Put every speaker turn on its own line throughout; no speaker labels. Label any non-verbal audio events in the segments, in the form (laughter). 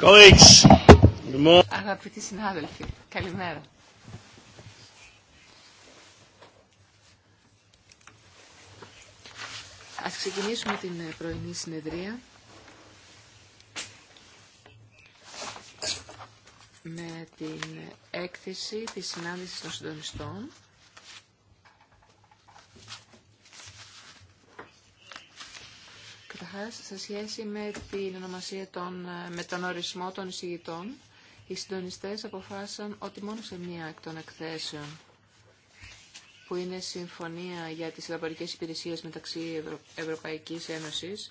Colleagues.
Αγαπητοί συνάδελφοι, καλημέρα. Ας ξεκινήσουμε την ε, πρωινή συνεδρία με την ε, έκθεση της συνάντησης των συντονιστών. Καταρχάς, σε σχέση με την ονομασία των, ε, με τον ορισμό των εισηγητών, οι συντονιστές αποφάσισαν ότι μόνο σε μία εκ των εκθέσεων που είναι συμφωνία για τις ελαμπορικές υπηρεσίες μεταξύ Ευρω... Ευρωπαϊκής Ένωσης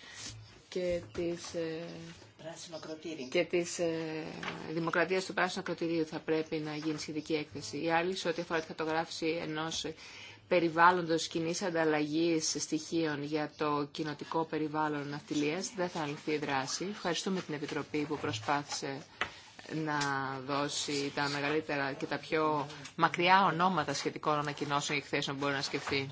και της,
ε,
και της ε, Δημοκρατίας του Πράσινου Ακροτηρίου θα πρέπει να γίνει σχετική έκθεση. Η άλλη, σε ό,τι αφορά τη χαρτογράφηση ενός περιβάλλοντος κοινή ανταλλαγή στοιχείων για το κοινοτικό περιβάλλον ναυτιλίας δεν θα λυθεί η δράση. Ευχαριστούμε την Επιτροπή που προσπάθησε να δώσει τα μεγαλύτερα και τα πιο μακριά ονόματα σχετικών ανακοινώσεων και εκθέσεων που μπορεί να σκεφτεί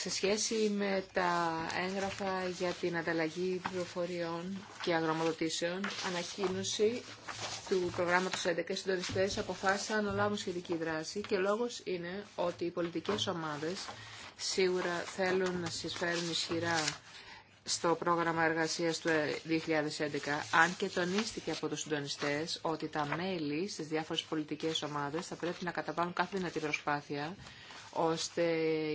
σε σχέση με τα έγγραφα για την ανταλλαγή πληροφοριών και αγρομοδοτήσεων, ανακοίνωση του προγράμματος 11 συντονιστές αποφάσισαν να λάβουν σχετική δράση και λόγος είναι ότι οι πολιτικές ομάδες σίγουρα θέλουν να συσφέρουν ισχυρά στο πρόγραμμα εργασίας του 2011, αν και τονίστηκε από τους συντονιστές ότι τα μέλη στις διάφορες πολιτικές ομάδες θα πρέπει να καταβάλουν κάθε δυνατή προσπάθεια ώστε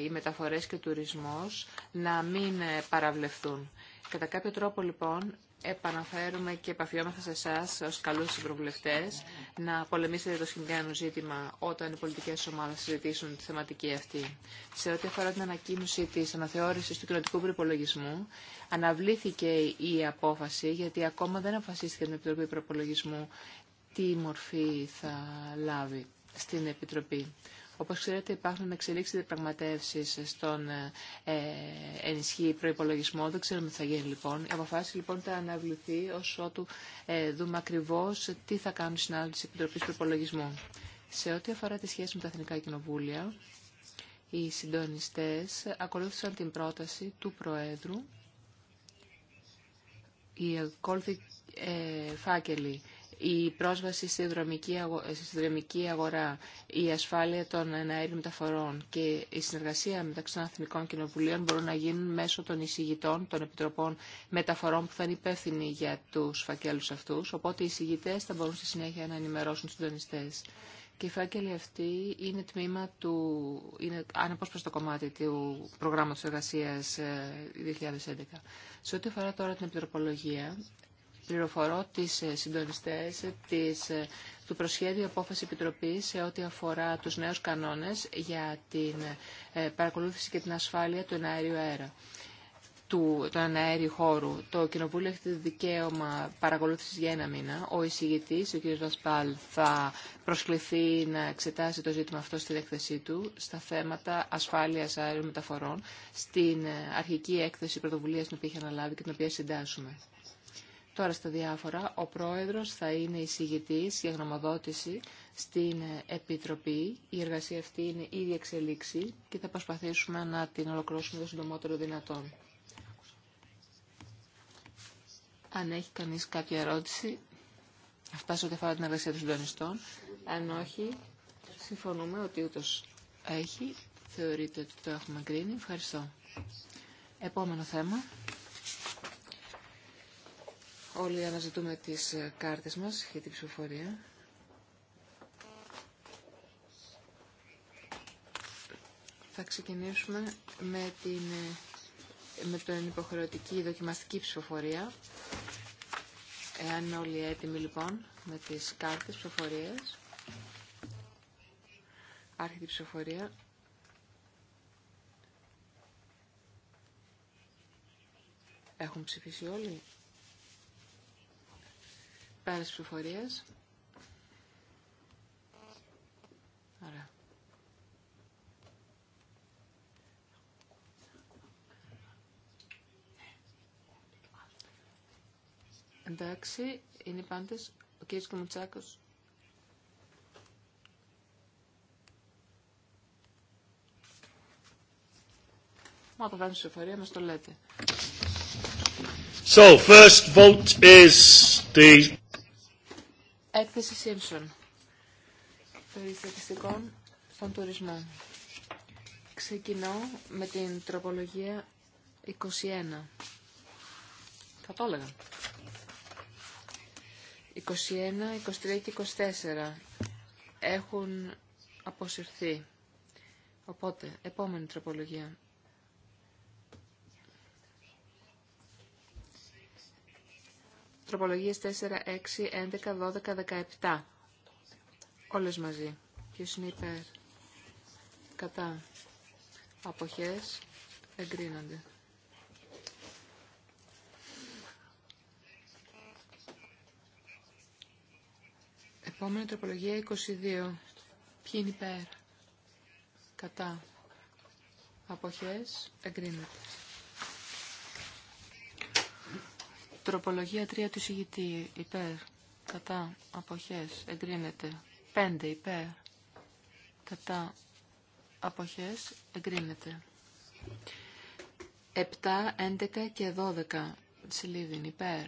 οι μεταφορές και ο τουρισμός να μην παραβλεφθούν. Κατά κάποιο τρόπο λοιπόν επαναφέρουμε και επαφιόμαστε σε εσά ω καλούς συμπροβουλευτές να πολεμήσετε το συγκεκριμένο ζήτημα όταν οι πολιτικές ομάδες συζητήσουν τη θεματική αυτή. Σε ό,τι αφορά την ανακοίνωση της αναθεώρησης του κοινωτικού προπολογισμού, αναβλήθηκε η απόφαση γιατί ακόμα δεν αποφασίστηκε την Επιτροπή Προπολογισμού τι μορφή θα λάβει στην Επιτροπή. Όπως ξέρετε υπάρχουν εξελίξεις διαπραγματεύσεις στον ε, ε ενισχύ προϋπολογισμό. Δεν ξέρουμε τι θα γίνει λοιπόν. Η αποφάση λοιπόν θα αναβληθεί ως ότου ε, δούμε ακριβώ τι θα κάνουν οι συνάδελφοι της Επιτροπής Προϋπολογισμού. Σε ό,τι αφορά τη σχέση με τα Εθνικά Κοινοβούλια, οι συντονιστές ακολούθησαν την πρόταση του Προέδρου. Οι ακόλουθοι ε, φάκελοι η πρόσβαση στη δρομική, αγο... στη δρομική αγορά, η ασφάλεια των αέριων μεταφορών και η συνεργασία μεταξύ των Αθηνικών Κοινοβουλίων μπορούν να γίνουν μέσω των εισηγητών των Επιτροπών Μεταφορών που θα είναι υπεύθυνοι για του φακέλου αυτού, οπότε οι εισηγητέ θα μπορούν στη συνέχεια να ενημερώσουν του συντονιστέ. Και οι φάκελοι αυτοί είναι τμήμα του, είναι ανεπόσπαστο κομμάτι του προγράμματος εργασίας 2011. Ε, Σε ό,τι αφορά τώρα την επιτροπολογία, πληροφορώ τις ε, συντονιστές ε, της, ε, του προσχέδιου απόφαση Επιτροπής σε ό,τι αφορά τους νέους κανόνες για την παρακολούθηση και την ασφάλεια του εναέριου αέρα του, του αναέριου χώρου. Το Κοινοβούλιο έχει το δικαίωμα παρακολούθηση για ένα μήνα. Ο εισηγητή, ο κ. Βασπάλ, θα προσκληθεί να εξετάσει το ζήτημα αυτό στην έκθεσή του στα θέματα ασφάλεια αέριων μεταφορών, στην αρχική έκθεση πρωτοβουλία την οποία αναλάβει και την οποία συντάσσουμε. Τώρα στα διάφορα, ο πρόεδρος θα είναι εισηγητής για γνωμοδότηση στην Επιτροπή. Η εργασία αυτή είναι ήδη εξελίξη και θα προσπαθήσουμε να την ολοκληρώσουμε το συντομότερο δυνατόν. Αν έχει κανείς κάποια ερώτηση, αυτά σε ό,τι αφορά την εργασία των συντονιστών. Αν όχι, συμφωνούμε ότι ούτως έχει. Θεωρείται ότι το έχουμε κρίνει. Ευχαριστώ. Επόμενο θέμα. Όλοι αναζητούμε τις ε, κάρτες μας για την ψηφοφορία. Θα ξεκινήσουμε με την, ε, με υποχρεωτική δοκιμαστική ψηφοφορία. Εάν όλοι έτοιμοι λοιπόν με τις κάρτες ψηφοφορίας. Άρχεται η ψηφοφορία. Έχουν ψηφίσει όλοι. Πέρας ψηφοφορίας. Ωραία. Εντάξει, είναι πάντες ο κ. Κομουτσάκος. Μα όταν φτάνει στη σοφορία μας το λέτε.
So, first vote is
the...
Έκθεση Σίμψον περιστατιστικών στον τουρισμό. Ξεκινώ με την τροπολογία 21. Θα το έλεγα. 21, 23 και 24 έχουν αποσυρθεί. Οπότε, επόμενη τροπολογία. Τροπολογίες 4, 6, 11, 12, 17. Όλες μαζί. Ποιος είναι υπέρ. Κατά. Αποχές. Εγκρίνονται. Επόμενη τροπολογία 22. Ποιοι είναι υπέρ. Κατά. Αποχές. Εγκρίνονται. Τροπολογία 3 του συγητή υπέρ, κατά, αποχές, εγκρίνεται. 5 υπέρ, κατά, αποχές, εγκρίνεται. 7, 11 και 12 σελίδιν υπέρ,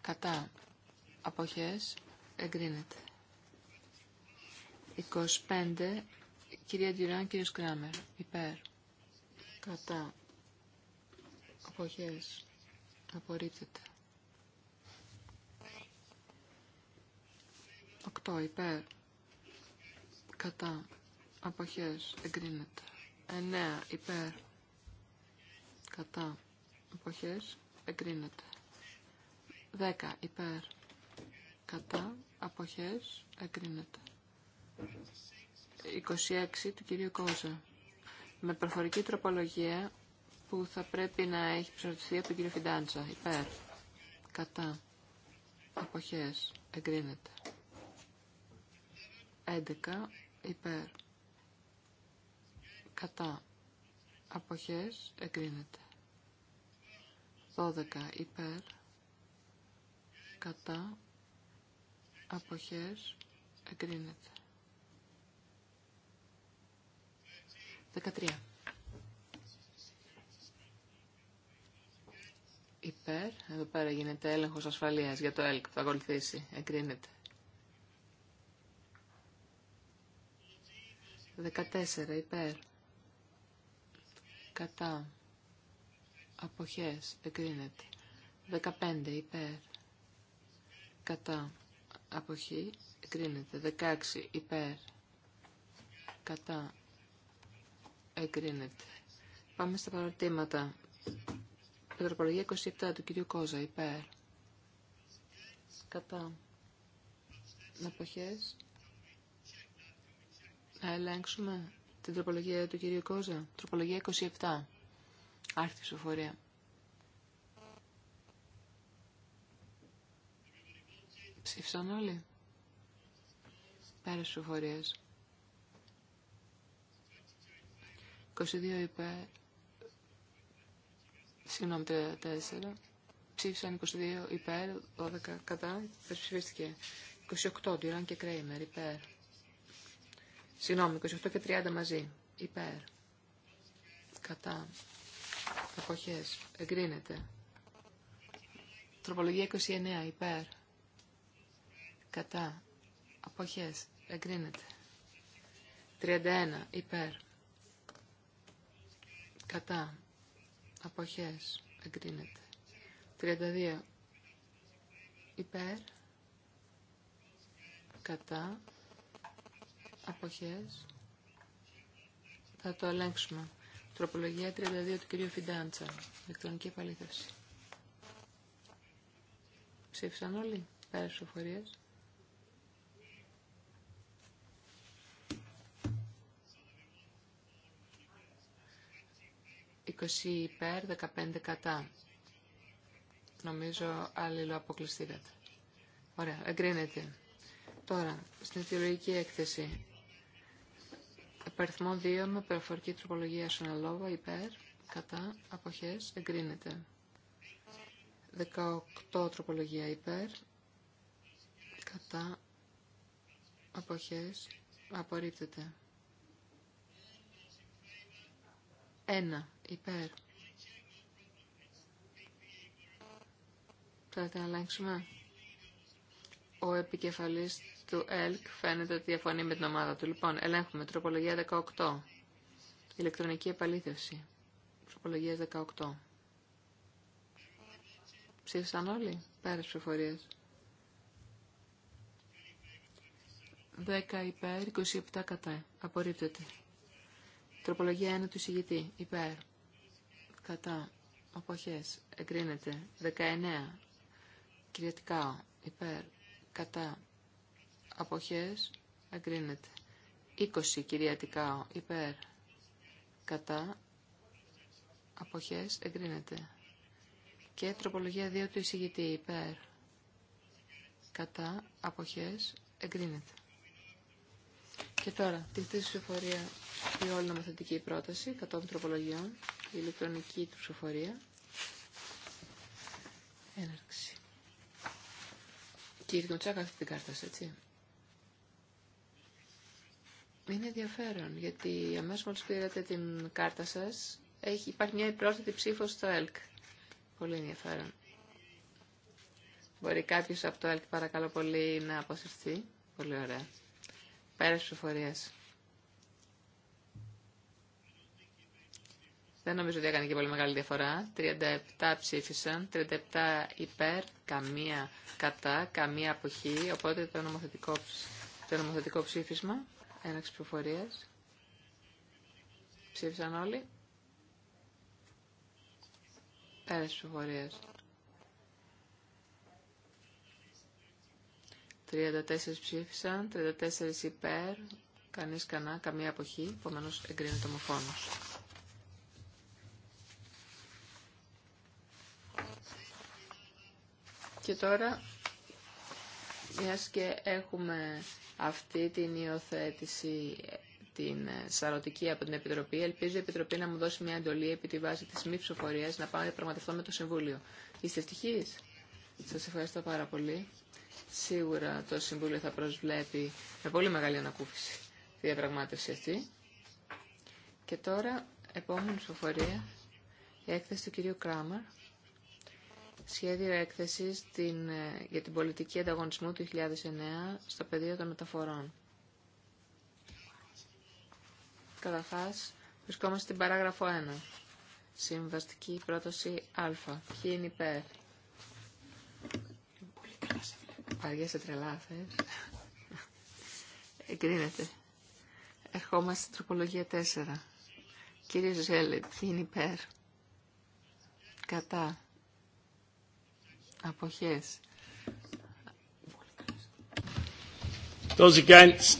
κατά, αποχές, εγκρίνεται. 25, κυρία Ντιουράν, κύριος Κράμερ, υπέρ, κατά, αποχές, απορρίπτεται. 8 υπέρ κατά αποχές εγκρίνεται 9 υπέρ κατά αποχές εγκρίνεται 10 υπέρ κατά αποχές εγκρίνεται 26 του κυρίου Κόζα με προφορική τροπολογία που θα πρέπει να έχει ψηφιστεί από τον κύριο Φιντάντσα υπέρ κατά αποχές εγκρίνεται 11 υπέρ κατά αποχές εγκρίνεται 12 υπέρ κατά αποχές εγκρίνεται 13 Υπέρ, εδώ πέρα γίνεται έλεγχος ασφαλείας για το ΕΛΚ που θα ακολουθήσει, εγκρίνεται. 14 υπέρ. Κατά. Αποχές. Εγκρίνεται. 15 υπέρ. Κατά. Αποχή. Εγκρίνεται. 16 υπέρ. Κατά. Εγκρίνεται. Πάμε στα παρατήματα. Πετροπολογία 27 του κυρίου Κόζα υπέρ. Κατά. Αποχές ελέγξουμε την τροπολογία του κυρίου Κόζα. Τροπολογία 27. η ψηφοφορία. Ψήφισαν όλοι. Πέρα ψηφοφορία. 22 υπέρ. Συγγνώμη, 34. Ψήφισαν 22 υπέρ, 12 κατά. Υπερψηφίστηκε. 28 Ντυράν και Κρέιμερ υπέρ Συγγνώμη, 28 και 30 μαζί. Υπέρ. Κατά. Αποχές. Εγκρίνεται. Τροπολογία 29. Υπέρ. Κατά. Αποχές. Εγκρίνεται. 31. Υπέρ. Κατά. Αποχές. Εγκρίνεται. 32. Υπέρ. Κατά αποχές θα το ελέγξουμε. Τροπολογία 32 του κυρίου Φιντάντσα. Ηλεκτρονική επαλήθευση. Ψήφισαν όλοι. Πέρα 20 υπέρ, 15 κατά. Νομίζω αλληλοαποκλειστήκατε. Ωραία, εγκρίνεται. Τώρα, στην αιτιολογική έκθεση Επαριθμό 2 με προφορική τροπολογία λόγο υπέρ, κατά, αποχές, εγκρίνεται. 18 τροπολογία υπέρ, κατά, αποχές, απορρίπτεται. 1 υπέρ. Θέλετε να αλλάξουμε. Ο επικεφαλής του ΕΛΚ φαίνεται ότι διαφωνεί με την ομάδα του. Λοιπόν, ελέγχουμε. Τροπολογία 18. Ηλεκτρονική επαλήθευση. Τροπολογία 18. Ψήφισαν όλοι. Πέρα 10 υπέρ, 27 κατά. Απορρίπτεται. Τροπολογία 1 του εισηγητή. Υπέρ. Κατά. Αποχές. Εγκρίνεται. 19. Κυριατικά. Υπέρ κατά αποχές εγκρίνεται. 20 κυριατικά υπέρ κατά αποχές εγκρίνεται. Και τροπολογία 2 του εισηγητή υπέρ κατά αποχές εγκρίνεται. Και τώρα, τη χτίση ψηφοφορία η όλη νομοθετική πρόταση κατόπιν τροπολογιών, η ηλεκτρονική του ψηφοφορία. Έναρξη. Κύριε αυτή την κάρτα έτσι. Είναι ενδιαφέρον, γιατί αμέσως μόλι πήρατε την κάρτα σας, έχει, υπάρχει μια πρόσθετη ψήφο στο ΕΛΚ. Πολύ ενδιαφέρον. Μπορεί κάποιο από το ΕΛΚ, παρακαλώ πολύ, να αποσυρθεί. Πολύ ωραία. τη ψηφορία. Δεν νομίζω ότι έκανε και πολύ μεγάλη διαφορά. 37 ψήφισαν, 37 υπέρ, καμία κατά, καμία αποχή. Οπότε το νομοθετικό, το νομοθετικό ψήφισμα, έναξη ψηφοφορία. Ψήφισαν όλοι. Πέρας ψηφοφορία. 34 ψήφισαν, 34 υπέρ, κανείς κανά, καμία αποχή, επομένως εγκρίνεται ομοφόνος. Και τώρα, μιας και έχουμε αυτή την υιοθέτηση την ε, σαρωτική από την Επιτροπή. Ελπίζω η Επιτροπή να μου δώσει μια εντολή επί τη βάση της μη ψηφοφορία να πάω να πραγματευτώ με το Συμβούλιο. Είστε ευτυχείς. Σας ευχαριστώ πάρα πολύ. Σίγουρα το Συμβούλιο θα προσβλέπει με πολύ μεγάλη ανακούφιση τη διαπραγμάτευση αυτή. Και τώρα, επόμενη ψηφοφορία, η έκθεση του κυρίου Κράμαρ σχέδιο έκθεσης ε, για την πολιτική ανταγωνισμού του 2009 στο πεδίο των μεταφορών. Καταρχάς, βρισκόμαστε στην παράγραφο 1. Συμβαστική πρόταση Α. Ποιοι είναι υπέρ. Παριέσαι τρελά, θες. Εγκρίνεται. Ερχόμαστε στην τροπολογία 4. Κύριε Ζέλη, ποιοι είναι υπέρ. Κατά. Αποχές.
Those against.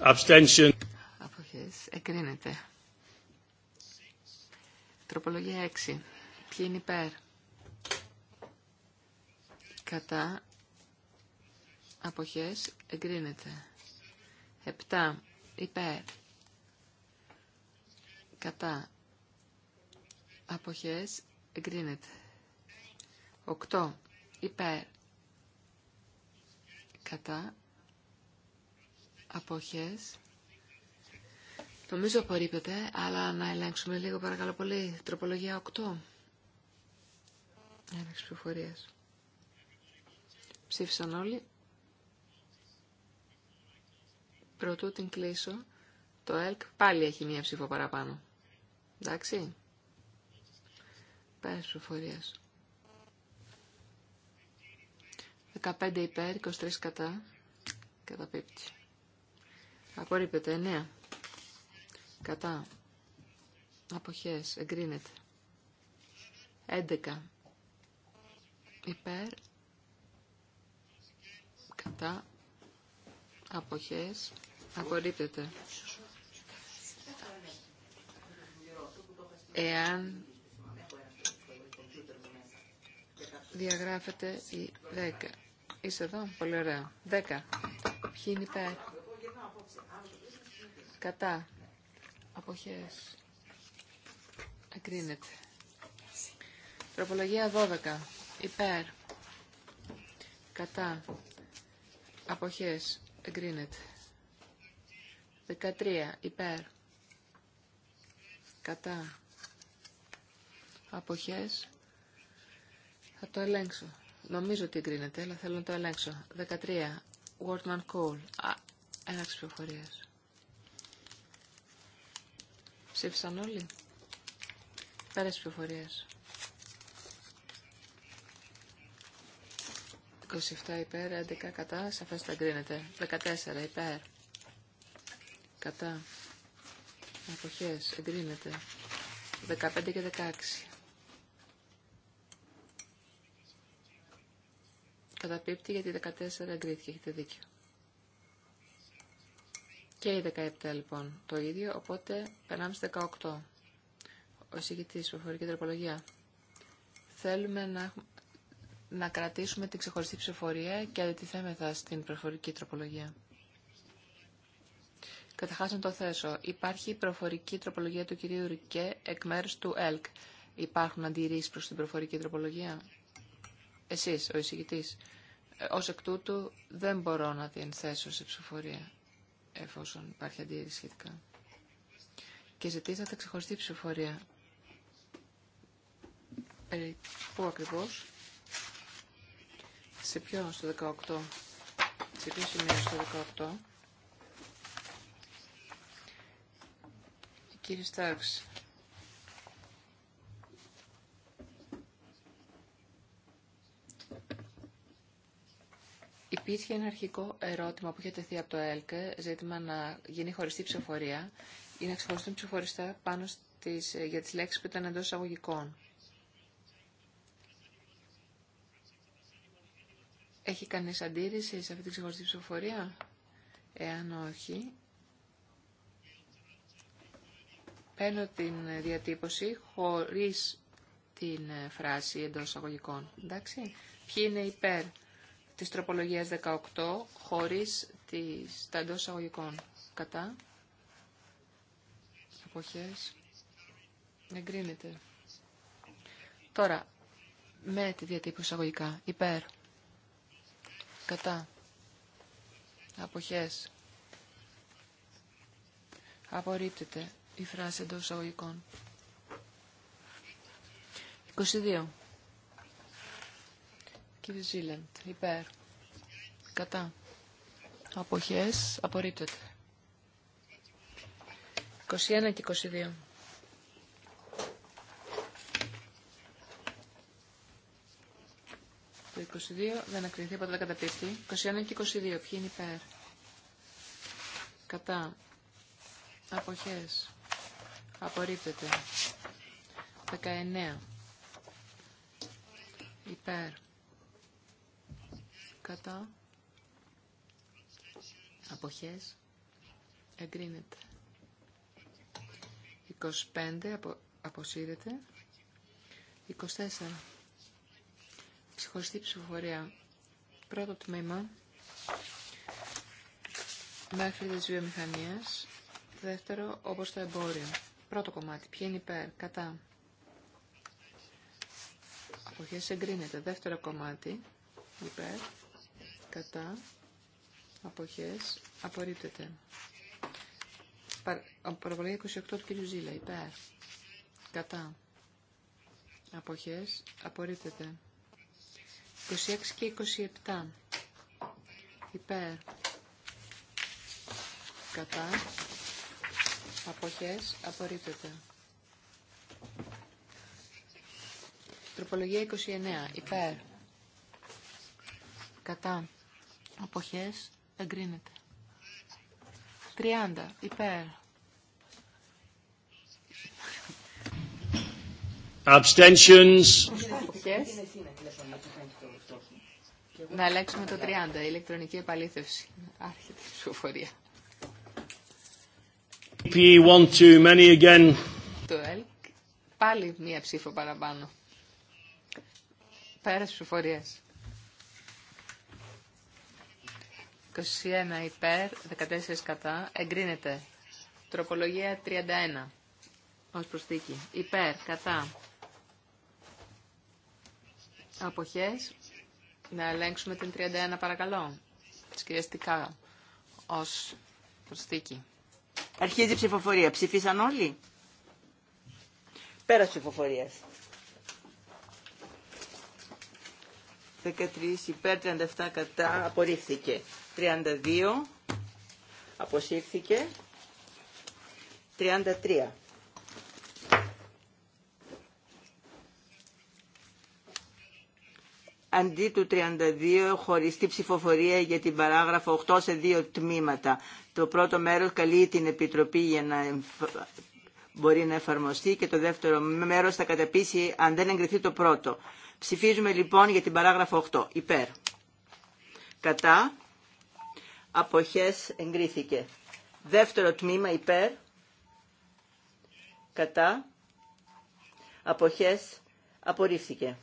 Abstention.
Αποχές. Εγκρίνεται. Τροπολογία 6. Ποιοι είναι υπέρ. Κατά. Αποχές. Εγκρίνεται. 7. Υπέρ. Κατά. Αποχές. Εγκρίνεται. Οκτώ υπέρ κατά αποχές νομίζω απορρίπτεται αλλά να ελέγξουμε λίγο παρακαλώ πολύ τροπολογία 8 Ένα πληροφορίας. ψήφισαν όλοι Πρωτού την κλείσω, το ΕΛΚ πάλι έχει μία ψήφο παραπάνω. Εντάξει. Πέρας ψηφοφορίας. 15 υπέρ, 23 κατά. Καταπίπτει. Απορρίπτεται. 9. Κατά. Αποχές. Εγκρίνεται. 11. Υπέρ. Κατά. Αποχές. Απορρίπτεται. Εάν διαγράφεται η 10 Είσαι εδώ. Πολύ ωραία. 10. Ποιοι είναι υπέρ. Κατά. Αποχές. Εγκρίνεται. Τροπολογία 12. Υπέρ. Κατά. Αποχές. Εγκρίνεται. 13. Υπέρ. Κατά. Αποχές. Θα το ελέγξω. Νομίζω ότι εγκρίνεται, αλλά θέλω να το ελέγξω. 13. Wortman Call. Έναξη πληροφορία. Ψήφισαν όλοι. Πέρα πληροφορία. 27 υπέρ, 11 κατά, σαφέστα εγκρίνεται. 14 υπέρ. Κατά. Αποχές, εγκρίνεται. 15 και 16. καταπίπτει γιατί 14 εγκρίθηκε, έχετε δίκιο. Και η 17 λοιπόν το ίδιο, οπότε περνάμε στο 18. Ο εισηγητής, προφορική τροπολογία. Θέλουμε να, να κρατήσουμε την ξεχωριστή ψηφοφορία και αντιτιθέμεθα στην προφορική τροπολογία. Καταρχά να το θέσω. Υπάρχει προφορική τροπολογία του κυρίου Ρικέ εκ μέρου του ΕΛΚ. Υπάρχουν αντιρρήσει προ την προφορική τροπολογία. Εσεί, ο εισηγητή. Ως εκ τούτου δεν μπορώ να την θέσω σε ψηφοφορία, εφόσον υπάρχει αντίρρηση σχετικά. Και ζητήσατε ξεχωριστή ψηφοφορία. Περί πού ακριβώς. Σε ποιο στο 18. Σε ποιο σημείο στο 18. Κύριε Στάξη. Υπήρχε ένα αρχικό ερώτημα που είχε τεθεί από το ΕΛΚΕ, ζήτημα να γίνει χωριστή ψηφοφορία ή να ξεχωριστούν ψηφοριστά πάνω στις, ε, για τις λέξεις που ήταν εντός εισαγωγικών. Έχει κανείς αντίρρηση σε αυτή τη ξεχωριστή ψηφοφορία? Εάν όχι, παίρνω την διατύπωση χωρίς την ε, φράση εντός εισαγωγικών. Εντάξει, ποιοι είναι υπέρ της τροπολογίας 18 χωρίς τις, τα εντός αγωγικών. Κατά. Εποχές. Εγκρίνεται. Τώρα, με τη διατύπωση αγωγικά. Υπέρ. Κατά. Αποχές. Απορρίπτεται η φράση εντός αγωγικών. 22 κύριε Ζήλαντ. Υπέρ. Κατά. Αποχές. Απορρίπτεται. 21 και 22. Το 22 δεν ακριθεί, οπότε δεν καταπίπτει. 21 και 22. Ποιοι είναι υπέρ. Κατά. Αποχές. Απορρίπτεται. 19. Υπέρ κατά αποχές εγκρίνεται 25 απο, αποσύρεται 24 ξεχωριστή ψηφοφορία πρώτο τμήμα μέχρι τις βιομηχανίες δεύτερο όπως το εμπόριο πρώτο κομμάτι ποιο είναι υπέρ κατά αποχές εγκρίνεται δεύτερο κομμάτι υπέρ κατά αποχές απορρίπτεται. Προπολογία 28 του κ. Ζήλα, υπέρ, κατά αποχές απορρίπτεται. 26 και 27 υπέρ, κατά αποχές απορρίπτεται. Τροπολογία 29. Υπέρ. Κατά. Αποχές εγκρίνεται. 30 υπέρ. Abstentions. Να αλλάξουμε το 30, Η ηλεκτρονική επαλήθευση. Άρχεται η ψηφοφορία.
many again.
Το ΕΛΚ. Πάλι μία ψήφο παραπάνω. Πέρας ψηφοφορίας. 21 υπέρ, 14 κατά, εγκρίνεται. Τροπολογία 31, ως προσθήκη. Υπέρ, κατά. Αποχές. Να ελέγξουμε την 31 παρακαλώ. Της ως προσθήκη.
Αρχίζει η ψηφοφορία. Ψηφίσαν όλοι. πέρα ψηφοφορίας. 13 υπέρ 37 κατά απορρίφθηκε. 32 αποσύρθηκε. 33. Αντί του 32 χωριστή ψηφοφορία για την παράγραφο 8 σε δύο τμήματα. Το πρώτο μέρος καλεί την Επιτροπή για να μπορεί να εφαρμοστεί και το δεύτερο μέρος θα καταπίσει αν δεν εγκριθεί το πρώτο. Ψηφίζουμε λοιπόν για την παράγραφο 8. Υπέρ. Κατά. Αποχές εγκρίθηκε. Δεύτερο τμήμα υπέρ. Κατά. Αποχές απορρίφθηκε.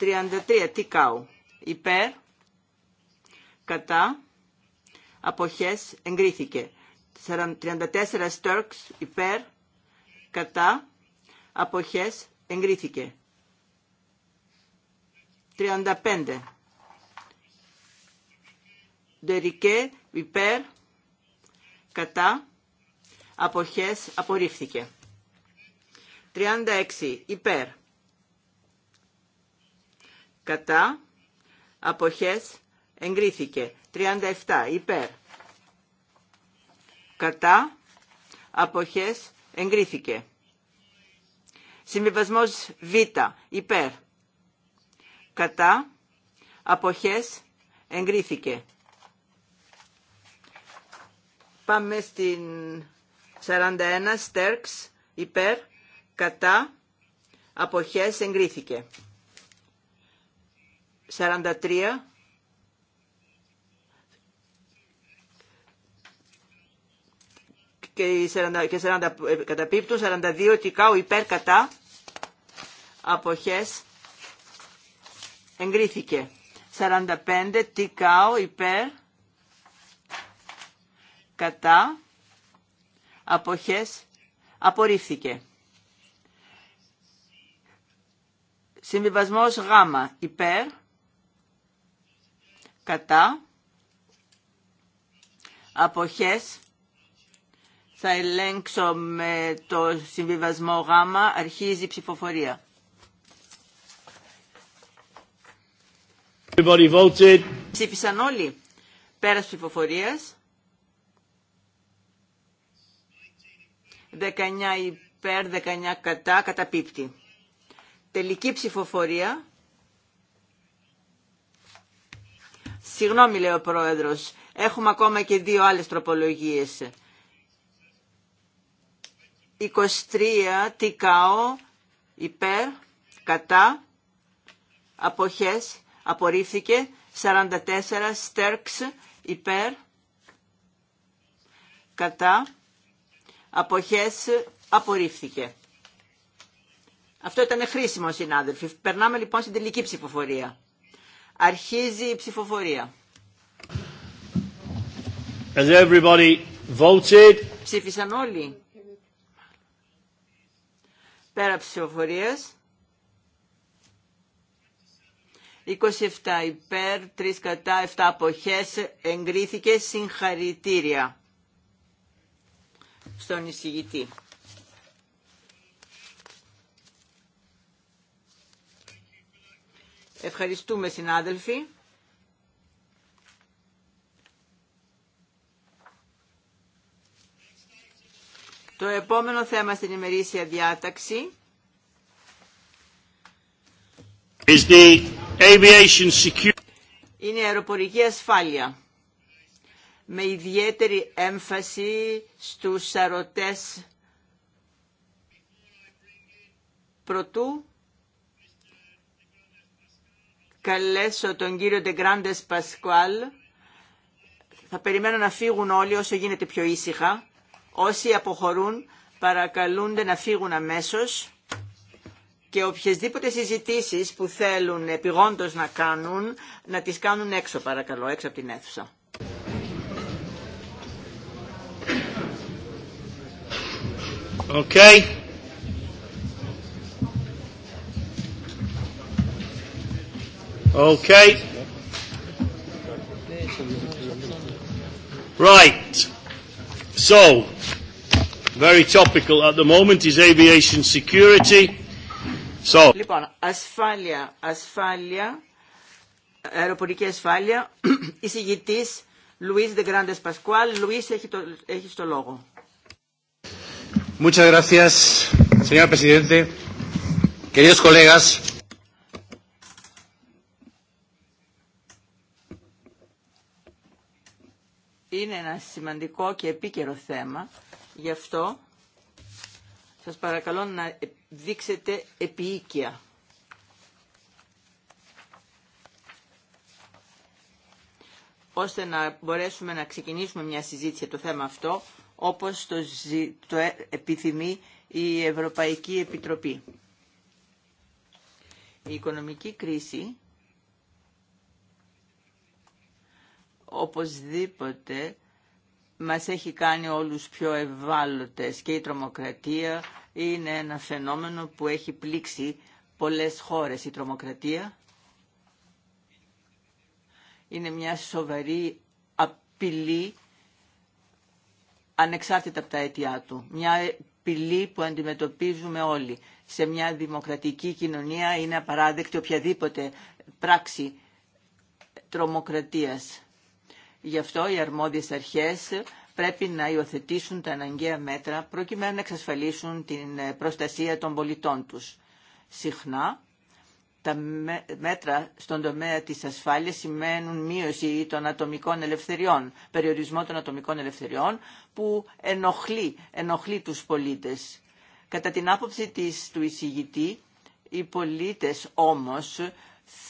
33. Τικάου. Υπέρ. Κατά. Αποχές εγκρίθηκε. 34. Στέρξ. Υπέρ. Κατά. Αποχές εγκρίθηκε. 35. Δερικέ, υπέρ κατά αποχές απορρίφθηκε. 36. Υπέρ κατά αποχές εγκρίθηκε. 37. Υπέρ κατά αποχές εγκρίθηκε. Συμβιβασμός Β. Υπέρ κατά, αποχές, εγκρίθηκε. Πάμε στην 41, στέρξ, υπέρ, κατά, αποχές, εγκρίθηκε. 43, και 40, και 40 καταπίπτουν, 42 τικάου υπέρ κατά αποχές εγκρίθηκε. 45 τικάο υπέρ κατά αποχές απορρίφθηκε. Συμβιβασμός γάμα υπέρ κατά αποχές θα ελέγξω με το συμβιβασμό γάμα αρχίζει η ψηφοφορία. Ψήφισαν όλοι. Πέρας ψηφοφορίας. 19 υπέρ, 19 κατά, κατά πίπτη. Τελική ψηφοφορία. Συγγνώμη, λέει ο Πρόεδρος. Έχουμε ακόμα και δύο άλλες τροπολογίες. 23 τικάο υπέρ κατά αποχές απορρίφθηκε 44 στέρξ υπέρ κατά αποχές απορρίφθηκε. Αυτό ήταν χρήσιμο συνάδελφοι. Περνάμε λοιπόν στην τελική ψηφοφορία. Αρχίζει η ψηφοφορία.
everybody voted.
Ψήφισαν όλοι. Πέρα ψηφοφορίας. 27 υπέρ, 3 κατά, 7 αποχές, εγκρίθηκε συγχαρητήρια στον εισηγητή. Ευχαριστούμε συνάδελφοι. Το επόμενο θέμα στην ημερήσια διάταξη Is the Είναι αεροπορική ασφάλεια με ιδιαίτερη έμφαση στους σαρωτές προτού καλέσω τον κύριο Ντεγκράντες Πασκουάλ θα περιμένω να φύγουν όλοι όσο γίνεται πιο ήσυχα όσοι αποχωρούν παρακαλούνται να φύγουν αμέσως και οποιασδήποτε συζητήσεις που θέλουν επιγόντως να κάνουν, να τις κάνουν έξω παρακαλώ, έξω από την αίθουσα.
Okay. Okay.
Right. So, very topical at the moment is aviation security. So.
Λοιπόν, ασφάλεια, ασφάλεια, αεροπορική ασφάλεια, (clears throat) εισηγητής Λουίς Γκράντες Πασκουάλ. Λουίς, έχει το, έχεις το λόγο.
Muchas gracias, señor presidente. Queridos colegas,
είναι ένα σημαντικό και επίκαιρο θέμα. Γι' αυτό σας παρακαλώ να δείξετε επίοικια. ώστε να μπορέσουμε να ξεκινήσουμε μια συζήτηση για το θέμα αυτό, όπως το, το ε, επιθυμεί η Ευρωπαϊκή Επιτροπή. Η οικονομική κρίση οπωσδήποτε μας έχει κάνει όλους πιο ευάλωτες και η τρομοκρατία είναι ένα φαινόμενο που έχει πλήξει πολλές χώρες. Η τρομοκρατία είναι μια σοβαρή απειλή ανεξάρτητα από τα αίτια του. Μια απειλή που αντιμετωπίζουμε όλοι. Σε μια δημοκρατική κοινωνία είναι απαράδεκτη οποιαδήποτε πράξη τρομοκρατίας. Γι' αυτό οι αρμόδιες αρχές πρέπει να υιοθετήσουν τα αναγκαία μέτρα προκειμένου να εξασφαλίσουν την ε, προστασία των πολιτών τους. Συχνά, τα μέτρα στον τομέα της ασφάλειας σημαίνουν μείωση των ατομικών ελευθεριών, περιορισμό των ατομικών ελευθεριών που ενοχλεί, ενοχλεί τους πολίτες. Κατά την άποψη της, του εισηγητή, οι πολίτες όμως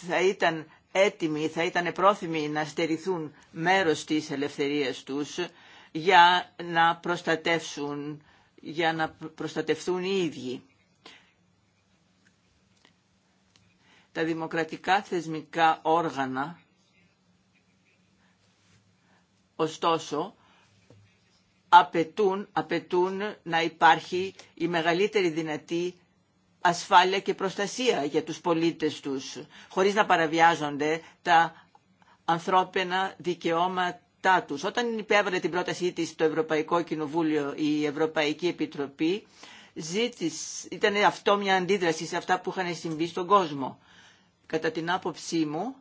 θα ήταν έτοιμοι, θα ήταν πρόθυμοι να στερηθούν μέρος της ελευθερίας τους για να προστατεύσουν, για να προστατευτούν οι ίδιοι. Τα δημοκρατικά θεσμικά όργανα, ωστόσο, απαιτούν, απαιτούν να υπάρχει η μεγαλύτερη δυνατή ασφάλεια και προστασία για τους πολίτες τους, χωρίς να παραβιάζονται τα ανθρώπινα δικαιώματά τους. Όταν υπέβαλε την πρότασή της το Ευρωπαϊκό Κοινοβούλιο η Ευρωπαϊκή Επιτροπή, ζήτησε, ήταν αυτό μια αντίδραση σε αυτά που είχαν συμβεί στον κόσμο. Κατά την άποψή μου,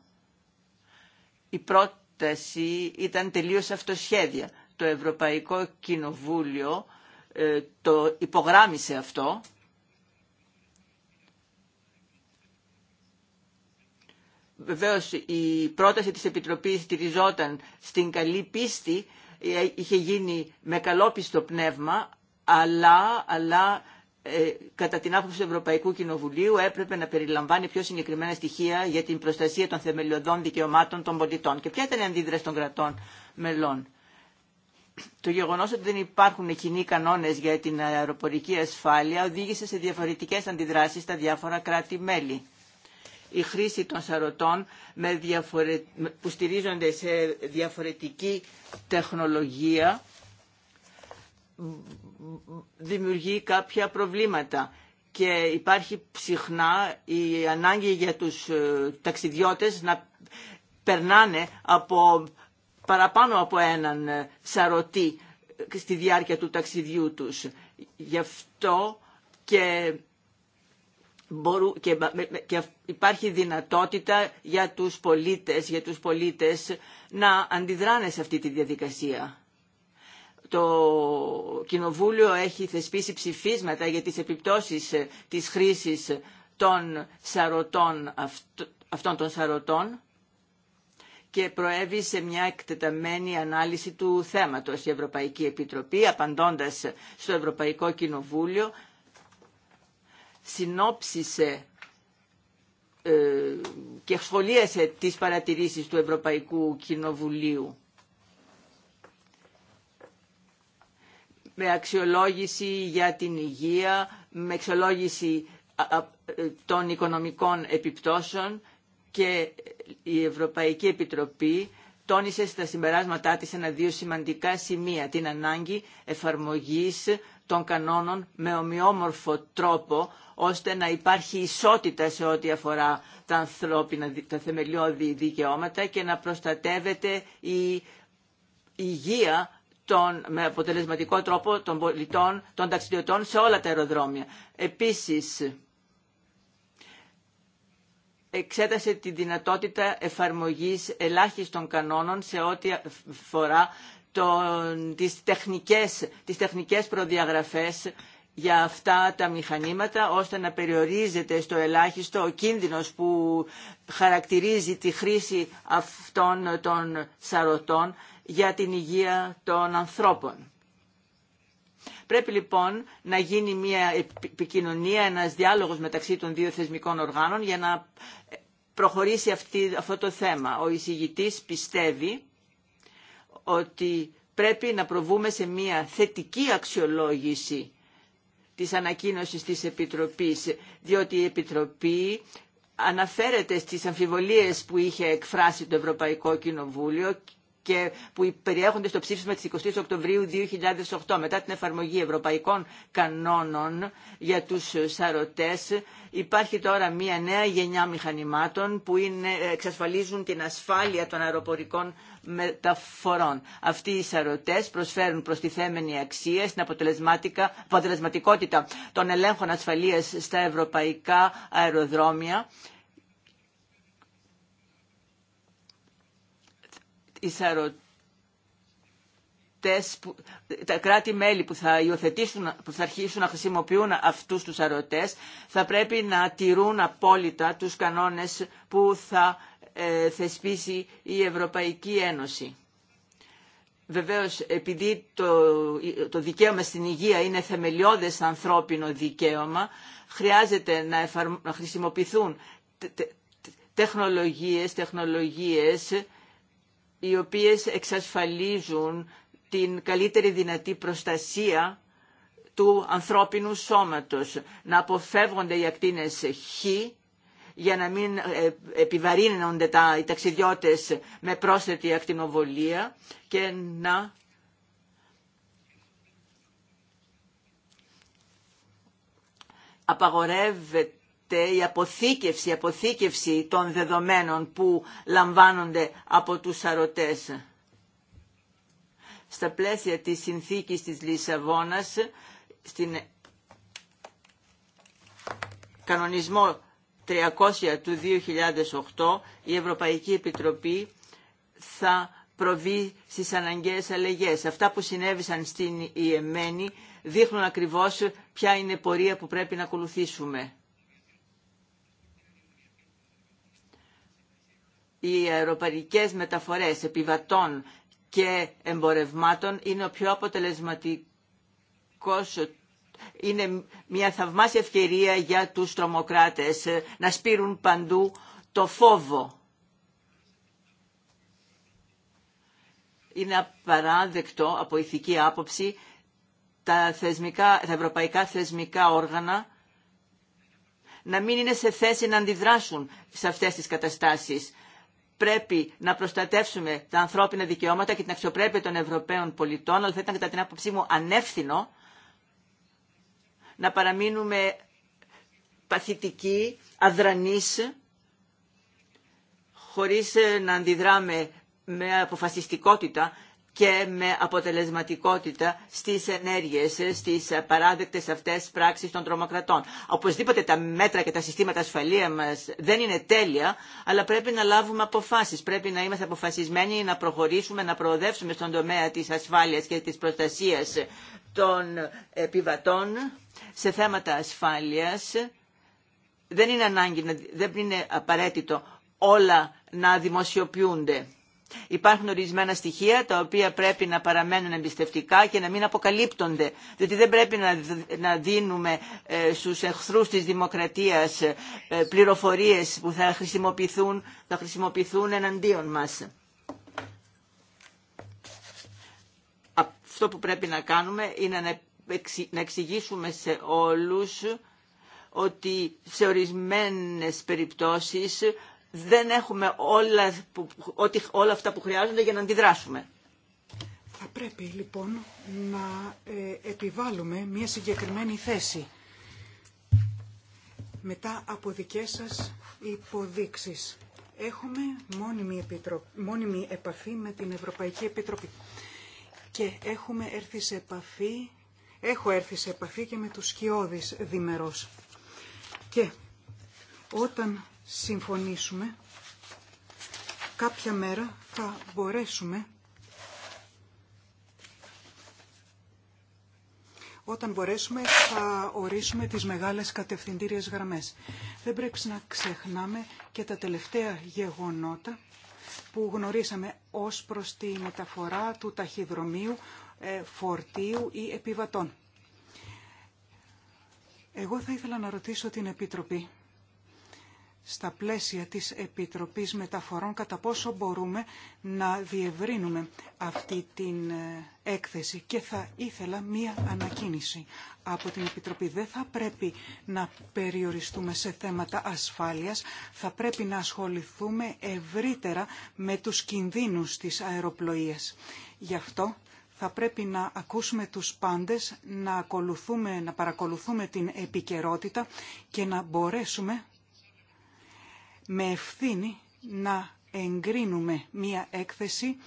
η πρόταση ήταν τελείως αυτοσχέδια. Το Ευρωπαϊκό Κοινοβούλιο ε, το υπογράμμισε αυτό Βεβαίω, η πρόταση της Επιτροπής στηριζόταν στην καλή πίστη, ε, είχε γίνει με καλόπιστο πνεύμα, αλλά, αλλά ε, κατά την άποψη του Ευρωπαϊκού Κοινοβουλίου έπρεπε να περιλαμβάνει πιο συγκεκριμένα στοιχεία για την προστασία των θεμελιωδών δικαιωμάτων των πολιτών. Και ποια ήταν η αντίδραση των κρατών μελών. Το γεγονός ότι δεν υπάρχουν κοινοί κανόνες για την αεροπορική ασφάλεια οδήγησε σε διαφορετικές αντιδράσεις στα διάφορα κράτη-μέλη η χρήση των σαρωτών με διαφορε... που στηρίζονται σε διαφορετική τεχνολογία δημιουργεί κάποια προβλήματα και υπάρχει συχνά η ανάγκη για τους ε, ταξιδιώτες να περνάνε από παραπάνω από έναν ε, σαρωτή ε, στη διάρκεια του ταξιδιού τους. Γι' αυτό και και υπάρχει δυνατότητα για τους πολίτες, για τους πολίτες να αντιδράνε σε αυτή τη διαδικασία. Το Κοινοβούλιο έχει θεσπίσει ψηφίσματα για τις επιπτώσεις ε, της χρήσης των σαρωτών, αυτών των σαρωτών και προέβη σε μια εκτεταμένη ανάλυση του θέματος η Ευρωπαϊκή Επιτροπή απαντώντας στο Ευρωπαϊκό Κοινοβούλιο συνόψισε ε, και σχολίασε τις παρατηρήσεις του Ευρωπαϊκού Κοινοβουλίου με αξιολόγηση για την υγεία, με αξιολόγηση των οικονομικών επιπτώσεων και η Ευρωπαϊκή Επιτροπή τόνισε στα συμπεράσματά της ένα δύο σημαντικά σημεία την ανάγκη εφαρμογής των κανόνων με ομοιόμορφο τρόπο ώστε να υπάρχει ισότητα σε ό,τι αφορά τα ανθρώπινα, τα θεμελιώδη δικαιώματα και να προστατεύεται η υγεία των, με αποτελεσματικό τρόπο των πολιτών, των ταξιδιωτών σε όλα τα αεροδρόμια. Επίσης, εξέτασε τη δυνατότητα εφαρμογής ελάχιστων κανόνων σε ό,τι αφορά τον, τις, τεχνικές, τις τεχνικές προδιαγραφές για αυτά τα μηχανήματα ώστε να περιορίζεται στο ελάχιστο ο κίνδυνος που χαρακτηρίζει τη χρήση αυτών των σαρωτών για την υγεία των ανθρώπων. Πρέπει λοιπόν να γίνει μια επικοινωνία, ένας διάλογος μεταξύ των δύο θεσμικών οργάνων για να προχωρήσει αυτή, αυτό το θέμα. Ο εισηγητής πιστεύει ότι πρέπει να προβούμε σε μια θετική αξιολόγηση της ανακοίνωσης της Επιτροπής, διότι η Επιτροπή αναφέρεται στις αμφιβολίες που είχε εκφράσει το Ευρωπαϊκό Κοινοβούλιο και που περιέχονται στο ψήφισμα της 20 Οκτωβρίου 2008 μετά την εφαρμογή ευρωπαϊκών κανόνων για τους σαρωτές υπάρχει τώρα μια νέα γενιά μηχανημάτων που εξασφαλίζουν την ασφάλεια των αεροπορικών μεταφορών. Αυτοί οι σαρωτές προσφέρουν προστιθέμενη αξία στην αποτελεσματικότητα των ελέγχων ασφαλείας στα ευρωπαϊκά αεροδρόμια εισαρωτές, τα κράτη-μέλη που θα που θα αρχίσουν να χρησιμοποιούν αυτούς τους αρωτές, θα πρέπει να τηρούν απόλυτα τους κανόνες που θα ε, θεσπίσει η Ευρωπαϊκή Ένωση. Βεβαίως, επειδή το, το δικαίωμα στην υγεία είναι θεμελιώδες ανθρώπινο δικαίωμα, χρειάζεται να, να χρησιμοποιηθούν τεχνολογίες, τεχνολογίες οι οποίες εξασφαλίζουν την καλύτερη δυνατή προστασία του ανθρώπινου σώματος. Να αποφεύγονται οι ακτίνες Χ για να μην ε, επιβαρύνονται τα, οι ταξιδιώτες με πρόσθετη ακτινοβολία και να απαγορεύεται η αποθήκευση, αποθήκευση των δεδομένων που λαμβάνονται από τους αρωτές. Στα πλαίσια της συνθήκης της Λισαβόνας, στην κανονισμό 300 του 2008, η Ευρωπαϊκή Επιτροπή θα προβεί στις αναγκαίες αλλαγές. Αυτά που συνέβησαν στην Ιεμένη δείχνουν ακριβώς ποια είναι η πορεία που πρέπει να ακολουθήσουμε. οι αεροπαρικές μεταφορές επιβατών και εμπορευμάτων είναι ο πιο αποτελεσματικός είναι μια θαυμάσια ευκαιρία για τους τρομοκράτες να σπείρουν παντού το φόβο. Είναι απαράδεκτο από ηθική άποψη τα, θεσμικά, τα ευρωπαϊκά θεσμικά όργανα να μην είναι σε θέση να αντιδράσουν σε αυτές τις καταστάσεις πρέπει να προστατεύσουμε τα ανθρώπινα δικαιώματα και την αξιοπρέπεια των Ευρωπαίων πολιτών, αλλά θα ήταν κατά την άποψή μου ανεύθυνο να παραμείνουμε παθητικοί, αδρανείς, χωρίς να αντιδράμε με αποφασιστικότητα και με αποτελεσματικότητα στις ενέργειες, στις παράδεκτες αυτές πράξεις των τρομοκρατών. Οπωσδήποτε τα μέτρα και τα συστήματα ασφαλεία μας δεν είναι τέλεια, αλλά πρέπει να λάβουμε αποφάσεις. Πρέπει να είμαστε αποφασισμένοι να προχωρήσουμε, να προοδεύσουμε στον τομέα της ασφάλειας και της προστασίας των επιβατών σε θέματα ασφάλειας. Δεν είναι ανάγκη, δεν είναι απαραίτητο όλα να δημοσιοποιούνται. Υπάρχουν ορισμένα στοιχεία τα οποία πρέπει να παραμένουν εμπιστευτικά και να μην αποκαλύπτονται, διότι δεν πρέπει να δίνουμε ε, στους εχθρούς της δημοκρατίας ε, πληροφορίες που θα χρησιμοποιηθούν, θα χρησιμοποιηθούν εναντίον μας. Αυτό που πρέπει να κάνουμε είναι να εξηγήσουμε σε όλους ότι σε ορισμένες περιπτώσεις δεν έχουμε όλα, ό,τι, όλα αυτά που χρειάζονται για να αντιδράσουμε.
Θα πρέπει λοιπόν να ε, επιβάλλουμε μια συγκεκριμένη θέση μετά από δικές σας υποδείξεις. Έχουμε μόνιμη, μόνιμη επαφή με την Ευρωπαϊκή Επιτροπή και έχουμε έρθει σε επαφή, έχω έρθει σε επαφή και με τους σκιώδεις δήμερός. Και όταν συμφωνήσουμε, κάποια μέρα θα μπορέσουμε, όταν μπορέσουμε θα ορίσουμε τις μεγάλες κατευθυντήριες γραμμές. Δεν πρέπει να ξεχνάμε και τα τελευταία γεγονότα που γνωρίσαμε ως προς τη μεταφορά του ταχυδρομείου, ε, φορτίου ή επιβατών. Εγώ θα ήθελα να ρωτήσω την Επίτροπη στα πλαίσια της Επιτροπής Μεταφορών κατά πόσο μπορούμε να διευρύνουμε αυτή την ε, έκθεση και θα ήθελα μία ανακοίνηση από την Επιτροπή. Δεν θα πρέπει να περιοριστούμε σε θέματα ασφάλειας, θα πρέπει να ασχοληθούμε ευρύτερα με τους κινδύνους της αεροπλοείας. Γι' αυτό θα πρέπει να ακούσουμε τους πάντες, να, ακολουθούμε, να παρακολουθούμε την επικαιρότητα και να μπορέσουμε με ευθύνη να εγκρίνουμε μία έκθεση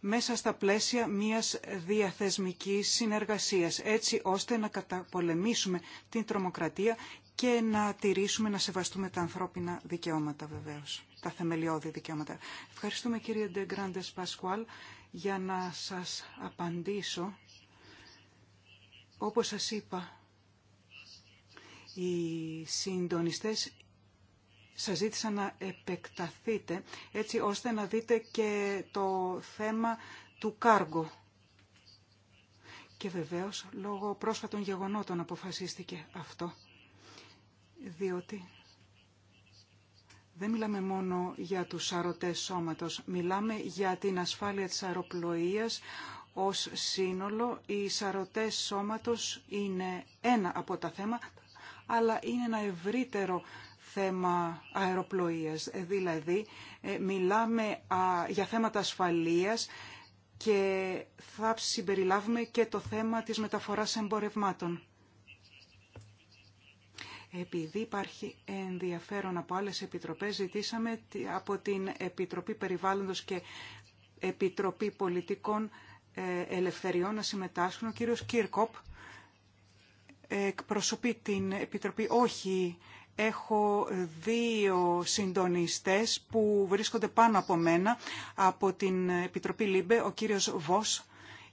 μέσα στα πλαίσια μιας διαθεσμικής συνεργασίας, έτσι ώστε να καταπολεμήσουμε την τρομοκρατία και να τηρήσουμε, να σεβαστούμε τα ανθρώπινα δικαιώματα βεβαίως, τα θεμελιώδη δικαιώματα. Ευχαριστούμε κύριε Ντεγκράντες Πασκουάλ για να σας απαντήσω. Όπως σας είπα, οι συντονιστές σας ζήτησα να επεκταθείτε έτσι ώστε να δείτε και το θέμα του κάργο. Και βεβαίως λόγω πρόσφατων γεγονότων αποφασίστηκε αυτό, διότι δεν μιλάμε μόνο για τους αρωτές σώματος, μιλάμε για την ασφάλεια της αεροπλοείας ως σύνολο. Οι σαρωτές σώματος είναι ένα από τα θέματα, αλλά είναι ένα ευρύτερο θέμα αεροπλοείας. Ε, δηλαδή, ε, μιλάμε για θέματα ασφαλείας και θα συμπεριλάβουμε και το θέμα της μεταφοράς εμπορευμάτων. Επειδή υπάρχει ενδιαφέρον από άλλες επιτροπές, ζητήσαμε από την Επιτροπή Περιβάλλοντος και Επιτροπή Πολιτικών ε, Ελευθεριών να συμμετάσχουν. Ο κύριος Κίρκοπ εκπροσωπεί την Επιτροπή, όχι Έχω δύο συντονιστές που βρίσκονται πάνω από μένα από την Επιτροπή ΛΥΜΠΕ. Ο κύριος Βος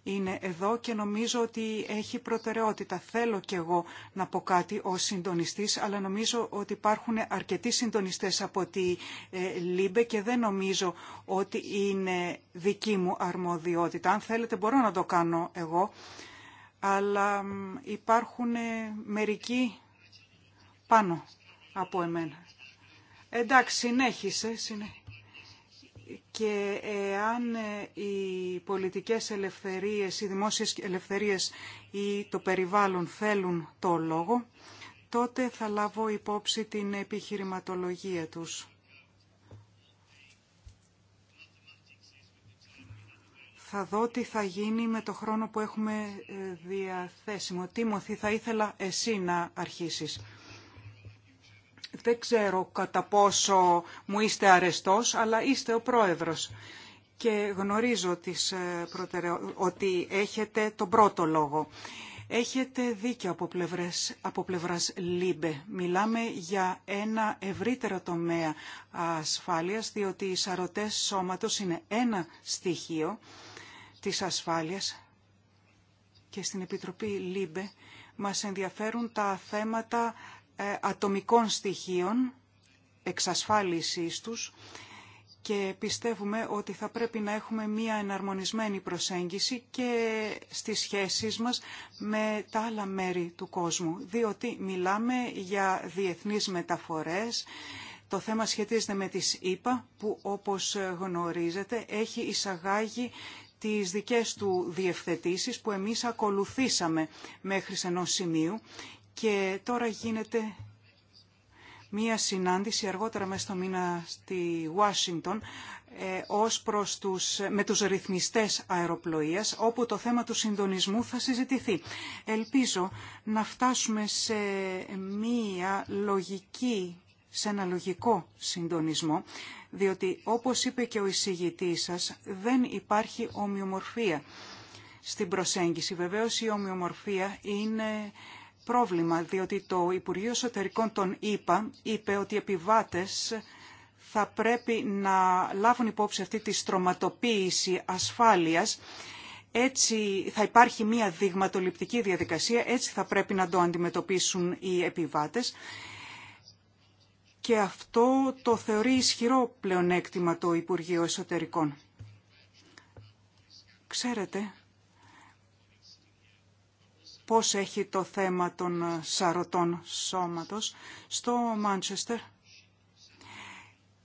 είναι εδώ και νομίζω ότι έχει προτεραιότητα. Θέλω κι εγώ να πω κάτι ως συντονιστής, αλλά νομίζω ότι υπάρχουν αρκετοί συντονιστές από τη ε, ΛΥΜΠΕ και δεν νομίζω ότι είναι δική μου αρμοδιότητα. Αν θέλετε μπορώ να το κάνω εγώ, αλλά υπάρχουν ε, μερικοί πάνω από εμένα. Εντάξει, συνέχισε, Και εάν ε, οι πολιτικές ελευθερίες, οι δημόσιες ελευθερίες ή το περιβάλλον θέλουν το λόγο, τότε θα λάβω υπόψη την επιχειρηματολογία τους. Θα δω τι θα γίνει με το χρόνο που έχουμε ε, διαθέσιμο. Τίμωθη, θα ήθελα εσύ να αρχίσεις. Δεν ξέρω κατά πόσο μου είστε αρεστός, αλλά είστε ο πρόεδρος και γνωρίζω τις ε, ότι έχετε τον πρώτο λόγο. Έχετε δίκιο από, πλευρές, από πλευράς ΛΥΜΠΕ. Μιλάμε για ένα ευρύτερο τομέα ασφάλειας, διότι οι σαρωτές σώματος είναι ένα στοιχείο της ασφάλειας και στην Επιτροπή ΛΥΜΠΕ μας ενδιαφέρουν τα θέματα ε, ατομικών στοιχείων, εξασφάλισης τους και πιστεύουμε ότι θα πρέπει να έχουμε μία εναρμονισμένη προσέγγιση και στις σχέσεις μας με τα άλλα μέρη του κόσμου, διότι μιλάμε για διεθνείς μεταφορές, το θέμα σχετίζεται με τις ΗΠΑ που όπως γνωρίζετε έχει εισαγάγει τις δικές του διευθετήσεις που εμείς ακολουθήσαμε μέχρι ενός σημείου και τώρα γίνεται μία συνάντηση αργότερα μέσα στο μήνα στη Ουάσιγκτον ε, ως με τους ρυθμιστές αεροπλοείας, όπου το θέμα του συντονισμού θα συζητηθεί. Ελπίζω να φτάσουμε σε μία λογική σε ένα λογικό συντονισμό, διότι όπως είπε και ο εισηγητής σας, δεν υπάρχει ομοιομορφία στην προσέγγιση. Βεβαίως η ομοιομορφία είναι πρόβλημα, διότι το Υπουργείο Εσωτερικών των ΗΠΑ είπε ότι οι επιβάτες θα πρέπει να λάβουν υπόψη αυτή τη στρωματοποίηση ασφάλειας. Έτσι θα υπάρχει μια δειγματοληπτική διαδικασία, έτσι θα πρέπει να το αντιμετωπίσουν οι επιβάτες. Και αυτό το θεωρεί ισχυρό πλεονέκτημα το Υπουργείο Εσωτερικών. Ξέρετε πώς έχει το θέμα των ε, σαρωτών σώματος. Στο Μάντσεστερ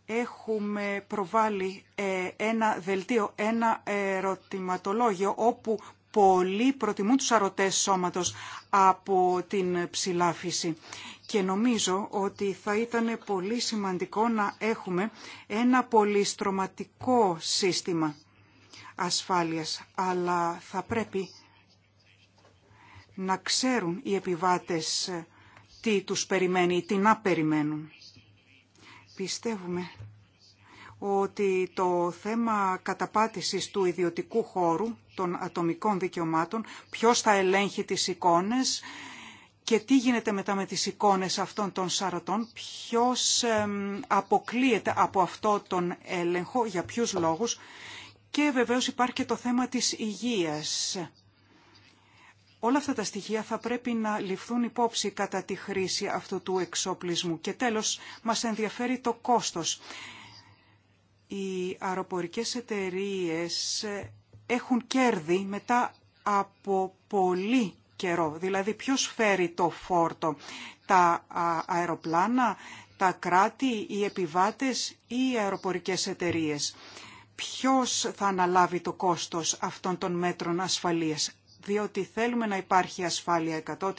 έχουμε προβάλει ε, ένα δελτίο, ένα ερωτηματολόγιο όπου πολλοί προτιμούν τους σαρωτές σώματος από την ψηλάφιση. Και νομίζω ότι θα ήταν πολύ σημαντικό να έχουμε ένα πολυστρωματικό σύστημα ασφάλειας, αλλά θα πρέπει να ξέρουν οι επιβάτες ε, τι τους περιμένει ή τι να περιμένουν. Πιστεύουμε ότι το θέμα καταπάτησης του ιδιωτικού χώρου των ατομικών δικαιωμάτων, ποιος θα ελέγχει τις εικόνες και τι γίνεται μετά με τις εικόνες αυτών των σαρωτών, ποιος αποκλείεται από αυτό τον έλεγχο, για ποιους λόγους και βεβαίως υπάρχει και το θέμα της υγείας Όλα αυτά τα στοιχεία θα πρέπει να ληφθούν υπόψη κατά τη χρήση αυτού του εξοπλισμού. Και τέλος, μας ενδιαφέρει το κόστος. Οι αεροπορικές εταιρείες έχουν κέρδη μετά από πολύ καιρό. Δηλαδή, ποιος φέρει το φόρτο, τα αεροπλάνα, τα κράτη, οι επιβάτες ή οι αεροπορικές εταιρείες. Ποιος θα αναλάβει το κόστος αυτών των μέτρων ασφαλείας διότι θέλουμε να υπάρχει ασφάλεια 100%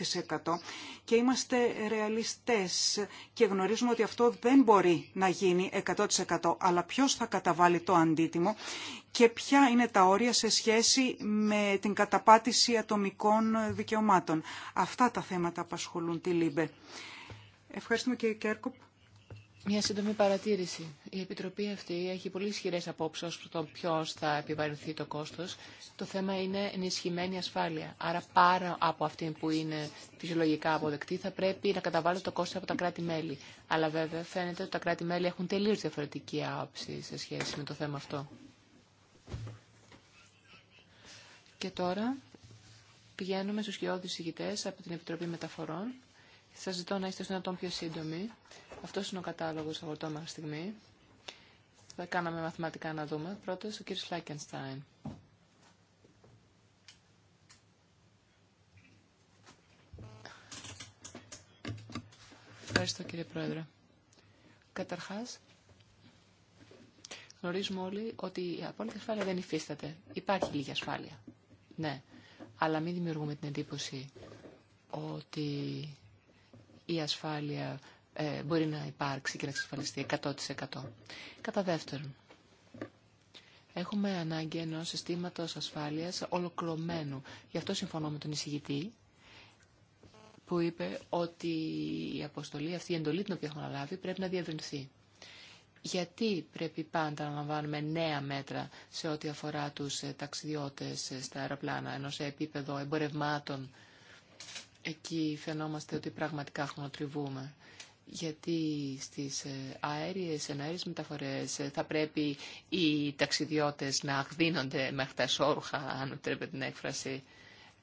και είμαστε ρεαλιστές και γνωρίζουμε ότι αυτό δεν μπορεί να γίνει 100% αλλά ποιος θα καταβάλει το αντίτιμο και ποια είναι τα όρια σε σχέση με την καταπάτηση ατομικών δικαιωμάτων. Αυτά τα θέματα απασχολούν τη ΛΥΜΠΕ. Ευχαριστούμε κύριε
Κέρκοπ. Μια σύντομη παρατήρηση. Η Επιτροπή αυτή έχει πολύ ισχυρέ απόψει ω προ το ποιο θα επιβαρυνθεί το κόστο. Το θέμα είναι ενισχυμένη ασφάλεια. Άρα, πάρα από αυτή που είναι φυσιολογικά αποδεκτή, θα πρέπει να καταβάλουν το κόστο από τα κράτη-μέλη. Αλλά βέβαια φαίνεται ότι τα κράτη-μέλη έχουν τελείω διαφορετική άποψη σε σχέση με το θέμα αυτό. Και τώρα πηγαίνουμε στου κοιόδη ηγητέ από την Επιτροπή Μεταφορών. Σα ζητώ να είστε στον πιο σύντομοι, αυτό είναι ο κατάλογος αγορτών μέχρι στιγμή. Θα κάναμε μαθηματικά να δούμε. Πρώτος ο κύριο Φλάκενστάιν. Ευχαριστώ κύριε Πρόεδρε. Καταρχάς, γνωρίζουμε όλοι ότι η απόλυτη ασφάλεια δεν υφίσταται. Υπάρχει λίγη ασφάλεια. Ναι. Αλλά μην δημιουργούμε την εντύπωση ότι η ασφάλεια ε, μπορεί να υπάρξει και να εξασφαλιστεί 100%. Κατά δεύτερον, έχουμε ανάγκη ενός συστήματος ασφάλειας ολοκληρωμένου. Γι' αυτό συμφωνώ με τον εισηγητή που είπε ότι η αποστολή, αυτή η εντολή την οποία έχουμε αναλάβει πρέπει να διευρυνθεί. Γιατί πρέπει πάντα να λαμβάνουμε νέα μέτρα σε ό,τι αφορά τους ε, ταξιδιώτες ε, στα αεροπλάνα, ενώ σε επίπεδο εμπορευμάτων εκεί φαινόμαστε ότι πραγματικά χρονοτριβούμε γιατί στις ε, αέριες, εναέριες μεταφορές ε, θα πρέπει οι ταξιδιώτες να αγδίνονται μέχρι τα σόρουχα, αν επιτρέπετε την έκφραση,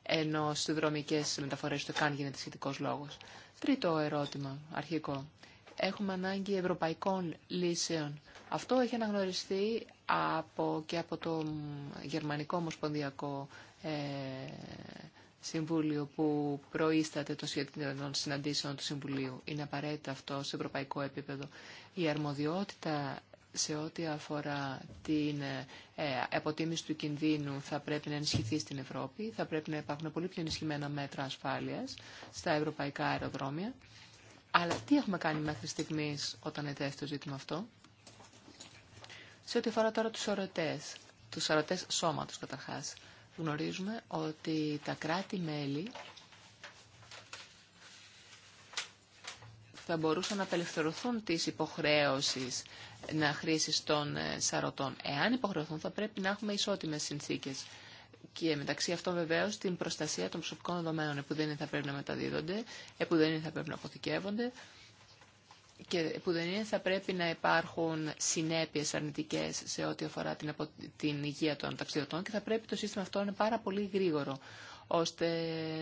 ενώ στις δρομικές μεταφορές το καν γίνεται σχετικός λόγος. Τρίτο ερώτημα, αρχικό. Έχουμε ανάγκη ευρωπαϊκών λύσεων. Αυτό έχει αναγνωριστεί από, και από το Γερμανικό Ομοσπονδιακό ε, Συμβούλιο που προείσταται των συναντήσεων του Συμβουλίου. Είναι απαραίτητο αυτό σε ευρωπαϊκό επίπεδο. Η αρμοδιότητα σε ό,τι αφορά την ε, ε, αποτίμηση του κινδύνου θα πρέπει να ενισχυθεί στην Ευρώπη. Θα πρέπει να υπάρχουν πολύ πιο ενισχυμένα μέτρα ασφάλειας στα ευρωπαϊκά αεροδρόμια. Αλλά τι έχουμε κάνει μέχρι στιγμής όταν ετέθη το ζήτημα αυτό. Σε ό,τι αφορά τώρα τους ορωτές, τους ορωτές σώματος καταρχάς γνωρίζουμε ότι τα κράτη-μέλη θα μπορούσαν να απελευθερωθούν της υποχρέωσης να χρήσεις των ε, σαρωτών. Εάν υποχρεωθούν θα πρέπει να έχουμε ισότιμες συνθήκες και μεταξύ αυτών βεβαίω την προστασία των προσωπικών δεδομένων, που δεν θα πρέπει να μεταδίδονται, ε, που δεν θα πρέπει να αποθηκεύονται, και που δεν είναι θα πρέπει να υπάρχουν συνέπειες αρνητικές σε ό,τι αφορά την, απο... την υγεία των ταξιδιωτών και θα πρέπει το σύστημα αυτό να είναι πάρα πολύ γρήγορο ώστε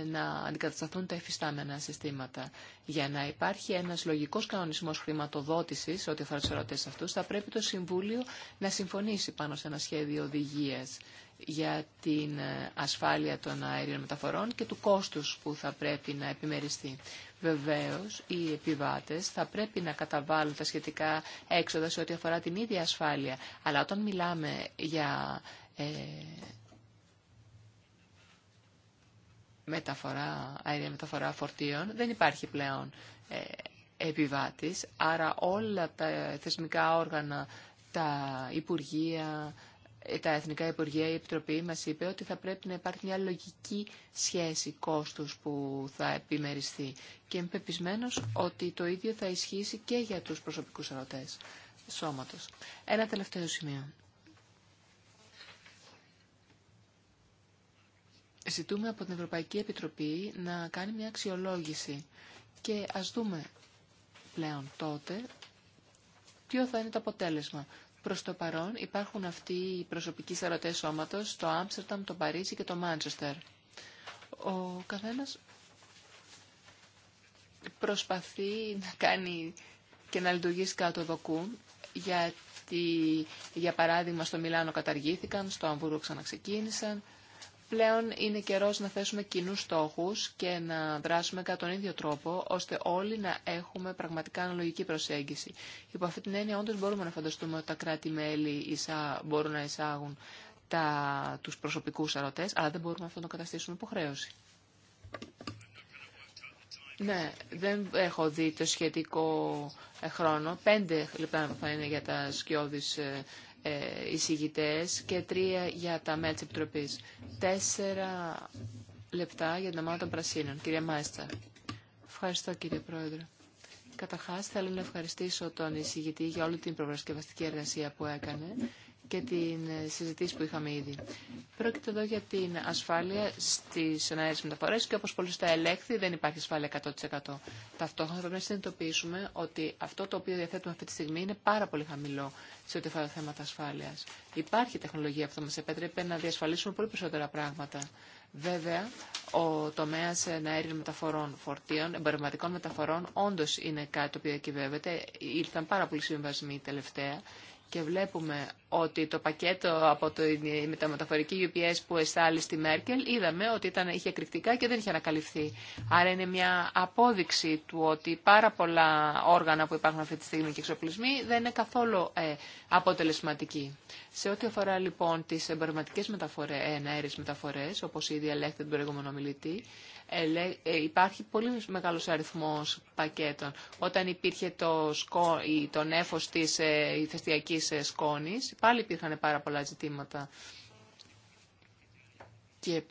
να αντικατασταθούν τα εφιστάμενα συστήματα. Για να υπάρχει ένας λογικός κανονισμός χρηματοδότησης ό,τι αφορά τους ερωτές αυτούς, θα πρέπει το Συμβούλιο να συμφωνήσει πάνω σε ένα σχέδιο οδηγία για την ε, ασφάλεια των αέριων μεταφορών και του κόστους που θα πρέπει να επιμεριστεί. Βεβαίως, οι επιβάτες θα πρέπει να καταβάλουν τα σχετικά έξοδα σε ό,τι αφορά την ίδια ασφάλεια. Αλλά όταν μιλάμε για ε, μεταφορά, αέρια μεταφορά φορτίων, δεν υπάρχει πλέον ε, επιβάτης. Άρα όλα τα θεσμικά όργανα, τα υπουργεία, τα Εθνικά Υπουργεία, η Επιτροπή μας είπε ότι θα πρέπει να υπάρχει μια λογική σχέση κόστους που θα επιμεριστεί. Και είμαι πεπισμένος ότι το ίδιο θα ισχύσει και για τους προσωπικούς ερωτές σώματος. Ένα τελευταίο σημείο. Ζητούμε από την Ευρωπαϊκή Επιτροπή να κάνει μια αξιολόγηση και ας δούμε πλέον τότε ποιο θα είναι το αποτέλεσμα. Προς το παρόν υπάρχουν αυτοί οι προσωπικοί σαρωτές σώματος στο Άμστερνταμ, το Παρίσι και το Μάντσεστερ. Ο καθένας προσπαθεί να κάνει και να λειτουργήσει κάτω δοκού, γιατί για παράδειγμα στο Μιλάνο καταργήθηκαν, στο Αμβούργο ξαναξεκίνησαν, πλέον είναι καιρός να θέσουμε κοινού στόχους και να δράσουμε κατά τον ίδιο τρόπο, ώστε όλοι να έχουμε πραγματικά αναλογική προσέγγιση. Υπό αυτή την έννοια, όντως μπορούμε να φανταστούμε ότι τα κράτη-μέλη μπορούν να εισάγουν τα, τους προσωπικούς αρωτές, αλλά δεν μπορούμε αυτό να το καταστήσουμε υποχρέωση. Ναι, δεν έχω δει το σχετικό ε, χρόνο. Πέντε λεπτά θα είναι για τα σκιώδεις ε, ε, εισηγητές και τρία για τα μέλη της Τέσσερα λεπτά για την ομάδα των Πρασίνων. Κυρία Μάιστα. Ευχαριστώ κύριε Πρόεδρε. Καταρχάς θέλω να ευχαριστήσω τον εισηγητή για όλη την προπαρασκευαστική εργασία που έκανε και την ε, συζητήση που είχαμε ήδη. Πρόκειται εδώ για την ασφάλεια στι ενέργειε μεταφορέ και όπω πολύ στα ελέγχθη δεν υπάρχει ασφάλεια 100%. Ταυτόχρονα πρέπει να συνειδητοποιήσουμε ότι αυτό το οποίο διαθέτουμε αυτή τη στιγμή είναι πάρα πολύ χαμηλό σε ό,τι αφορά θέματα ασφάλεια. Υπάρχει τεχνολογία που θα μα επέτρεπε να διασφαλίσουμε πολύ περισσότερα πράγματα. Βέβαια, ο τομέα αέριων μεταφορών φορτίων, εμπορευματικών μεταφορών, όντω είναι κάτι το οποίο διακυβεύεται. Ήρθαν πάρα πολλοί συμβασμοί τελευταία και βλέπουμε ότι το πακέτο από το, με τα μεταφορική UPS που εστάλει στη Μέρκελ είδαμε ότι ήταν, είχε εκρηκτικά και δεν είχε ανακαλυφθεί. Άρα είναι μια απόδειξη του ότι πάρα πολλά όργανα που υπάρχουν αυτή τη στιγμή και εξοπλισμοί δεν είναι καθόλου ε, αποτελεσματικοί. Σε ό,τι αφορά λοιπόν τις εμπορευματικές μεταφορές, ε, όπω μεταφορές, όπως ήδη ελέγχεται τον προηγούμενο μιλητή, ε, υπάρχει πολύ μεγάλος αριθμός πακέτων. Όταν υπήρχε το, σκό, το νέφος της ε, ε, σκόνης, πάλι υπήρχαν πάρα πολλά ζητήματα και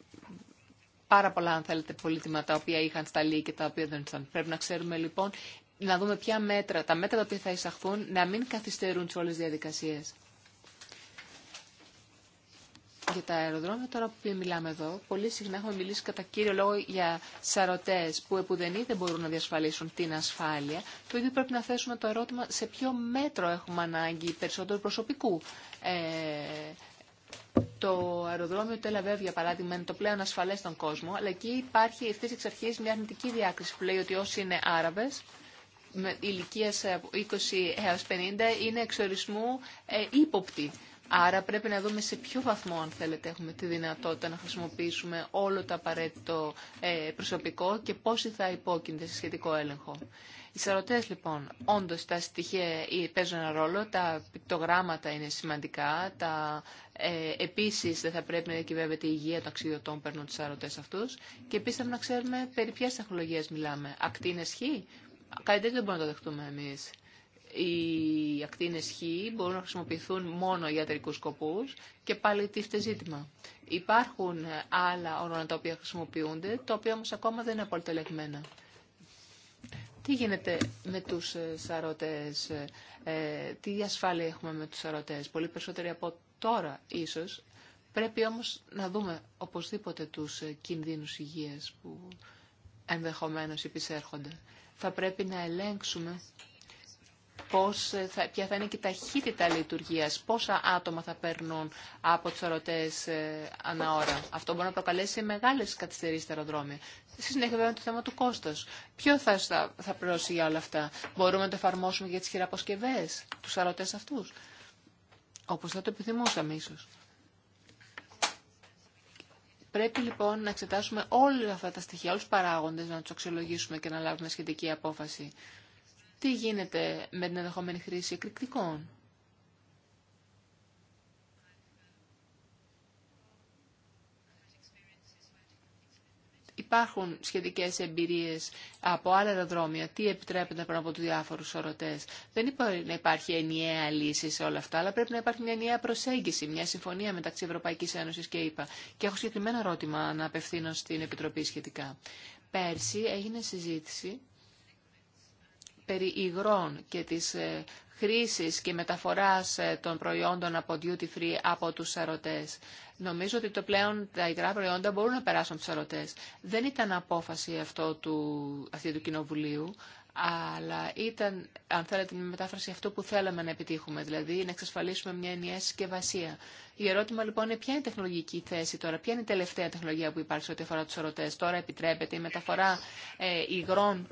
πάρα πολλά, αν θέλετε, πολύτιμα τα οποία είχαν σταλεί και τα οποία δεν ήταν. Πρέπει να ξέρουμε λοιπόν, να δούμε ποια μέτρα, τα μέτρα τα οποία θα εισαχθούν, να μην καθυστερούν σε όλες τις διαδικασίες για τα αεροδρόμια, τώρα που μιλάμε εδώ, πολύ συχνά έχουμε μιλήσει κατά κύριο λόγο για σαρωτέ που επουδενή δεν μπορούν να διασφαλίσουν την ασφάλεια. Το ίδιο πρέπει να θέσουμε το ερώτημα σε ποιο μέτρο έχουμε ανάγκη περισσότερο προσωπικού. Ε, το αεροδρόμιο Τελαβέβ, για παράδειγμα, είναι το πλέον ασφαλέ στον κόσμο, αλλά εκεί υπάρχει ευθύ εξ αρχή μια αρνητική διάκριση που λέει ότι όσοι είναι Άραβε ηλικία 20 έως 50 είναι εξορισμού ε, Άρα πρέπει να δούμε σε ποιο βαθμό, αν θέλετε, έχουμε τη δυνατότητα να χρησιμοποιήσουμε όλο το απαραίτητο ε, προσωπικό και πόσοι θα υπόκεινται σε σχετικό έλεγχο. Οι σαρωτές λοιπόν, όντως τα στοιχεία ε, παίζουν ένα ρόλο, τα πικτογράμματα είναι σημαντικά, τα, ε, επίσης δεν θα πρέπει να διακυβεύεται η υγεία των αξιδιωτών που παίρνουν τους σαρωτές αυτούς και επίσης πρέπει να ξέρουμε περί ποιες τεχνολογίε μιλάμε. Ακτίνες χ, κάτι τέτοιο δεν μπορούμε να το δεχτούμε εμείς οι ακτίνες Χ μπορούν να χρησιμοποιηθούν μόνο για ιατρικούς σκοπούς και πάλι τίφτε ζήτημα. Υπάρχουν άλλα όργανα τα οποία χρησιμοποιούνται, τα οποία όμως ακόμα δεν είναι απολυτελεγμένα. Τι γίνεται με τους ε, σαρωτές, ε, ε, τι ασφάλεια έχουμε με τους σαρωτές, πολύ περισσότεροι από τώρα ίσως. Πρέπει όμως να δούμε οπωσδήποτε τους κινδύνους υγείας που ενδεχομένως υπησέρχονται. Θα πρέπει να ελέγξουμε πώς ε, θα, ποια θα είναι και η ταχύτητα λειτουργίας, πόσα άτομα θα παίρνουν από τους ορωτές ε, ανά ώρα. Αυτό μπορεί να προκαλέσει μεγάλες καθυστερήσεις στα αεροδρόμια. Στη συνέχεια βέβαια το θέμα του κόστος. Ποιο θα, θα, θα πληρώσει για όλα αυτά. Μπορούμε να το εφαρμόσουμε για τις χειραποσκευές, τους αρωτές αυτούς. Όπως θα το επιθυμούσαμε ίσως. Πρέπει λοιπόν να εξετάσουμε όλα αυτά τα στοιχεία, όλους τους παράγοντες, να τους αξιολογήσουμε και να λάβουμε σχετική απόφαση. Τι γίνεται με την ενδεχόμενη χρήση εκρηκτικών. υπάρχουν σχετικές εμπειρίες από άλλα δρόμια. τι επιτρέπεται πριν από τους διάφορους ορωτές. Δεν υπάρχει να υπάρχει ενιαία λύση σε όλα αυτά, αλλά πρέπει να υπάρχει μια ενιαία προσέγγιση, μια συμφωνία μεταξύ Ευρωπαϊκής Ένωσης και ΕΕ. Και έχω συγκεκριμένα ερώτημα να απευθύνω στην Επιτροπή σχετικά. Πέρσι έγινε συζήτηση περί υγρών και της ε, χρήσης και μεταφοράς ε, των προϊόντων από duty free από τους σαρωτές. Νομίζω ότι το πλέον τα υγρά προϊόντα μπορούν να περάσουν από τους σαρωτές. Δεν ήταν απόφαση αυτό του, αυτή του Κοινοβουλίου, αλλά ήταν, αν θέλετε, μια μετάφραση αυτού που θέλαμε να επιτύχουμε, δηλαδή να εξασφαλίσουμε μια ενιαία συσκευασία. Η ερώτημα λοιπόν είναι ποια είναι η τεχνολογική θέση τώρα, ποια είναι η τελευταία τεχνολογία που υπάρχει ό,τι αφορά του ορωτέ. Τώρα επιτρέπεται η μεταφορά ε, υγρών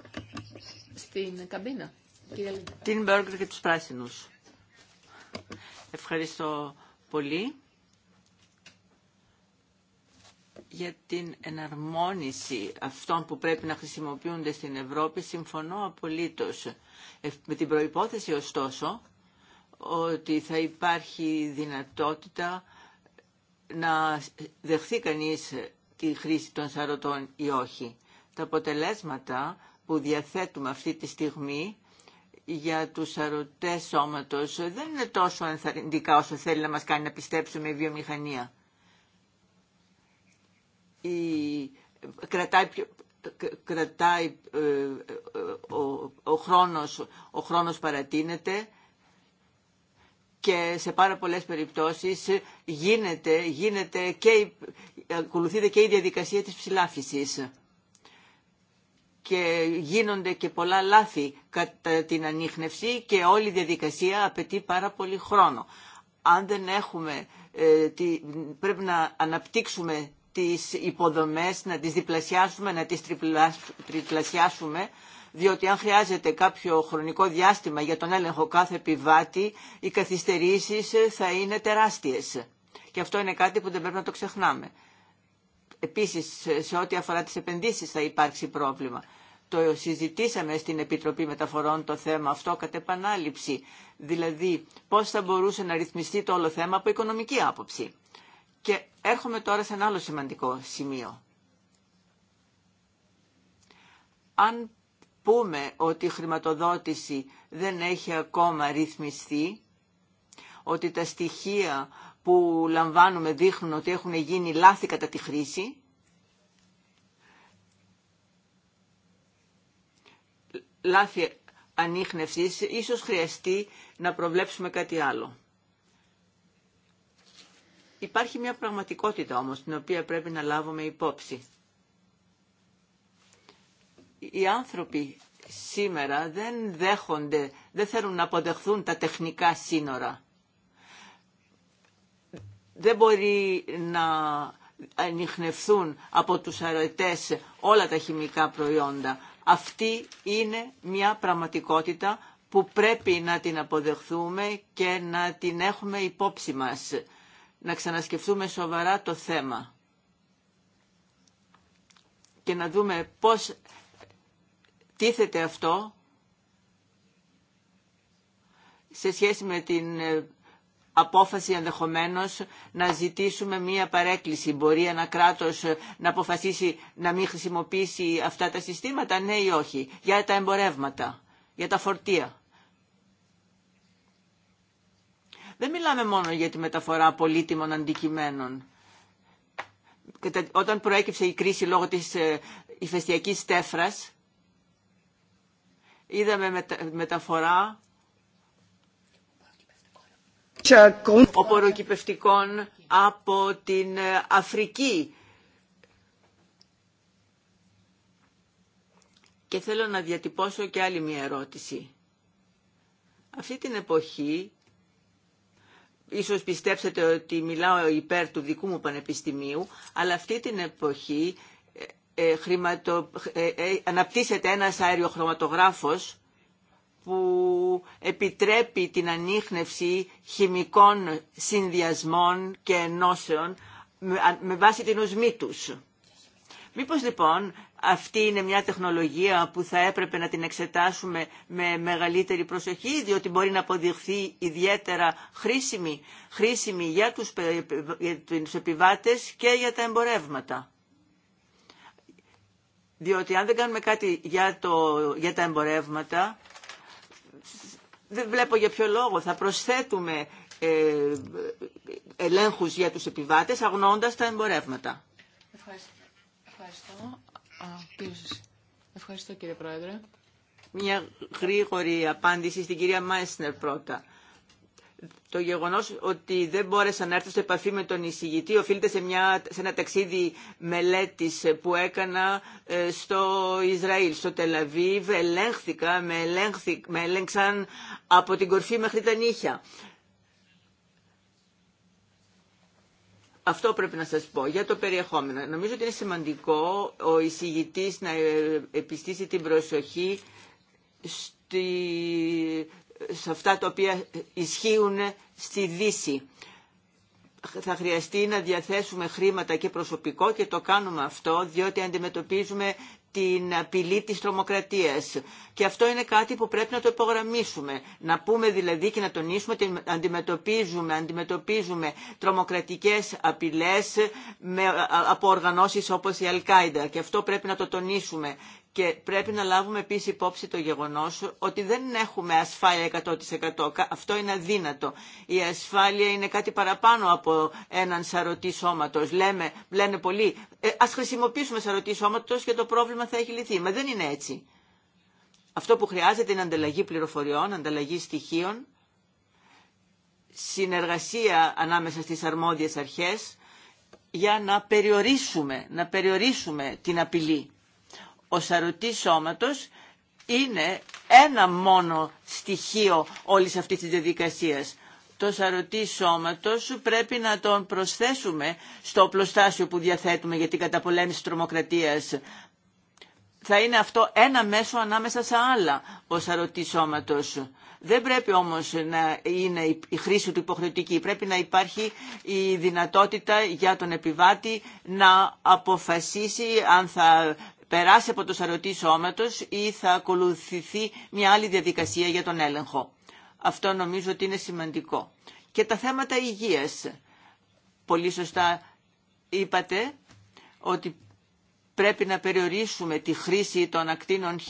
στην καμπίνα.
Την Μπέργκερ και του πράσινου. Ευχαριστώ πολύ για την εναρμόνιση αυτών που πρέπει να χρησιμοποιούνται στην Ευρώπη συμφωνώ απολύτως. Ε, με την προϋπόθεση ωστόσο ότι θα υπάρχει δυνατότητα να δεχθεί κανείς τη χρήση των σαρωτών ή όχι. Τα αποτελέσματα που διαθέτουμε αυτή τη στιγμή για τους σαρωτές σώματος δεν είναι τόσο ενθαρρυντικά όσο θέλει να μας κάνει να πιστέψουμε η βιομηχανία κρατάει, ε, ο, ο, χρόνος, ο χρόνος παρατείνεται και σε πάρα πολλές περιπτώσεις γίνεται, και, ακολουθείται και η διαδικασία της ψηλάφισης και γίνονται και πολλά λάθη κατά την ανείχνευση και όλη η διαδικασία απαιτεί πάρα πολύ χρόνο. Αν δεν έχουμε, ε, πρέπει να αναπτύξουμε τις υποδομές, να τις διπλασιάσουμε, να τις τριπλασιάσουμε, διότι αν χρειάζεται κάποιο χρονικό διάστημα για τον έλεγχο κάθε επιβάτη, οι καθυστερήσεις θα είναι τεράστιες. Και αυτό είναι κάτι που δεν πρέπει να το ξεχνάμε. Επίσης, σε ό,τι αφορά τις επενδύσεις θα υπάρξει πρόβλημα. Το συζητήσαμε στην Επιτροπή Μεταφορών το θέμα αυτό κατ' επανάληψη. Δηλαδή, πώς θα μπορούσε να ρυθμιστεί το όλο θέμα από οικονομική άποψη. Και έρχομαι τώρα σε ένα άλλο σημαντικό σημείο. Αν πούμε ότι η χρηματοδότηση δεν έχει ακόμα ρυθμιστεί, ότι τα στοιχεία που λαμβάνουμε δείχνουν ότι έχουν γίνει λάθη κατά τη χρήση, λάθη ανείχνευσης, ίσως χρειαστεί να προβλέψουμε κάτι άλλο. Υπάρχει μια πραγματικότητα όμως την οποία πρέπει να λάβουμε υπόψη. Οι άνθρωποι σήμερα δεν δέχονται, δεν θέλουν να αποδεχθούν τα τεχνικά σύνορα. Δεν μπορεί να ανοιχνευθούν από τους αρετές όλα τα χημικά προϊόντα. Αυτή είναι μια πραγματικότητα που πρέπει να την αποδεχθούμε και να την έχουμε υπόψη μας να ξανασκεφτούμε σοβαρά το θέμα και να δούμε πώς τίθεται αυτό σε σχέση με την ε, απόφαση ενδεχομένω να ζητήσουμε μία παρέκκληση. Μπορεί ένα κράτος ε, να αποφασίσει να μην χρησιμοποιήσει αυτά τα συστήματα, ναι ή όχι, για τα εμπορεύματα, για τα φορτία. δεν μιλάμε μόνο για τη μεταφορά πολύτιμων αντικειμένων. Όταν προέκυψε η κρίση λόγω της ε, ηφαιστιακής στέφρας, είδαμε μεταφορά οποροκυπευτικών από την ε, Αφρική. Και θέλω να διατυπώσω και άλλη μια ερώτηση. Αυτή την εποχή Ίσως πιστέψετε ότι μιλάω υπέρ του δικού μου πανεπιστημίου, αλλά αυτή την εποχή ε, ε χρηματο... Ε, ε, αναπτύσσεται ένας αεριοχρωματογράφος που επιτρέπει την ανείχνευση χημικών συνδυασμών και ενώσεων με βάση την οσμή τους. Μήπως λοιπόν αυτή είναι μια τεχνολογία που θα έπρεπε να την εξετάσουμε με μεγαλύτερη προσοχή, διότι μπορεί να αποδειχθεί ιδιαίτερα χρήσιμη, χρήσιμη για, τους, για επιβάτες και για τα εμπορεύματα. Διότι αν δεν κάνουμε κάτι για, το, για τα εμπορεύματα, δεν βλέπω για ποιο λόγο. Θα προσθέτουμε ε, ελέγχους για τους επιβάτες αγνώντας τα εμπορεύματα.
Ευχαριστώ. Ευχαριστώ κύριε Πρόεδρε.
Μια γρήγορη απάντηση στην κυρία Μάισνερ πρώτα. Το γεγονό ότι δεν μπόρεσα να έρθω σε επαφή με τον εισηγητή οφείλεται σε, μια, σε ένα ταξίδι μελέτη που έκανα ε, στο Ισραήλ, στο Τελαβίβ. Ελέγχθηκα, με, ελέγχθη, με ελέγξαν από την κορφή μέχρι τα νύχια. Αυτό πρέπει να σας πω για το περιεχόμενο. Νομίζω ότι είναι σημαντικό ο εισηγητής να επιστήσει την προσοχή στη... σε αυτά τα οποία ισχύουν στη Δύση θα χρειαστεί να διαθέσουμε χρήματα και προσωπικό και το κάνουμε αυτό διότι αντιμετωπίζουμε την απειλή της τρομοκρατίας. Και αυτό είναι κάτι που πρέπει να το υπογραμμίσουμε. Να πούμε δηλαδή και να τονίσουμε ότι αντιμετωπίζουμε, αντιμετωπίζουμε τρομοκρατικές απειλές με, από οργανώσεις όπως η Αλκάιντα. Και αυτό πρέπει να το τονίσουμε. Και πρέπει να λάβουμε επίσης υπόψη το γεγονός ότι δεν έχουμε ασφάλεια 100%. Αυτό είναι αδύνατο. Η ασφάλεια είναι κάτι παραπάνω από έναν σαρωτή σώματος. Λέμε, λένε πολλοί, ε, χρησιμοποιήσουμε σαρωτή σώματος και το πρόβλημα θα έχει λυθεί. Μα δεν είναι έτσι. Αυτό που χρειάζεται είναι ανταλλαγή πληροφοριών, ανταλλαγή στοιχείων, συνεργασία ανάμεσα στις αρμόδιες αρχές για να περιορίσουμε, να περιορίσουμε την απειλή ο σαρωτή σώματος είναι ένα μόνο στοιχείο όλης αυτής της διαδικασίας. Το σαρωτή σώματος πρέπει να τον προσθέσουμε στο οπλοστάσιο που διαθέτουμε για την καταπολέμηση τρομοκρατίας. Θα είναι αυτό ένα μέσο ανάμεσα σε άλλα ο σαρωτή σώματος. Δεν πρέπει όμως να είναι η χρήση του υποχρεωτική. Πρέπει να υπάρχει η δυνατότητα για τον επιβάτη να αποφασίσει αν θα περάσει από το σαρωτή σώματος ή θα ακολουθηθεί μια άλλη διαδικασία για τον έλεγχο. Αυτό νομίζω ότι είναι σημαντικό. Και τα θέματα υγείας. Πολύ σωστά είπατε ότι πρέπει να περιορίσουμε τη χρήση των ακτίνων Χ.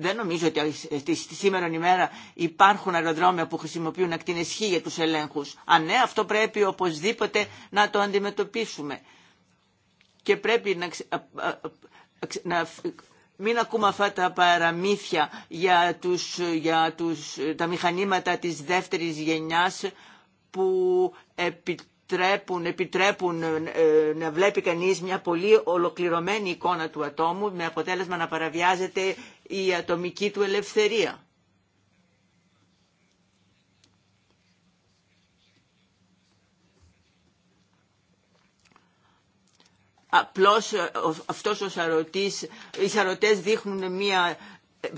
Δεν νομίζω ότι στη σήμερα ημέρα υπάρχουν αεροδρόμια που χρησιμοποιούν ακτίνες Χ για τους ελέγχους. Αν ναι, αυτό πρέπει οπωσδήποτε να το αντιμετωπίσουμε. Και πρέπει να μην ακούμε αυτά τα παραμύθια για, τους, για τους, τα μηχανήματα της δεύτερης γενιάς που επιτρέπουν, επιτρέπουν ε, να βλέπει κανείς μια πολύ ολοκληρωμένη εικόνα του ατόμου με αποτέλεσμα να παραβιάζεται η ατομική του ελευθερία. απλώς ε, αυτός ο σαρωτής, οι σαρωτές δείχνουν μία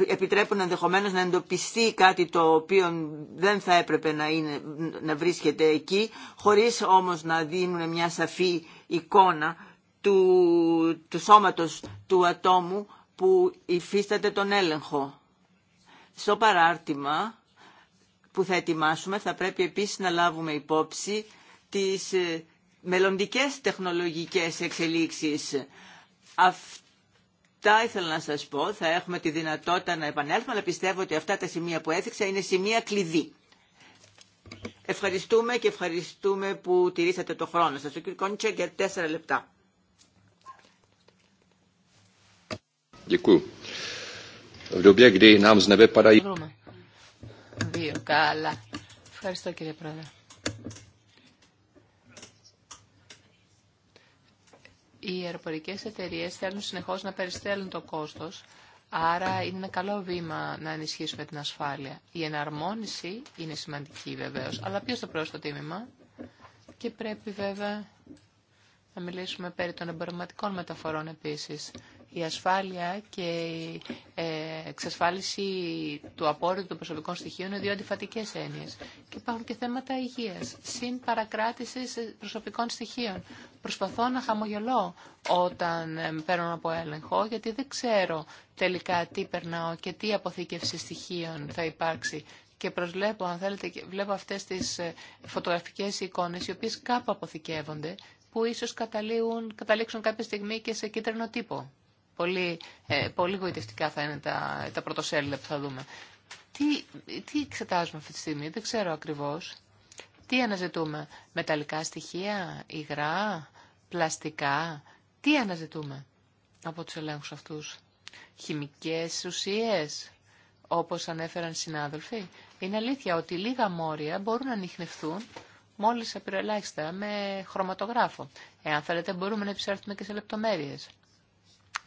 επιτρέπουν ενδεχομένω να εντοπιστεί κάτι το οποίο δεν θα έπρεπε να, είναι, να βρίσκεται εκεί, χωρίς όμως να δίνουν μια σαφή εικόνα του, του σώματος του ατόμου που υφίσταται τον έλεγχο. Στο παράρτημα που θα ετοιμάσουμε θα πρέπει επίσης να λάβουμε υπόψη τις ε, μελλοντικές τεχνολογικές εξελίξεις. Αυτά ήθελα να σας πω. Θα έχουμε τη δυνατότητα να επανέλθουμε, αλλά πιστεύω ότι αυτά τα σημεία που έθιξα είναι σημεία κλειδί. Ευχαριστούμε και ευχαριστούμε που τηρήσατε το χρόνο σας. Ο κ. για τέσσερα λεπτά.
Ευχαριστώ κύριε Πρόεδρε. οι αεροπορικές εταιρείες θέλουν συνεχώς να περιστέλουν το κόστος, άρα είναι ένα καλό βήμα να ενισχύσουμε την ασφάλεια. Η εναρμόνιση είναι σημαντική βεβαίως, αλλά ποιο το πρόσθετο τίμημα και πρέπει βέβαια να μιλήσουμε περί των εμπορευματικών μεταφορών επίσης. Η ασφάλεια και η ε, εξασφάλιση του απόρριτου των προσωπικών στοιχείων είναι δύο αντιφατικές έννοιες. Και υπάρχουν και θέματα υγείας, συν παρακράτηση προσωπικών στοιχείων προσπαθώ να χαμογελώ όταν παίρνω από έλεγχο, γιατί δεν ξέρω τελικά τι περνάω και τι αποθήκευση στοιχείων θα υπάρξει. Και προσλέπω αν θέλετε, βλέπω αυτές τις ε, φωτογραφικές εικόνες, οι οποίες κάπου αποθηκεύονται, που ίσως καταλήξουν κάποια στιγμή και σε κίτρινο τύπο. Πολύ, ε, πολύ γοητευτικά θα είναι τα, τα πρωτοσέλιδα που θα δούμε. Τι, τι εξετάζουμε αυτή τη στιγμή, δεν ξέρω ακριβώς. Τι αναζητούμε, μεταλλικά στοιχεία, υγρά, πλαστικά, τι αναζητούμε από τους ελέγχους αυτούς. Χημικές ουσίες, όπως ανέφεραν συνάδελφοι. Είναι αλήθεια ότι λίγα μόρια μπορούν να ανοιχνευθούν μόλις απειροελάχιστα με χρωματογράφο. Εάν θέλετε μπορούμε να επισέλθουμε και σε λεπτομέρειες.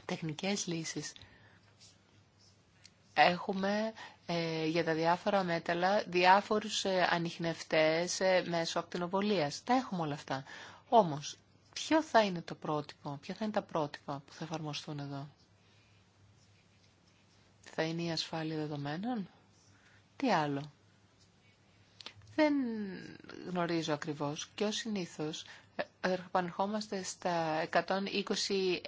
Τεχνικές λύσεις. Έχουμε ε, για τα διάφορα μέταλλα διάφορους ε, ανιχνευτές ε, μέσω ακτινοβολίας. Τα έχουμε όλα αυτά. Όμως, ποιο θα είναι το πρότυπο, ποια θα είναι τα πρότυπα που θα εφαρμοστούν εδώ. Θα είναι η ασφάλεια δεδομένων. Τι άλλο. Δεν γνωρίζω ακριβώς και ως συνήθως επανερχόμαστε στα 120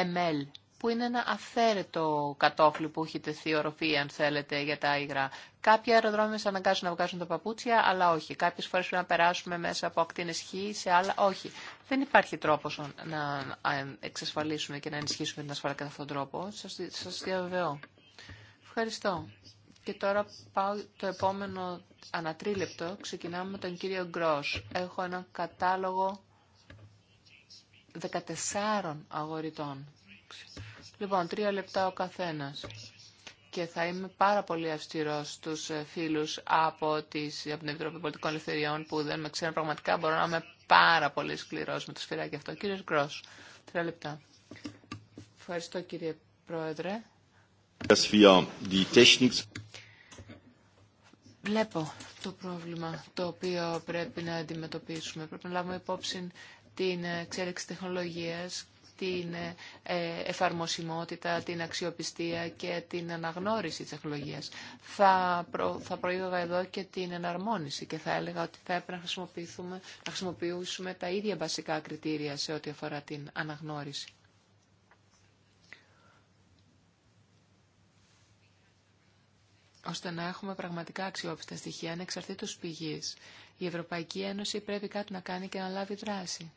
ml που είναι ένα αυθαίρετο κατόφλι που έχει τεθεί οροφή, αν θέλετε, για τα υγρά. Κάποια αεροδρόμια σα αναγκάζουν να βγάζουν τα παπούτσια, αλλά όχι. Κάποιε φορέ πρέπει να περάσουμε μέσα από ακτίνε χ, σε άλλα όχι. Δεν υπάρχει τρόπο να εξασφαλίσουμε και να ενισχύσουμε την ασφάλεια κατά αυτόν τον τρόπο. Σα διαβεβαιώ. Ευχαριστώ. Και τώρα πάω το επόμενο ανατρίλεπτο. Ξεκινάμε με τον κύριο Γκρό. Έχω ένα κατάλογο 14 αγοριτών. Λοιπόν, τρία λεπτά ο καθένας. Και θα είμαι πάρα πολύ αυστηρό στου ε, φίλου από, από την Επιτροπή Πολιτικών Ελευθεριών που δεν με ξέρουν πραγματικά. Μπορώ να είμαι πάρα πολύ σκληρό με το σφυράκι αυτό. Κύριε Γκρό, τρία λεπτά. Ευχαριστώ κύριε Πρόεδρε. Βλέπω το πρόβλημα το οποίο πρέπει να αντιμετωπίσουμε. Πρέπει να λάβουμε υπόψη την εξέλιξη τεχνολογίας την ε, ε, εφαρμοσιμότητα, την αξιοπιστία και την αναγνώριση της εκλογίας. Θα, προ, θα εδώ και την εναρμόνιση και θα έλεγα ότι θα έπρεπε να να χρησιμοποιήσουμε τα ίδια βασικά κριτήρια σε ό,τι αφορά την αναγνώριση. ώστε να έχουμε πραγματικά αξιόπιστα στοιχεία ανεξαρτήτως πηγής. Η Ευρωπαϊκή Ένωση πρέπει κάτι να κάνει και να λάβει δράση.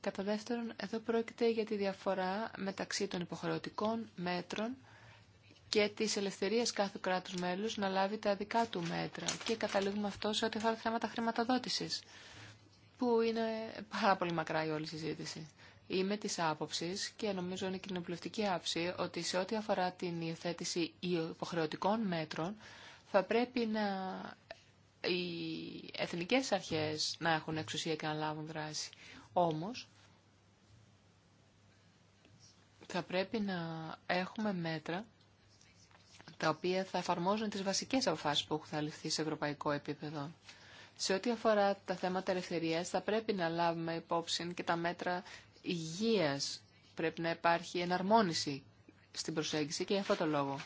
Κατά δεύτερον, εδώ πρόκειται για τη διαφορά μεταξύ των υποχρεωτικών μέτρων και τη ελευθερία κάθε κράτου μέλου να λάβει τα δικά του μέτρα. Και καταλήγουμε αυτό σε ό,τι αφορά θέματα χρηματοδότηση, που είναι πάρα πολύ μακρά η όλη συζήτηση. Είμαι της άποψης και νομίζω είναι κοινοβουλευτική άψη ότι σε ό,τι αφορά την υιοθέτηση υποχρεωτικών μέτρων θα πρέπει να οι εθνικές αρχές να έχουν εξουσία και να λάβουν δράση. Όμως θα πρέπει να έχουμε μέτρα τα οποία θα εφαρμόζουν τις βασικές αποφάσεις που έχουν ληφθεί σε ευρωπαϊκό επίπεδο. Σε ό,τι αφορά τα θέματα ελευθερία, θα πρέπει να λάβουμε υπόψη και τα μέτρα υγείας. Πρέπει να υπάρχει εναρμόνιση στην προσέγγιση και για αυτό το λόγο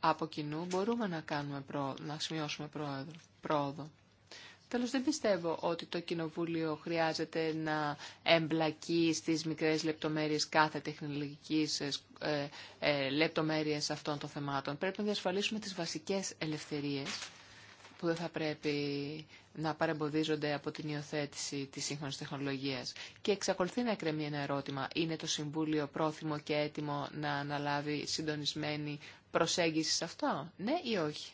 από κοινού μπορούμε να, κάνουμε προ... να σημειώσουμε πρόοδο. Τέλος, δεν πιστεύω ότι το Κοινοβούλιο χρειάζεται να εμπλακεί στις μικρές λεπτομέρειες κάθε τεχνολογικής ε, ε λεπτομέρειας αυτών των θεμάτων. Πρέπει να διασφαλίσουμε τις βασικές ελευθερίες που δεν θα πρέπει να παρεμποδίζονται από την υιοθέτηση τη σύγχρονη τεχνολογία. Και εξακολουθεί να εκκρεμεί ένα ερώτημα. Είναι το Συμβούλιο πρόθυμο και έτοιμο να αναλάβει συντονισμένη προσέγγιση σε αυτό, ναι ή όχι.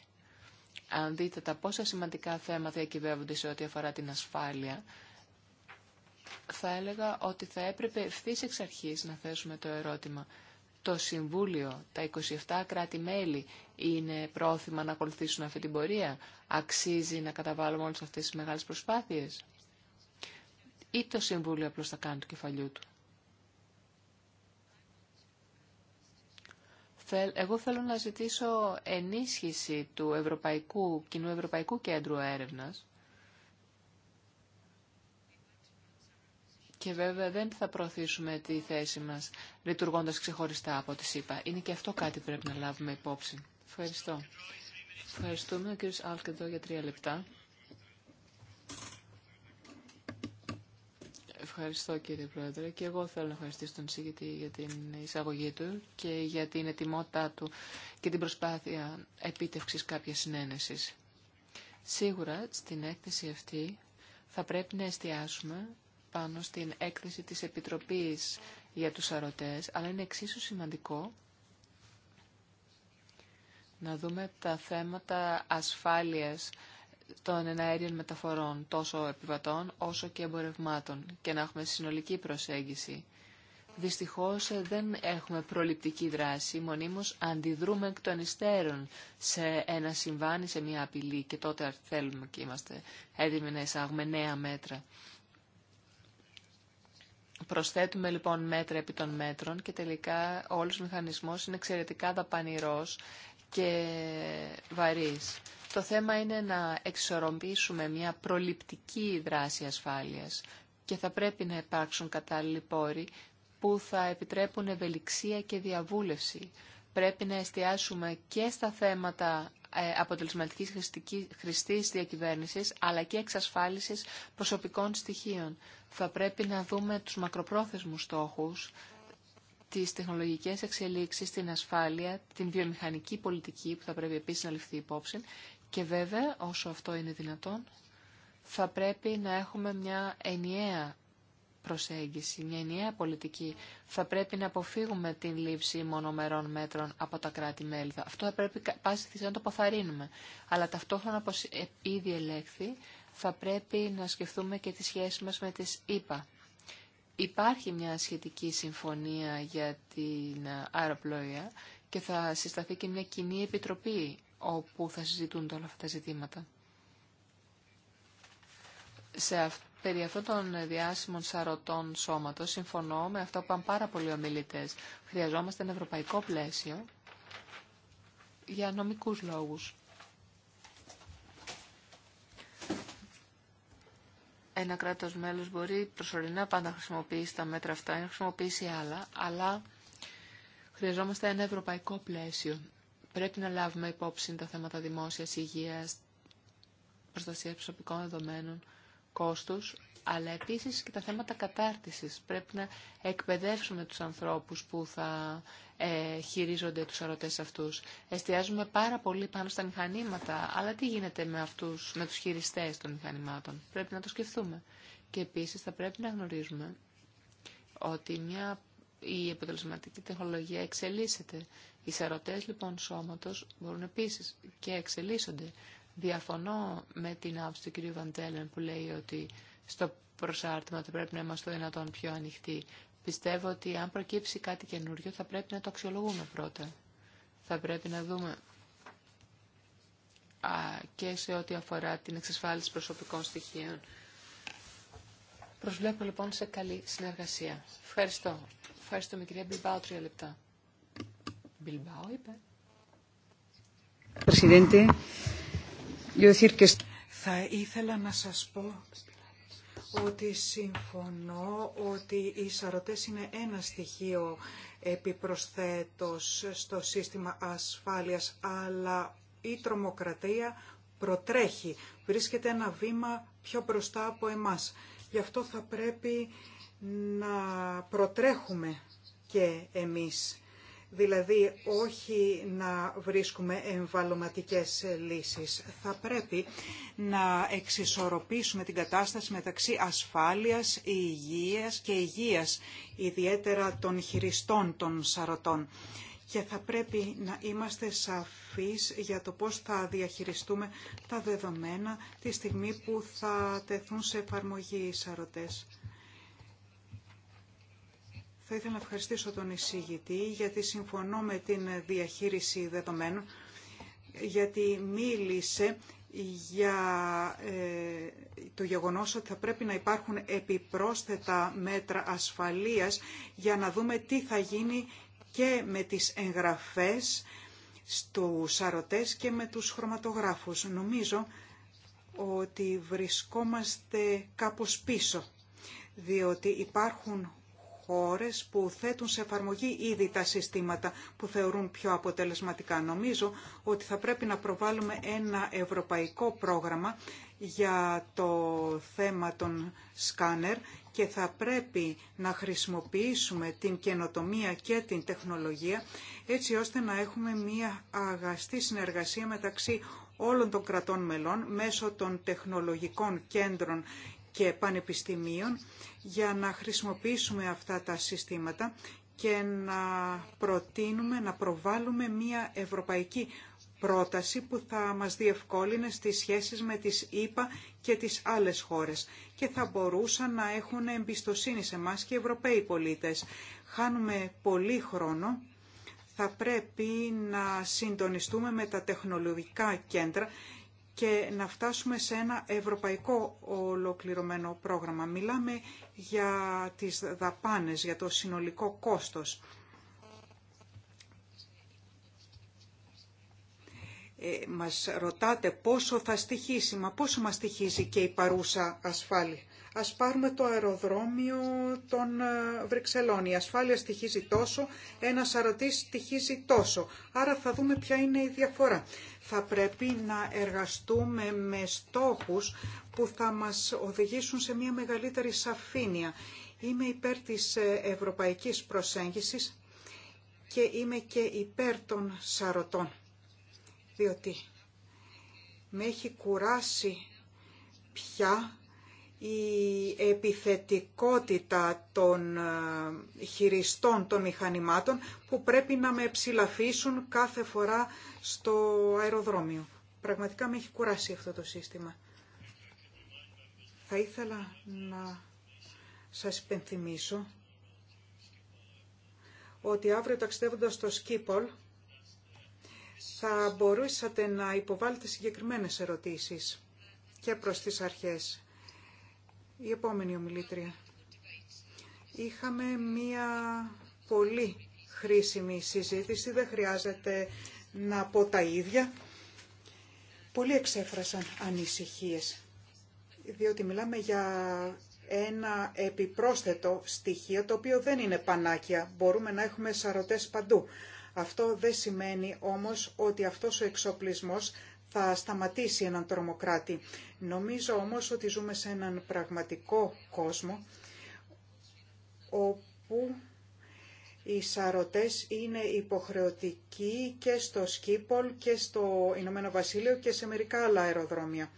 Αν δείτε τα πόσα σημαντικά θέματα διακυβεύονται σε ό,τι αφορά την ασφάλεια, θα έλεγα ότι θα έπρεπε ευθύ εξ αρχή να θέσουμε το ερώτημα. Το Συμβούλιο, τα 27 κράτη-μέλη είναι πρόθυμα να ακολουθήσουν αυτή την πορεία. Αξίζει να καταβάλουμε όλες αυτές τις μεγάλες προσπάθειες. Ή το Συμβούλιο απλώς θα κάνει το κεφαλιού του. Εγώ θέλω να ζητήσω ενίσχυση του Ευρωπαϊκού, Κοινού Ευρωπαϊκού Κέντρου Έρευνας και βέβαια δεν θα προωθήσουμε τη θέση μας λειτουργώντας ξεχωριστά από τη ΣΥΠΑ. Είναι και αυτό κάτι που πρέπει να λάβουμε υπόψη. Ευχαριστώ. Ευχαριστούμε. Ο κύριος Άλκεντο για τρία λεπτά. Ευχαριστώ κύριε Πρόεδρε και εγώ θέλω να ευχαριστήσω τον Σίγητη για την εισαγωγή του και για την ετοιμότητά του και την προσπάθεια επίτευξης κάποιας συνένεσης. Σίγουρα στην έκθεση αυτή θα πρέπει να εστιάσουμε πάνω στην έκθεση της Επιτροπής για τους αρωτές, αλλά είναι εξίσου σημαντικό να δούμε τα θέματα ασφάλειας των εναέριων μεταφορών, τόσο επιβατών όσο και εμπορευμάτων και να έχουμε συνολική προσέγγιση. Δυστυχώς ε, δεν έχουμε προληπτική δράση, μονίμως αντιδρούμε εκ των υστέρων σε ένα συμβάνι, σε μια απειλή και τότε θέλουμε και είμαστε έτοιμοι να εισάγουμε νέα μέτρα. Προσθέτουμε λοιπόν μέτρα επί των μέτρων και τελικά όλος ο μηχανισμός είναι εξαιρετικά δαπανηρός και βαρύς. Το θέμα είναι να εξορρομπήσουμε μια προληπτική δράση ασφάλειας και θα πρέπει να υπάρξουν κατάλληλοι πόροι που θα επιτρέπουν ευελιξία και διαβούλευση. Πρέπει να εστιάσουμε και στα θέματα ε, αποτελεσματική χρηστή διακυβέρνηση, αλλά και εξασφάλιση προσωπικών στοιχείων. Θα πρέπει να δούμε τους μακροπρόθεσμου στόχου τις τεχνολογικές εξελίξεις, την ασφάλεια, την βιομηχανική πολιτική που θα πρέπει επίσης να ληφθεί υπόψη και βέβαια όσο αυτό είναι δυνατόν θα πρέπει να έχουμε μια ενιαία προσέγγιση, μια ενιαία πολιτική. Θα πρέπει να αποφύγουμε την λήψη μονομερών μέτρων από τα κράτη-μέλη. Αυτό θα πρέπει πάση θυσία να το αποθαρρύνουμε. Αλλά ταυτόχρονα, όπως ε, ήδη ελέγχθη, θα πρέπει να σκεφτούμε και τη σχέση μας με τις ΗΠΑ. Υπάρχει μια σχετική συμφωνία για την αεροπλοεία και θα συσταθεί και μια κοινή επιτροπή όπου θα συζητούνται όλα αυτά τα ζητήματα. Σε αυ περί αυτών των διάσημων σαρωτών σώματος συμφωνώ με αυτό που είπαν πάρα πολλοί ομιλητέ. Χρειαζόμαστε ένα ευρωπαϊκό πλαίσιο για νομικούς λόγους. ένα κράτος μέλος μπορεί προσωρινά πάντα να χρησιμοποιήσει τα μέτρα αυτά ή να χρησιμοποιήσει άλλα, αλλά χρειαζόμαστε ένα ευρωπαϊκό πλαίσιο. Πρέπει να λάβουμε υπόψη τα θέματα δημόσιας υγείας, προστασία προσωπικών δεδομένων, κόστους αλλά επίσης και τα θέματα κατάρτισης. Πρέπει να εκπαιδεύσουμε τους ανθρώπους που θα ε, χειρίζονται τους αρωτές αυτούς. Εστιάζουμε πάρα πολύ πάνω στα μηχανήματα, αλλά τι γίνεται με, αυτούς, με τους χειριστές των μηχανημάτων. Πρέπει να το σκεφτούμε. Και επίσης θα πρέπει να γνωρίζουμε ότι μια, η αποτελεσματική τεχνολογία εξελίσσεται. Οι σαρωτές λοιπόν σώματος μπορούν επίσης και εξελίσσονται. Διαφωνώ με την άποψη του κ. Βαντέλεν που λέει ότι στο προσάρτημα ότι πρέπει να είμαστε δυνατόν πιο ανοιχτοί. Πιστεύω ότι αν προκύψει κάτι καινούριο θα πρέπει να το αξιολογούμε πρώτα. Θα πρέπει να δούμε και σε ό,τι αφορά την εξασφάλιση προσωπικών στοιχείων. Προσβλέπω λοιπόν σε καλή συνεργασία. Ευχαριστώ. Ευχαριστούμε κυρία Μπιλμπάου τρία λεπτά. Μπιλμπάου είπε.
Θα ήθελα να σας πω ότι συμφωνώ ότι οι σαρωτές είναι ένα στοιχείο επιπροσθέτως στο σύστημα ασφάλειας, αλλά η τρομοκρατία προτρέχει, βρίσκεται ένα βήμα πιο μπροστά από εμάς. Γι' αυτό θα πρέπει να προτρέχουμε και εμείς δηλαδή όχι να βρίσκουμε εμβαλωματικές λύσεις. Θα πρέπει να εξισορροπήσουμε την κατάσταση μεταξύ ασφάλειας, υγείας και υγείας, ιδιαίτερα των χειριστών των σαρωτών. Και θα πρέπει να είμαστε σαφείς για το πώς θα διαχειριστούμε τα δεδομένα τη στιγμή που θα τεθούν σε εφαρμογή οι σαρωτές. Θα ήθελα να ευχαριστήσω τον εισηγητή γιατί συμφωνώ με την διαχείριση δεδομένων, γιατί μίλησε για ε, το γεγονός ότι θα πρέπει να υπάρχουν επιπρόσθετα μέτρα ασφαλείας για να δούμε τι θα γίνει και με τις εγγραφές στους αρωτές και με τους χρωματογράφους. Νομίζω ότι βρισκόμαστε κάπως πίσω, διότι υπάρχουν που θέτουν σε εφαρμογή ήδη τα συστήματα που θεωρούν πιο αποτελεσματικά. Νομίζω ότι θα πρέπει να προβάλλουμε ένα ευρωπαϊκό πρόγραμμα για το θέμα των σκάνερ και θα πρέπει να χρησιμοποιήσουμε την καινοτομία και την τεχνολογία έτσι ώστε να έχουμε μια αγαστή συνεργασία μεταξύ όλων των κρατών μελών μέσω των τεχνολογικών κέντρων και πανεπιστημίων για να χρησιμοποιήσουμε αυτά τα συστήματα και να προτείνουμε, να προβάλλουμε μία ευρωπαϊκή πρόταση που θα μας διευκόλυνε στις σχέσεις με τις ΗΠΑ και τις άλλες χώρες και θα μπορούσαν να έχουν εμπιστοσύνη σε μας και οι Ευρωπαίοι πολίτες. Χάνουμε πολύ χρόνο, θα πρέπει να συντονιστούμε με τα τεχνολογικά κέντρα και να φτάσουμε σε ένα ευρωπαϊκό ολοκληρωμένο πρόγραμμα. Μιλάμε για τις δαπάνες, για το συνολικό κόστος. Ε, μας ρωτάτε πόσο θα στοιχήσει, μα πόσο μας στοιχίζει και η παρούσα ασφάλεια Ας πάρουμε το αεροδρόμιο των ε, Βρυξελών. Η ασφάλεια στοιχίζει τόσο, ένα σαρωτής στοιχίζει τόσο. Άρα θα δούμε ποια είναι η διαφορά. Θα πρέπει να εργαστούμε με στόχους που θα μας οδηγήσουν σε μια μεγαλύτερη σαφήνεια. Είμαι υπέρ της ε, ευρωπαϊκής προσέγγισης και είμαι και υπέρ των σαρωτών. Διότι με έχει κουράσει πια η επιθετικότητα των ε, χειριστών των μηχανημάτων που πρέπει να με ψηλαφίσουν κάθε φορά στο αεροδρόμιο. Πραγματικά με έχει κουράσει αυτό το σύστημα. Θα ήθελα να σας υπενθυμίσω ότι αύριο ταξιδεύοντας στο Σκύπολ θα μπορούσατε να υποβάλλετε συγκεκριμένες ερωτήσεις και προς τις αρχές η επόμενη ομιλήτρια. Είχαμε μία πολύ χρήσιμη συζήτηση, δεν χρειάζεται να πω τα ίδια. Πολλοί εξέφρασαν ανησυχίες, διότι μιλάμε για ένα επιπρόσθετο στοιχείο, το οποίο δεν είναι πανάκια. Μπορούμε να έχουμε σαρωτές παντού. Αυτό δεν σημαίνει όμως ότι αυτός ο εξοπλισμός θα σταματήσει έναν τρομοκράτη. Νομίζω όμως ότι ζούμε σε έναν πραγματικό κόσμο όπου οι σαρωτές είναι υποχρεωτικοί και στο Σκύπολ και στο Ηνωμένο Βασίλειο και σε μερικά άλλα αεροδρόμια.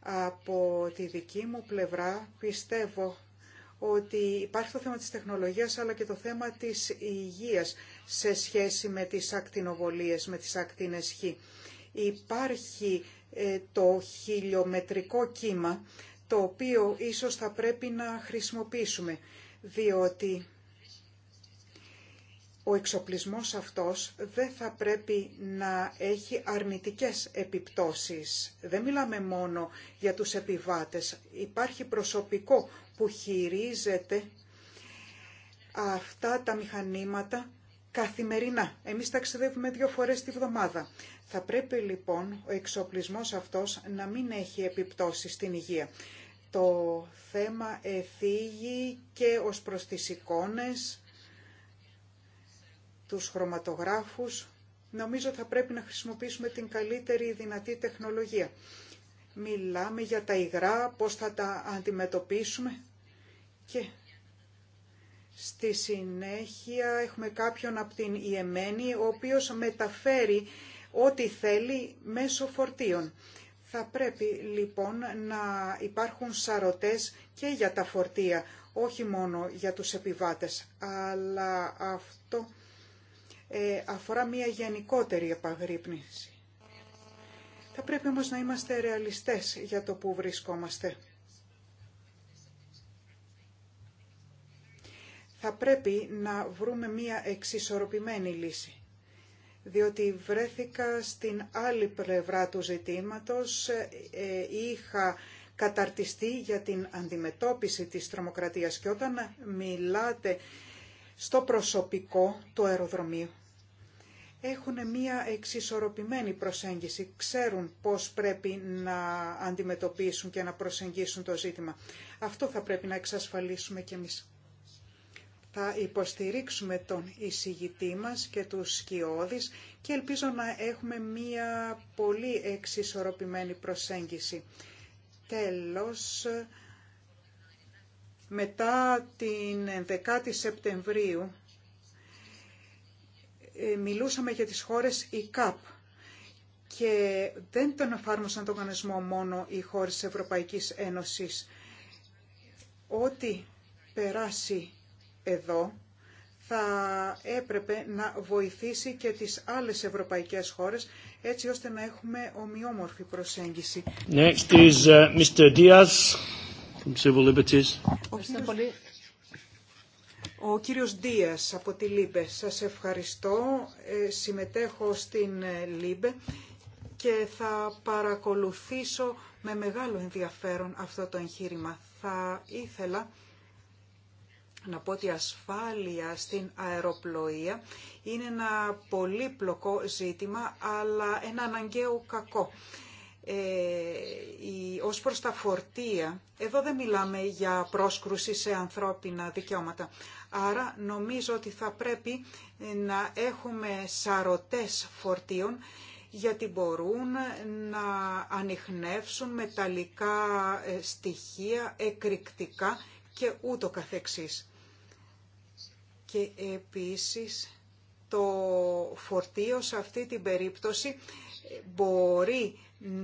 Από τη δική μου πλευρά πιστεύω ότι υπάρχει το θέμα της τεχνολογίας αλλά και το θέμα της υγείας σε σχέση με τις ακτινοβολίες, με τις ακτίνες Χ. Υπάρχει ε, το χιλιομετρικό κύμα, το οποίο ίσως θα πρέπει να χρησιμοποιήσουμε, διότι ο εξοπλισμός αυτός δεν θα πρέπει να έχει αρνητικές επιπτώσεις. Δεν μιλάμε μόνο για τους επιβάτες. Υπάρχει προσωπικό που χειρίζεται αυτά τα μηχανήματα καθημερινά. Εμείς ταξιδεύουμε δύο φορές τη βδομάδα. Θα πρέπει λοιπόν ο εξοπλισμός αυτός να μην έχει επιπτώσει στην υγεία. Το θέμα εφήγει και ως προς τις εικόνες, τους χρωματογράφους. Νομίζω θα πρέπει να χρησιμοποιήσουμε την καλύτερη δυνατή τεχνολογία. Μιλάμε για τα υγρά, πώς θα τα αντιμετωπίσουμε και Στη συνέχεια έχουμε κάποιον από την Ιεμένη, ο οποίος μεταφέρει ό,τι θέλει μέσω φορτίων. Θα πρέπει λοιπόν να υπάρχουν σαρωτές και για τα φορτία, όχι μόνο για τους επιβάτες, αλλά αυτό ε, αφορά μια γενικότερη επαγρύπνηση. Θα πρέπει όμως να είμαστε ρεαλιστές για το που βρισκόμαστε. θα πρέπει να βρούμε μία εξισορροπημένη λύση. Διότι βρέθηκα στην άλλη πλευρά του ζητήματος, ε, είχα καταρτιστεί για την αντιμετώπιση της τρομοκρατίας και όταν μιλάτε στο προσωπικό του αεροδρομίου, έχουν μία εξισορροπημένη προσέγγιση, ξέρουν πώς πρέπει να αντιμετωπίσουν και να προσεγγίσουν το ζήτημα. Αυτό θα πρέπει να εξασφαλίσουμε κι εμείς. Θα υποστηρίξουμε τον εισηγητή μας και τους σκιώδεις και ελπίζω να έχουμε μία πολύ εξισορροπημένη προσέγγιση. Τέλος, μετά την 10η Σεπτεμβρίου ε, μιλούσαμε για τις χώρες ΙΚΑΠ και δεν τον εφάρμοσαν τον κανονισμό μόνο οι χώρες Ευρωπαϊκής Ένωσης. Ό,τι περάσει εδώ θα έπρεπε να βοηθήσει και τις άλλες ευρωπαϊκές χώρες έτσι ώστε να έχουμε ομοιόμορφη προσέγγιση.
Next is uh, Mr. Diaz from Civil Liberties.
Ο κύριος... Ο Δίας από τη ΛΥΜΠΕ. Σας ευχαριστώ. Ε, συμμετέχω στην ε, ΛΥΜΠΕ και θα παρακολουθήσω με μεγάλο ενδιαφέρον αυτό το εγχείρημα. Θα ήθελα να πω ότι ασφάλεια στην αεροπλοεία είναι ένα πολύπλοκο ζήτημα, αλλά ένα αναγκαίο κακό. Ε, η, ως προς τα φορτία, εδώ δεν μιλάμε για πρόσκρουση σε ανθρώπινα δικαιώματα. Άρα νομίζω ότι θα πρέπει να έχουμε σαρωτές φορτίων, γιατί μπορούν να ανοιχνεύσουν μεταλλικά ε, στοιχεία εκρηκτικά και ούτω καθεξής. Και επίσης το φορτίο σε αυτή την περίπτωση μπορεί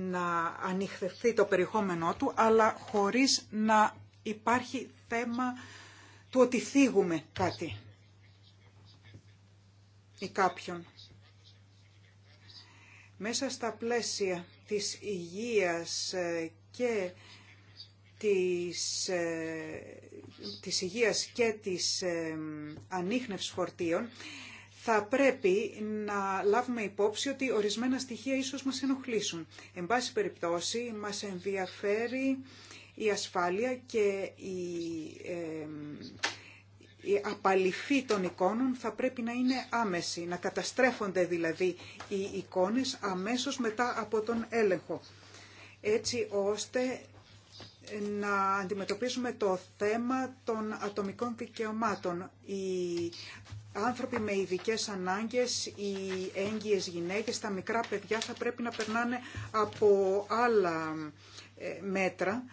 να ανοιχτευτεί το περιεχόμενό του, αλλά χωρίς να υπάρχει θέμα του ότι θίγουμε κάτι ή κάποιον. Μέσα στα πλαίσια της υγείας και της, ε, της υγείας και της ε, ανείχνευσης φορτίων, θα πρέπει να λάβουμε υπόψη ότι ορισμένα στοιχεία ίσως μας ενοχλήσουν. Εν πάση περιπτώσει, μας ενδιαφέρει η ασφάλεια και η, ε, η απαλυφή των εικόνων θα πρέπει να είναι άμεση, να καταστρέφονται δηλαδή οι εικόνες αμέσως μετά από τον έλεγχο, έτσι ώστε να αντιμετωπίσουμε το θέμα των ατομικών δικαιωμάτων. Οι άνθρωποι με ειδικέ ανάγκες, οι έγκυες γυναίκες, τα μικρά παιδιά θα πρέπει να περνάνε από άλλα ε, μέτρα,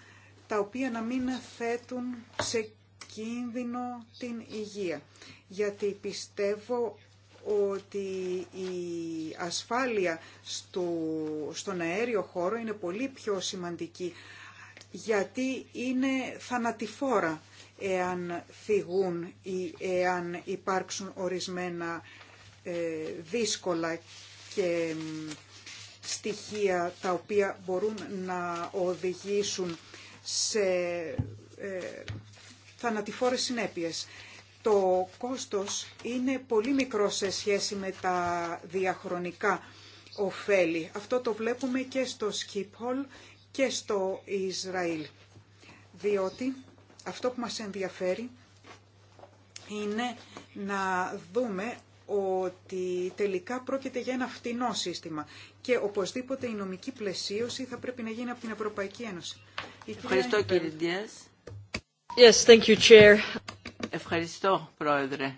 τα οποία να μην θέτουν σε κίνδυνο την υγεία. Γιατί πιστεύω ότι η ασφάλεια στο, στον αέριο χώρο είναι πολύ πιο σημαντική γιατί είναι θανατηφόρα εάν φυγούν ή εάν υπάρξουν ορισμένα ε, δύσκολα και στοιχεία τα οποία μπορούν να οδηγήσουν σε ε, θανατηφόρες συνέπειες. Το κόστος είναι πολύ μικρό σε σχέση με τα διαχρονικά ωφέλη. Αυτό το βλέπουμε και στο Hall» και στο Ισραήλ. Διότι αυτό που μας ενδιαφέρει είναι να δούμε ότι τελικά πρόκειται για ένα φτηνό σύστημα και οπωσδήποτε η νομική πλαισίωση θα πρέπει να γίνει από την Ευρωπαϊκή Ένωση. Ευχαριστώ κύριε
Ευχαριστώ Πρόεδρε.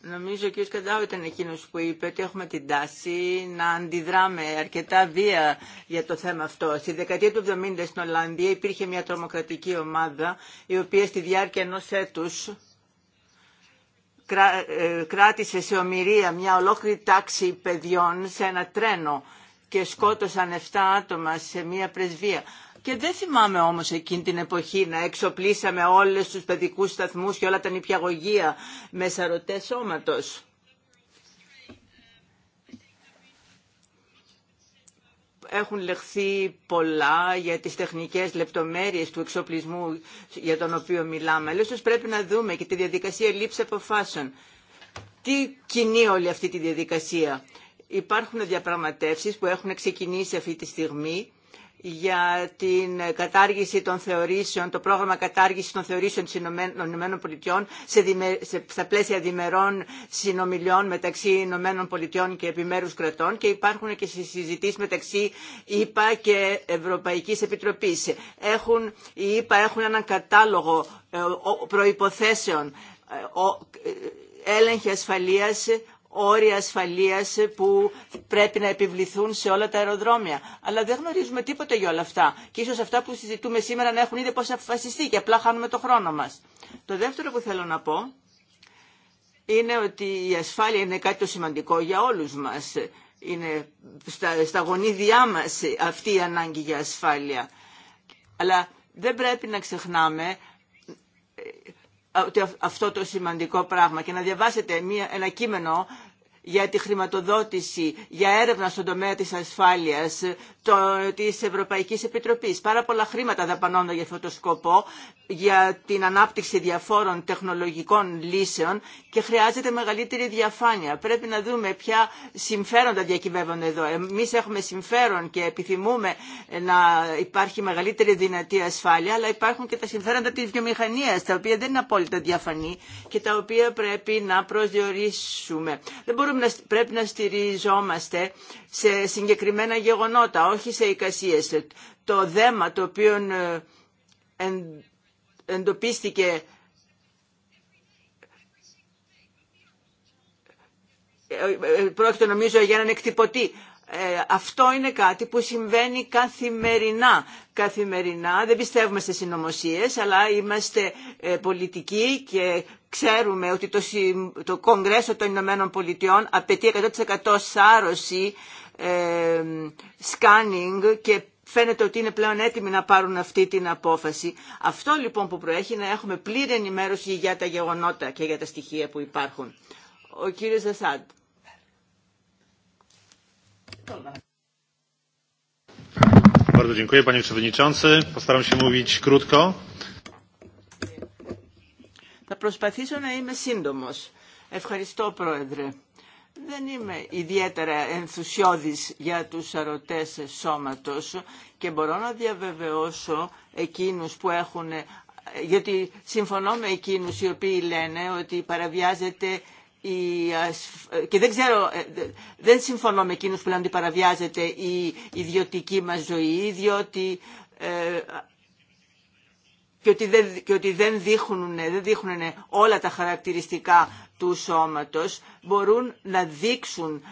Νομίζω ο κ. Καντάου ήταν εκείνο που είπε ότι έχουμε την τάση να αντιδράμε αρκετά βία για το θέμα αυτό. Στη δεκαετία του 70 στην Ολλανδία υπήρχε μια τρομοκρατική ομάδα η οποία στη διάρκεια ενός έτους ε, κράτησε σε ομοιρία μια ολόκληρη τάξη παιδιών σε ένα τρένο και σκότωσαν 7 άτομα σε μια πρεσβεία. Και δεν θυμάμαι όμως εκείνη την εποχή να εξοπλίσαμε όλες τους παιδικούς σταθμού και όλα τα νηπιαγωγεία με σαρωτέ σώματο. Έχουν λεχθεί πολλά για τις τεχνικές λεπτομέρειες του εξοπλισμού για τον οποίο μιλάμε. Αλλά ίσως πρέπει να δούμε και τη διαδικασία λήψη αποφάσεων. Τι κινεί όλη αυτή τη διαδικασία. Υπάρχουν διαπραγματεύσεις που έχουν ξεκινήσει αυτή τη στιγμή για την κατάργηση των θεωρήσεων, το πρόγραμμα κατάργηση των θεωρήσεων των Ηνωμένων Πολιτειών σε, στα πλαίσια διμερών συνομιλιών μεταξύ Ηνωμένων Πολιτειών και επιμέρους κρατών και υπάρχουν και συζητήσεις μεταξύ ΗΠΑ και Ευρωπαϊκής Επιτροπής. Έχουν, οι ΗΠΑ έχουν έναν κατάλογο ε, προϋποθέσεων ε, ε, έλεγχη ασφαλείας όρια ασφαλείας που πρέπει να επιβληθούν σε όλα τα αεροδρόμια. Αλλά δεν γνωρίζουμε τίποτα για όλα αυτά. Και ίσως αυτά που συζητούμε σήμερα να έχουν ήδη πώς αποφασιστεί και απλά χάνουμε το χρόνο μας. Το δεύτερο που θέλω να πω είναι ότι η ασφάλεια είναι κάτι το σημαντικό για όλους μας. Είναι στα, στα γονίδια μας αυτή η ανάγκη για ασφάλεια. Αλλά δεν πρέπει να ξεχνάμε αυτό το σημαντικό πράγμα και να διαβάσετε μια, ένα κείμενο για τη χρηματοδότηση, για έρευνα στον τομέα της ασφάλειας το, της Ευρωπαϊκής Επιτροπής. Πάρα πολλά χρήματα δαπανώνται για αυτό το σκοπό, για την ανάπτυξη διαφόρων τεχνολογικών λύσεων και χρειάζεται μεγαλύτερη διαφάνεια. Πρέπει να δούμε ποια συμφέροντα διακυβεύονται εδώ. Εμείς έχουμε συμφέρον και επιθυμούμε να υπάρχει μεγαλύτερη δυνατή ασφάλεια, αλλά υπάρχουν και τα συμφέροντα της βιομηχανίας, τα οποία δεν είναι απόλυτα διαφανή και τα οποία πρέπει να προσδιορίσουμε πρέπει να στηριζόμαστε σε συγκεκριμένα γεγονότα, όχι σε εικασίες. Το δέμα το οποίο ε, εντοπίστηκε ε, ε, πρόκειται νομίζω για έναν εκτυπωτή ε, αυτό είναι κάτι που συμβαίνει καθημερινά. Καθημερινά δεν πιστεύουμε στις συνωμοσίε, αλλά είμαστε ε, πολιτικοί και ξέρουμε ότι το, το Κογκρέσο των Ηνωμένων Πολιτειών απαιτεί 100% σάρωση, ε, και φαίνεται ότι είναι πλέον έτοιμοι να πάρουν αυτή την απόφαση. Αυτό λοιπόν που προέχει να έχουμε πλήρη ενημέρωση για τα γεγονότα και για τα στοιχεία που υπάρχουν. Ο κύριος Ζασάντ. Bardzo Θα προσπαθήσω να είμαι σύντομος. Ευχαριστώ πρόεδρε. Δεν είμαι ιδιαίτερα ενθουσιώδης για τους αρωτές σώματος και μπορώ να διαβεβαιώσω εκείνους που έχουν, γιατί συμφωνώ με εκείνους οι οποίοι λένε ότι παραβιάζεται ε, ε, και δεν ξέρω, ε, δεν συμφωνώ με εκείνους που λένε ότι παραβιάζεται η ιδιωτική μας ζωή, διότι και ότι δεν, δεν, δείχνουν, δεν όλα τα χαρακτηριστικά του σώματος, μπορούν να δείξουν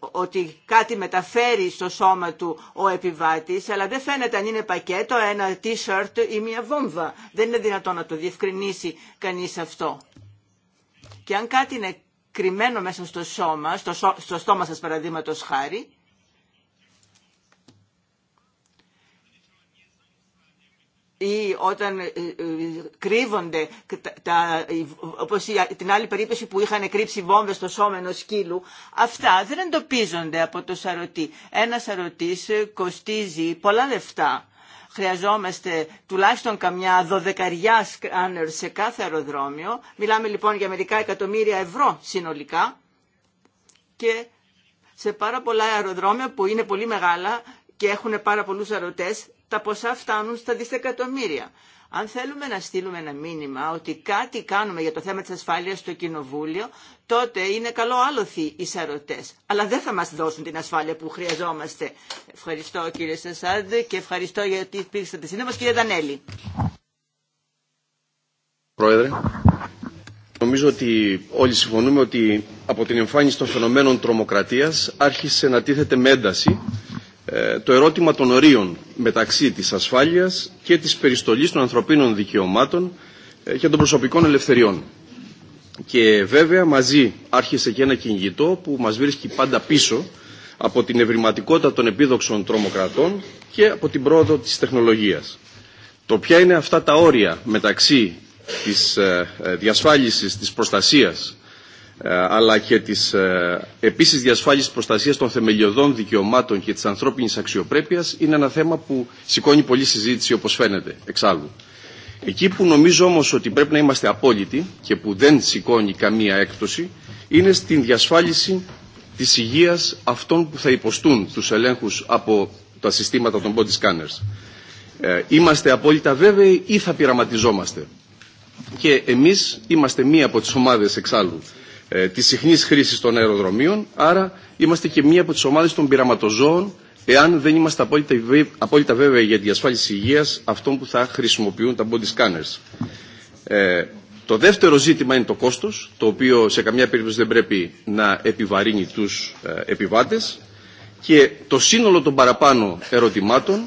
ότι κάτι μεταφέρει στο σώμα του ο επιβάτης, αλλά δεν φαίνεται αν είναι πακέτο, ένα t-shirt ή μια βόμβα. Δεν είναι δυνατόν να το διευκρινίσει κανείς αυτό. Και αν κάτι είναι κρυμμένο μέσα στο σώμα, στο, στο στόμα σας παραδείγματο χάρη, ή όταν ε, ε, κρύβονται, τα, όπως την άλλη περίπτωση που είχαν κρύψει βόμβες στο σώμα ενός σκύλου, αυτά δεν εντοπίζονται από το σαρωτή. Ένα σαρωτής ε, κοστίζει πολλά λεφτά χρειαζόμαστε τουλάχιστον καμιά δωδεκαριά σκάνερ σε κάθε αεροδρόμιο. Μιλάμε λοιπόν για μερικά εκατομμύρια ευρώ συνολικά και σε πάρα πολλά αεροδρόμια που είναι πολύ μεγάλα και έχουν πάρα πολλούς αρωτές, τα ποσά φτάνουν στα δισεκατομμύρια. Αν θέλουμε να στείλουμε ένα μήνυμα ότι κάτι κάνουμε για το θέμα της ασφάλειας στο Κοινοβούλιο, τότε είναι καλό άλοθη οι σαρωτές. Αλλά δεν θα μας δώσουν την ασφάλεια που χρειαζόμαστε. Ευχαριστώ κύριε Σασάντ και ευχαριστώ γιατί υπήρξατε σύντομα Κύριε Δανέλη.
Πρόεδρε, νομίζω ότι όλοι συμφωνούμε ότι από την εμφάνιση των φαινομένων τρομοκρατίας άρχισε να τίθεται με ένταση ε, το ερώτημα των ορίων μεταξύ της ασφάλειας και της περιστολής των ανθρωπίνων δικαιωμάτων ε, και των προσωπικών ελευθεριών. Και βέβαια μαζί άρχισε και ένα κυνηγητό που μας βρίσκει πάντα πίσω από την ευρηματικότητα των επίδοξων τρομοκρατών και από την πρόοδο της τεχνολογίας. Το ποια είναι αυτά τα όρια μεταξύ της ε, διασφάλισης της προστασίας ε, αλλά και της ε, επίσης διασφάλισης προστασίας των θεμελιωδών δικαιωμάτων και της ανθρώπινης αξιοπρέπειας είναι ένα θέμα που σηκώνει πολλή συζήτηση όπως φαίνεται εξάλλου. Εκεί που νομίζω όμως ότι πρέπει να είμαστε απόλυτοι και που δεν σηκώνει καμία έκπτωση είναι στην διασφάλιση της υγείας αυτών που θα υποστούν τους ελέγχους από τα συστήματα των body scanners. Ε, είμαστε απόλυτα βέβαιοι ή θα πειραματιζόμαστε. Και εμείς είμαστε μία από τις ομάδες εξάλλου ε, τη συχνή χρήση των αεροδρομίων, άρα είμαστε και μία από τι ομάδε των πειραματοζώων, εάν δεν είμαστε απόλυτα, απόλυτα βέβαια για τη διασφάλιση υγεία αυτών που θα χρησιμοποιούν τα body scanners. Ε, το δεύτερο ζήτημα είναι το κόστο, το οποίο σε καμιά περίπτωση δεν πρέπει να επιβαρύνει τους ε, επιβάτε και το σύνολο των παραπάνω ερωτημάτων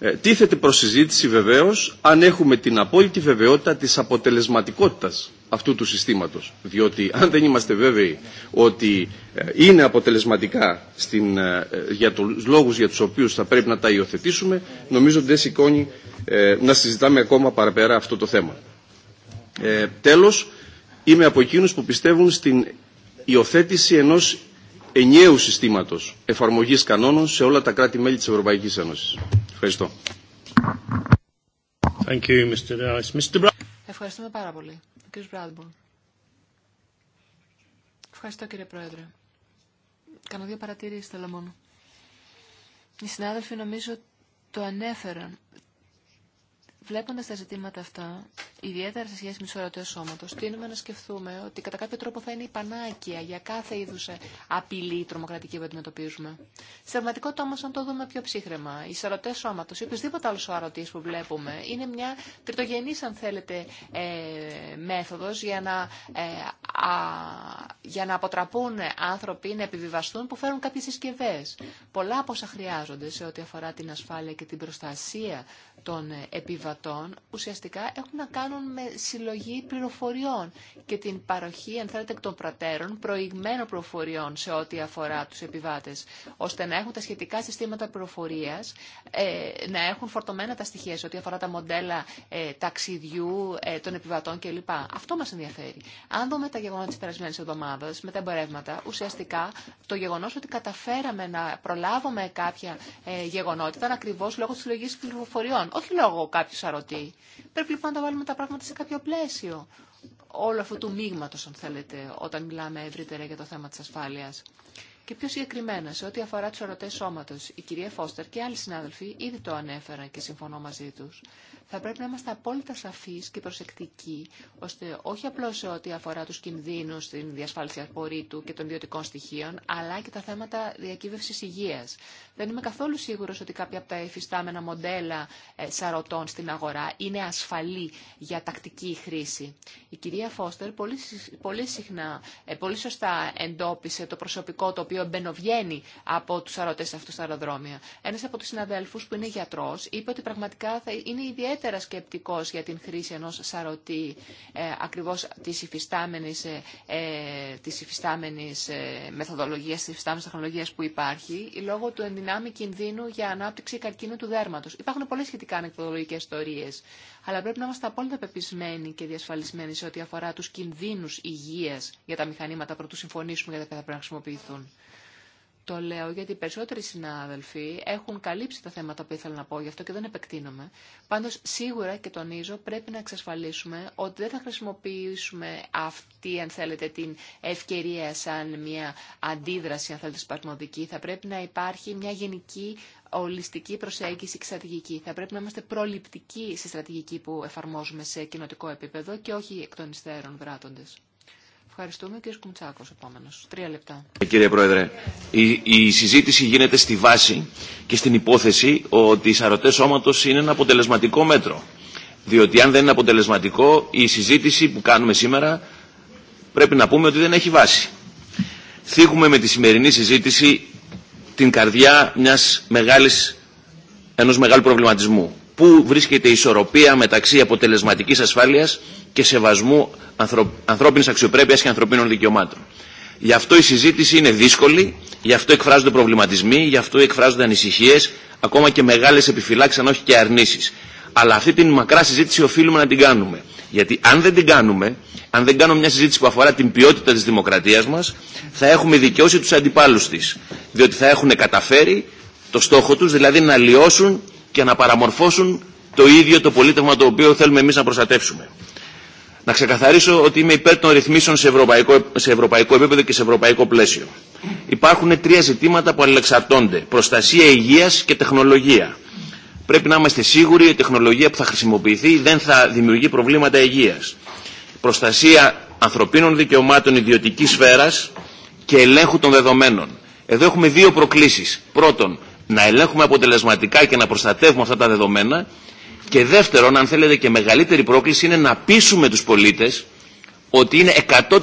ε, τίθεται προσυζήτηση συζήτηση αν έχουμε την απόλυτη βεβαιότητα τη αποτελεσματικότητα αυτού του συστήματος. Διότι αν δεν είμαστε βέβαιοι ότι ε, είναι αποτελεσματικά στην, ε, για τους λόγους για τους οποίους θα πρέπει να τα υιοθετήσουμε, νομίζω ότι δεν σηκώνει ε, να συζητάμε ακόμα παραπέρα αυτό το θέμα. Ε, τέλος, είμαι από εκείνους που πιστεύουν στην υιοθέτηση ενός ενιαίου συστήματος εφαρμογής κανόνων σε όλα τα κράτη-μέλη της Ευρωπαϊκής Ένωσης. Ευχαριστώ. Thank you, Mr.
Ευχαριστούμε πάρα πολύ. Κύριος Μπράδμπορ. Ευχαριστώ κύριε Πρόεδρε. Κάνω δύο παρατηρήσεις θέλω μόνο. Οι συνάδελφοι νομίζω το ανέφεραν Βλέποντα τα ζητήματα αυτά, ιδιαίτερα σε σχέση με του ορατέ σώματο, τείνουμε να σκεφτούμε ότι κατά κάποιο τρόπο θα είναι η πανάκια για κάθε είδου ε, απειλή τρομοκρατική που αντιμετωπίζουμε. Στην πραγματικότητα όμω, αν το δούμε πιο ψύχρεμα, οι σαρωτέ σώματο ή οποιοδήποτε άλλο σαρωτή που βλέπουμε είναι μια τριτογενή, αν θέλετε, ε, μέθοδο για, να, ε, για να αποτραπούν άνθρωποι να επιβιβαστούν που φέρουν κάποιε συσκευέ. Πολλά από όσα χρειάζονται σε ό,τι αφορά την ασφάλεια και την προστασία των ε, επιβατών ουσιαστικά έχουν να κάνουν με συλλογή πληροφοριών και την παροχή, αν θέλετε, εκ των προτέρων προηγμένων πληροφοριών σε ό,τι αφορά του επιβάτε. ώστε να έχουν τα σχετικά συστήματα πληροφορίας, ε, να έχουν φορτωμένα τα στοιχεία σε ό,τι αφορά τα μοντέλα ε, ταξιδιού ε, των επιβατών κλπ. Αυτό μα ενδιαφέρει. Αν δούμε τα γεγονότα τη περασμένη εβδομάδα με τα εμπορεύματα, ουσιαστικά το γεγονό ότι καταφέραμε να προλάβουμε κάποια γεγονότα ήταν ακριβώ λόγω τη συλλογή πληροφοριών, όχι λόγω κάποιου ψαρωτή. Πρέπει λοιπόν να τα βάλουμε τα πράγματα σε κάποιο πλαίσιο όλο αυτού του μείγματο, αν θέλετε, όταν μιλάμε ευρύτερα για το θέμα τη ασφάλεια. Και πιο συγκεκριμένα, σε ό,τι αφορά του ορατέ σώματο, η κυρία Φώστερ και άλλοι συνάδελφοι ήδη το ανέφεραν και συμφωνώ μαζί του θα πρέπει να είμαστε απόλυτα σαφείς και προσεκτικοί, ώστε όχι απλώς σε ό,τι αφορά τους κινδύνους στην διασφάλιση απορρίτου και των ιδιωτικών στοιχείων, αλλά και τα θέματα διακύβευσης υγείας. Δεν είμαι καθόλου σίγουρος ότι κάποια από τα εφιστάμενα μοντέλα ε, σαρωτών στην αγορά είναι ασφαλή για τακτική χρήση. Η κυρία Φώστερ πολύ, πολύ συχνά, ε, πολύ σωστά εντόπισε το προσωπικό το οποίο μπαινοβγαίνει από τους σαρωτές αυτού στα αεροδρόμια. Ένας από τους συναδέλφους που είναι γιατρό, είπε ότι πραγματικά θα είναι ιδιαίτερη ιδιαίτερα σκεπτικός για την χρήση ενός σαρωτή ε, ακριβώς της υφιστάμενης, ε, ε της υφιστάμενης ε, μεθοδολογίας, της υφιστάμενης τεχνολογίας που υπάρχει, λόγω του ενδυνάμει κινδύνου για ανάπτυξη καρκίνου του δέρματος. Υπάρχουν πολλές σχετικά ανεκδοτολογικές ιστορίες, αλλά πρέπει να είμαστε απόλυτα πεπισμένοι και διασφαλισμένοι σε ό,τι αφορά τους κινδύνους υγείας για τα μηχανήματα, πρωτού συμφωνήσουμε για τα οποία θα πρέπει να χρησιμοποιηθούν. Το λέω γιατί οι περισσότεροι συνάδελφοι έχουν καλύψει τα θέματα που ήθελα να πω, γι' αυτό και δεν επεκτείνομαι. Πάντω, σίγουρα και τονίζω, πρέπει να εξασφαλίσουμε ότι δεν θα χρησιμοποιήσουμε αυτή, αν θέλετε, την ευκαιρία σαν μια αντίδραση, αν θέλετε, σπασμωδική. Θα πρέπει να υπάρχει μια γενική ολιστική προσέγγιση και στρατηγική. Θα πρέπει να είμαστε προληπτικοί στη στρατηγική που εφαρμόζουμε σε κοινοτικό επίπεδο και όχι εκ των υστέρων βράτοντε. Ευχαριστούμε. Κύριε Κουμτσάκος, επόμενος. Τρία λεπτά.
Ε, κύριε Πρόεδρε, η, η συζήτηση γίνεται στη βάση και στην υπόθεση ότι οι σαρωτές σώματος είναι ένα αποτελεσματικό μέτρο. Διότι αν δεν είναι αποτελεσματικό, η συζήτηση που κάνουμε σήμερα πρέπει να πούμε ότι δεν έχει βάση. Θίγουμε με τη σημερινή συζήτηση την καρδιά μιας μεγάλης, ενός μεγάλου προβληματισμού πού βρίσκεται η ισορροπία μεταξύ αποτελεσματικής ασφάλειας και σεβασμού ανθρώπινης αξιοπρέπειας και ανθρωπίνων δικαιωμάτων. Γι' αυτό η συζήτηση είναι δύσκολη, γι' αυτό εκφράζονται προβληματισμοί, γι' αυτό εκφράζονται ανησυχίες, ακόμα και μεγάλες επιφυλάξεις, αν όχι και αρνήσεις. Αλλά αυτή την μακρά συζήτηση οφείλουμε να την κάνουμε. Γιατί αν δεν την κάνουμε, αν δεν κάνουμε μια συζήτηση που αφορά την ποιότητα της δημοκρατίας μας, θα έχουμε δικαιώσει τους αντιπάλους της. Διότι θα έχουν καταφέρει το στόχο τους, δηλαδή να λιώσουν και να παραμορφώσουν το ίδιο το πολίτευμα το οποίο θέλουμε εμείς να προστατεύσουμε. Να ξεκαθαρίσω ότι είμαι υπέρ των ρυθμίσεων σε ευρωπαϊκό, σε ευρωπαϊκό επίπεδο και σε ευρωπαϊκό πλαίσιο. Υπάρχουν τρία ζητήματα που αλληλεξαρτώνται. Προστασία υγείας και τεχνολογία. Πρέπει να είμαστε σίγουροι ότι η τεχνολογία που θα χρησιμοποιηθεί δεν θα δημιουργεί προβλήματα υγείας. Προστασία ανθρωπίνων δικαιωμάτων ιδιωτικής σφαίρας και ελέγχου των δεδομένων. Εδώ έχουμε δύο προκλήσεις. Πρώτον, να ελέγχουμε αποτελεσματικά και να προστατεύουμε αυτά τα δεδομένα και δεύτερον, αν θέλετε και μεγαλύτερη πρόκληση, είναι να πείσουμε τους πολίτες ότι είναι 100%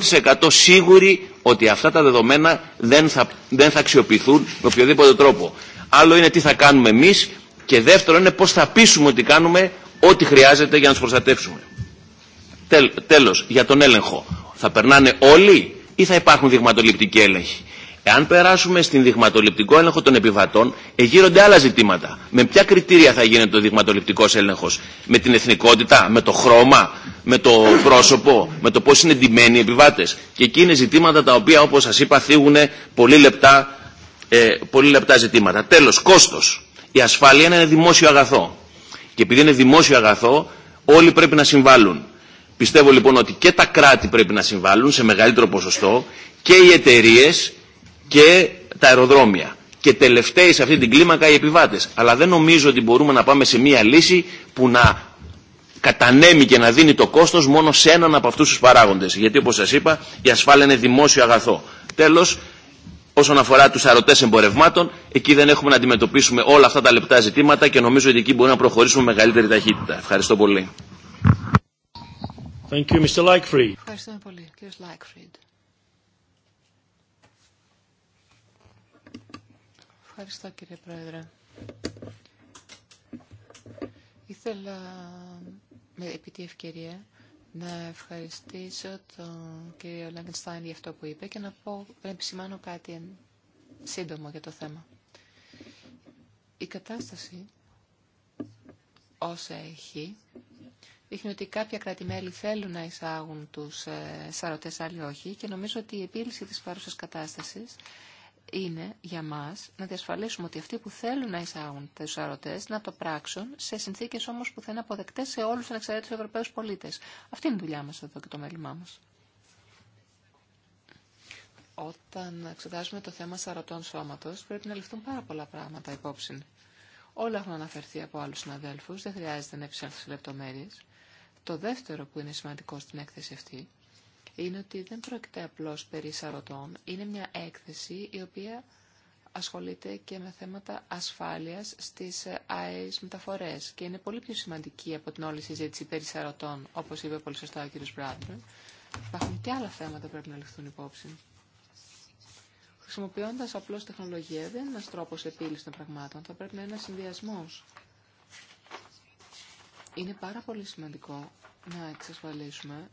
σίγουροι ότι αυτά τα δεδομένα δεν θα, δεν θα αξιοποιηθούν με οποιοδήποτε τρόπο. Άλλο είναι τι θα κάνουμε εμείς και δεύτερον είναι πώς θα πείσουμε ότι κάνουμε ό,τι χρειάζεται για να τους προστατεύσουμε. Τέλος, για τον έλεγχο. Θα περνάνε όλοι ή θα υπάρχουν δειγματοληπτικοί έλεγχοι. Εάν περάσουμε στην δειγματοληπτικό έλεγχο των επιβατών, εγείρονται άλλα ζητήματα. Με ποια κριτήρια θα γίνεται ο δειγματοληπτικό έλεγχο, με την εθνικότητα, με το χρώμα, με το πρόσωπο, με το πώ είναι ντυμένοι οι επιβάτε. Και εκεί είναι ζητήματα τα οποία, όπω σα είπα, θίγουν πολύ λεπτά, ε, πολύ λεπτά ζητήματα. Τέλο, κόστο. Η ασφάλεια είναι ένα δημόσιο αγαθό. Και επειδή είναι δημόσιο αγαθό, όλοι πρέπει να συμβάλλουν. Πιστεύω λοιπόν ότι και τα κράτη πρέπει να συμβάλλουν σε μεγαλύτερο ποσοστό και οι εταιρείε και τα αεροδρόμια. Και τελευταίοι σε αυτή την κλίμακα οι επιβάτες. Αλλά δεν νομίζω ότι μπορούμε να πάμε σε μία λύση που να κατανέμει και να δίνει το κόστος μόνο σε έναν από αυτούς τους παράγοντες. Γιατί όπως σας είπα η ασφάλεια είναι δημόσιο αγαθό. Τέλος, όσον αφορά τους αρωτές εμπορευμάτων, εκεί δεν έχουμε να αντιμετωπίσουμε όλα αυτά τα λεπτά ζητήματα και νομίζω ότι εκεί μπορούμε να προχωρήσουμε μεγαλύτερη ταχύτητα. Ευχαριστώ πολύ. Thank you, Mr.
Ευχαριστώ πολύ, Λάικφριντ. Ευχαριστώ κύριε Πρόεδρε. Ήθελα με επί τη ευκαιρία να ευχαριστήσω τον κύριο Λάγκενστάιν για αυτό που είπε και να πω, να επισημάνω κάτι σύντομο για το θέμα. Η κατάσταση όσα έχει δείχνει ότι κάποια κράτη-μέλη θέλουν να εισάγουν τους ε, σαρωτές, άλλοι όχι και νομίζω ότι η επίλυση της παρούσας κατάστασης είναι για μας να διασφαλίσουμε ότι αυτοί που θέλουν να εισάγουν τους αρωτές να το πράξουν σε συνθήκες όμως που θα είναι αποδεκτές σε όλους τους ανεξαρτήτους Ευρωπαίους πολίτες. Αυτή είναι η δουλειά μας εδώ και το μέλημά μας. Όταν εξετάζουμε το θέμα σαρωτών σώματος πρέπει να ληφθούν πάρα πολλά πράγματα υπόψη. Όλα έχουν αναφερθεί από άλλους συναδέλφους, δεν χρειάζεται να επισέλθω σε λεπτομέρειες. Το δεύτερο που είναι σημαντικό στην έκθεση αυτή είναι ότι δεν πρόκειται απλώς περί σαρωτών. Είναι μια έκθεση η οποία ασχολείται και με θέματα ασφάλειας στις ε, ΑΕΣ μεταφορές και είναι πολύ πιο σημαντική από την όλη συζήτηση περί σαρωτών, όπως είπε πολύ σωστά ο κ. Μπράντον. Υπάρχουν και άλλα θέματα που πρέπει να ληφθούν υπόψη. Χρησιμοποιώντα απλώ τεχνολογία δεν είναι ένα τρόπο επίλυση των πραγμάτων, θα πρέπει να είναι ένα συνδυασμό. Είναι πάρα πολύ σημαντικό να εξασφαλίσουμε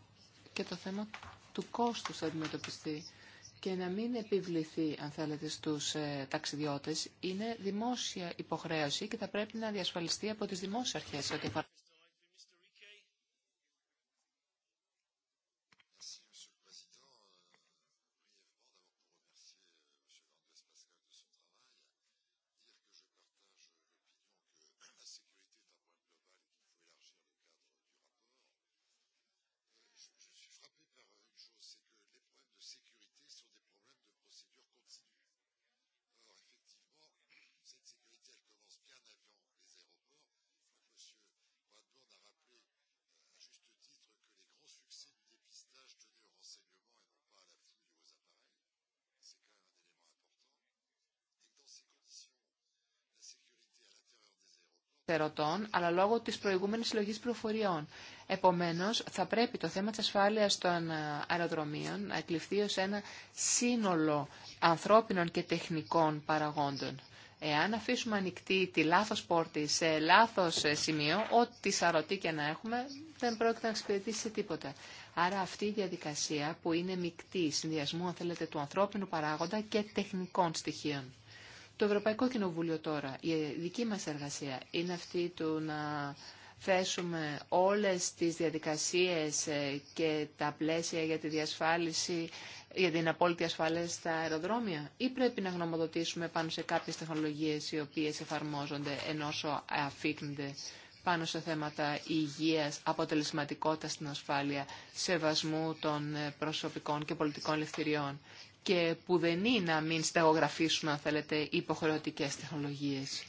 και το θέμα του κόστου θα αντιμετωπιστεί και να μην επιβληθεί, αν θέλετε, στους ε, ταξιδιώτες, είναι δημόσια υποχρέωση και θα πρέπει να διασφαλιστεί από τις δημόσιες αρχές αλλά λόγω της προηγούμενης συλλογής πληροφοριών. Επομένως, θα πρέπει το θέμα της ασφάλειας των ε, αεροδρομίων να εκλειφθεί ως ένα σύνολο ανθρώπινων και τεχνικών παραγόντων. Εάν αφήσουμε ανοιχτή τη λάθος πόρτη σε λάθος ε, σημείο, ό,τι σαρωτή και να έχουμε, δεν πρόκειται να εξυπηρετήσει τίποτα. Άρα αυτή η διαδικασία που είναι μεικτή συνδυασμού, αν θέλετε, του ανθρώπινου παράγοντα και τεχνικών στοιχείων. Το Ευρωπαϊκό Κοινοβούλιο τώρα, η δική μας εργασία είναι αυτή του να θέσουμε όλες τις διαδικασίες ε, και τα πλαίσια για τη διασφάλιση, για την απόλυτη ασφάλεια στα αεροδρόμια ή πρέπει να γνωμοδοτήσουμε πάνω σε κάποιες τεχνολογίες οι οποίες εφαρμόζονται ενώ αφήκνονται πάνω σε θέματα υγείας, αποτελεσματικότητας στην ασφάλεια, σεβασμού των ε, προσωπικών και πολιτικών ελευθεριών και που δεν είναι να μην στεγογραφήσουμε, αν θέλετε, υποχρεωτικές τεχνολογίες.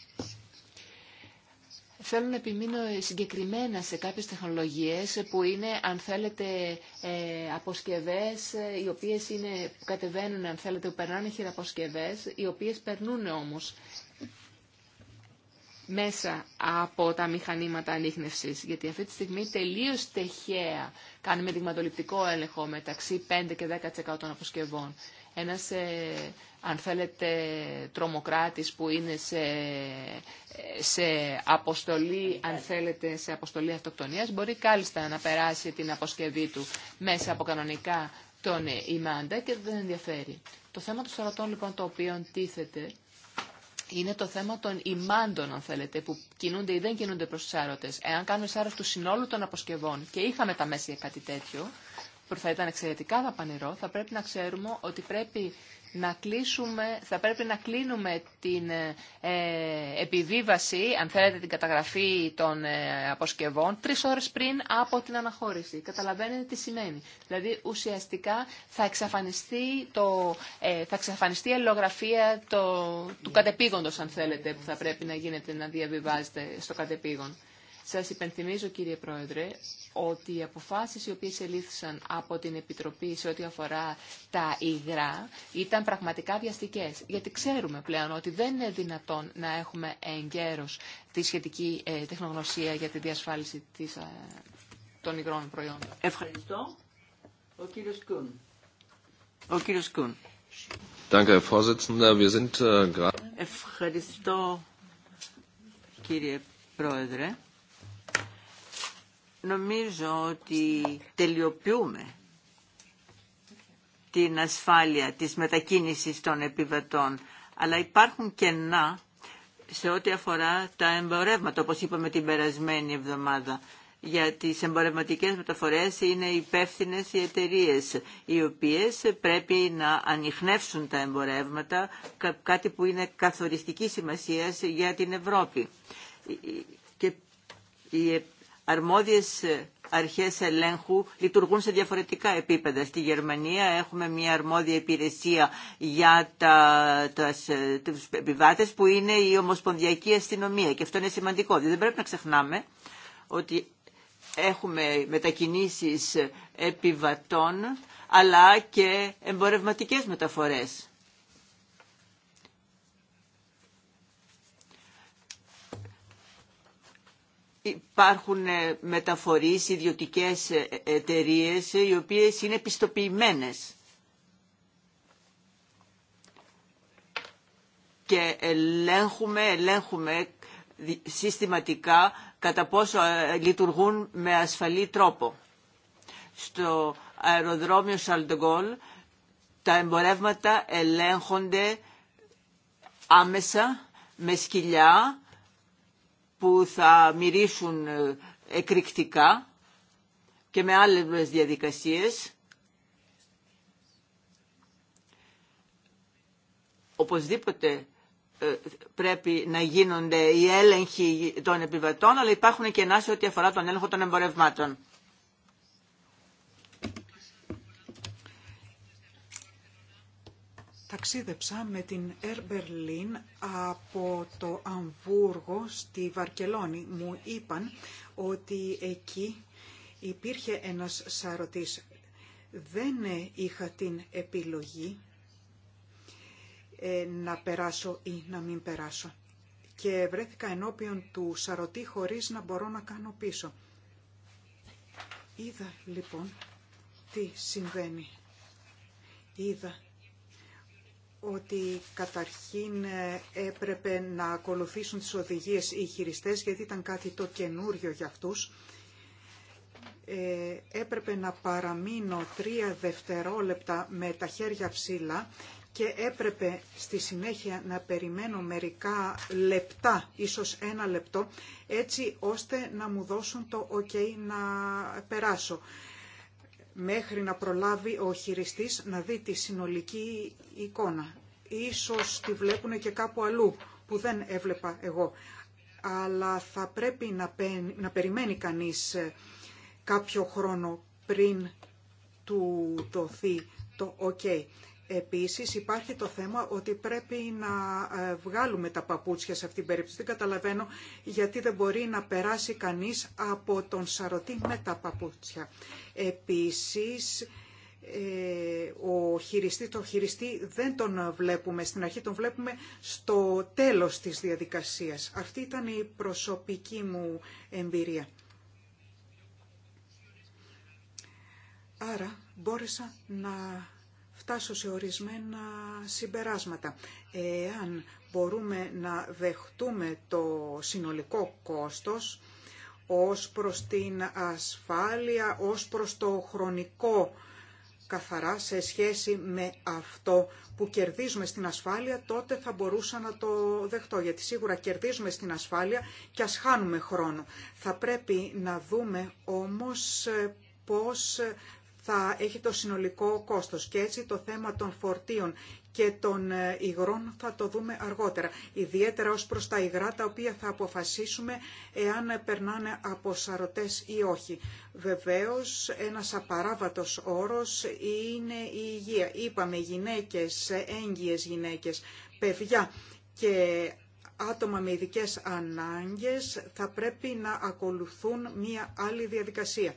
Θέλω να επιμείνω συγκεκριμένα σε κάποιες τεχνολογίες που είναι, αν θέλετε, ε, αποσκευές, ε, οι οποίες είναι, που κατεβαίνουν, αν θέλετε, που περνάνε χειραποσκευές, οι οποίες περνούν όμως μέσα από τα μηχανήματα ανείχνευσης. Γιατί αυτή τη στιγμή τελείως τεχαία κάνουμε δειγματοληπτικό έλεγχο μεταξύ 5 και 10% των αποσκευών ένας, ε, αν θέλετε, τρομοκράτης που είναι σε, σε αποστολή, αν θέλετε, σε αποστολή αυτοκτονίας, μπορεί κάλλιστα να περάσει την αποσκευή του μέσα από κανονικά τον ημάντα και δεν ενδιαφέρει. Το θέμα των στρατών, λοιπόν, το οποίο τίθεται, είναι το θέμα των ημάντων, αν θέλετε, που κινούνται ή δεν κινούνται προς τους άρωτες. Εάν κάνουμε σάρος του συνόλου των αποσκευών και είχαμε τα μέσα για κάτι τέτοιο, που θα ήταν εξαιρετικά δαπανηρό, θα πρέπει να ξέρουμε ότι πρέπει να κλείσουμε, θα πρέπει να κλείνουμε την ε, ε, επιβίβαση, αν θέλετε την καταγραφή των ε, αποσκευών, τρεις ώρες πριν από την αναχώρηση. Καταλαβαίνετε τι σημαίνει. Δηλαδή ουσιαστικά θα εξαφανιστεί, το, θα εξαφανιστεί η αλληλογραφία το, του κατεπήγοντος, αν θέλετε, που θα πρέπει να γίνεται να διαβιβάζεται στο κατεπήγον. Σας υπενθυμίζω κύριε Πρόεδρε ότι οι αποφάσεις οι οποίες ελήφθησαν από την Επιτροπή σε ό,τι αφορά τα υγρά ήταν πραγματικά βιαστικές. Γιατί ξέρουμε πλέον ότι δεν είναι δυνατόν να έχουμε εγκαίρως τη σχετική ε, τεχνογνωσία για τη διασφάλιση ε, των υγρών προϊόντων.
Ευχαριστώ. Ο κύριος Κούν. Ο κύριος Κούν. Äh, Ευχαριστώ κύριε Πρόεδρε. Νομίζω ότι τελειοποιούμε την ασφάλεια της μετακίνησης των επιβατών, αλλά υπάρχουν κενά σε ό,τι αφορά τα εμπορεύματα, όπως είπαμε την περασμένη εβδομάδα. Για τις εμπορευματικές μεταφορές είναι υπεύθυνε οι εταιρείε, οι οποίες πρέπει να ανοιχνεύσουν τα εμπορεύματα, κάτι που είναι καθοριστική σημασίας για την Ευρώπη. Και αρμόδιες ε, αρχές ελέγχου λειτουργούν σε διαφορετικά επίπεδα. Στη Γερμανία έχουμε μια αρμόδια υπηρεσία για τα, ε, τους επιβάτες που είναι η Ομοσπονδιακή Αστυνομία και αυτό είναι σημαντικό. δεν πρέπει να ξεχνάμε ότι έχουμε μετακινήσεις επιβατών αλλά και εμπορευματικές μεταφορές. υπάρχουν ε, μεταφορείς, ιδιωτικές ε, εταιρείε ε, οι οποίες είναι πιστοποιημένες και ελέγχουμε, ελέγχουμε συστηματικά κατά πόσο λειτουργούν με ασφαλή τρόπο. Στο αεροδρόμιο Σαλντεγκόλ τα εμπορεύματα ελέγχονται άμεσα με σκυλιά που θα μυρίσουν ε, εκρηκτικά και με άλλες διαδικασίες. Οπωσδήποτε ε, πρέπει να γίνονται οι έλεγχοι των επιβατών, αλλά υπάρχουν και σε ό,τι αφορά τον έλεγχο των εμπορευμάτων.
Ταξίδεψα με την Air Berlin από το Αμβούργο στη Βαρκελόνη. Μου είπαν ότι εκεί υπήρχε ένας σαρωτής. Δεν είχα την επιλογή ε, να περάσω ή να μην περάσω. Και βρέθηκα ενώπιον του σαρωτή χωρίς να μπορώ να κάνω πίσω. Είδα λοιπόν τι συμβαίνει. Είδα ότι καταρχήν ε, έπρεπε να ακολουθήσουν τις οδηγίες οι χειριστές γιατί ήταν κάτι το καινούριο για αυτούς. Ε, έπρεπε να παραμείνω τρία δευτερόλεπτα με τα χέρια ψηλά και έπρεπε στη συνέχεια να περιμένω μερικά λεπτά, ίσως ένα λεπτό, έτσι ώστε να μου δώσουν το ok να περάσω μέχρι να προλάβει ο χειριστής να δει τη συνολική εικόνα. Ίσως τη βλέπουν και κάπου αλλού που δεν έβλεπα εγώ. Αλλά θα πρέπει να, να περιμένει κανείς ε, κάποιο χρόνο πριν του δοθεί το OK. Επίσης υπάρχει το θέμα ότι πρέπει να ε, βγάλουμε τα παπούτσια σε αυτήν την περίπτωση. Δεν καταλαβαίνω γιατί δεν μπορεί να περάσει κανείς από τον σαρωτή με τα παπούτσια. Επίσης ε, ο χειριστή, το χειριστή δεν τον βλέπουμε στην αρχή, τον βλέπουμε στο τέλος της διαδικασίας. Αυτή ήταν η προσωπική μου εμπειρία. Άρα μπόρεσα να φτάσω σε ορισμένα συμπεράσματα. Εάν μπορούμε να δεχτούμε το συνολικό κόστος ως προς την ασφάλεια, ως προς το χρονικό καθαρά σε σχέση με αυτό που κερδίζουμε στην ασφάλεια, τότε θα μπορούσα να το δεχτώ, γιατί σίγουρα κερδίζουμε στην ασφάλεια και ας χάνουμε χρόνο. Θα πρέπει να δούμε όμως ε, πώς θα έχει το συνολικό κόστος και έτσι το θέμα των φορτίων και των ε, υγρών θα το δούμε αργότερα. Ιδιαίτερα ως προς τα υγρά τα οποία θα αποφασίσουμε εάν περνάνε από σαρωτές ή όχι. Βεβαίως ένας απαράβατος όρος είναι η υγεία. Είπαμε γυναίκες, έγκυες γυναίκες, παιδιά και άτομα με ειδικές ανάγκες θα πρέπει να ακολουθούν μία άλλη διαδικασία.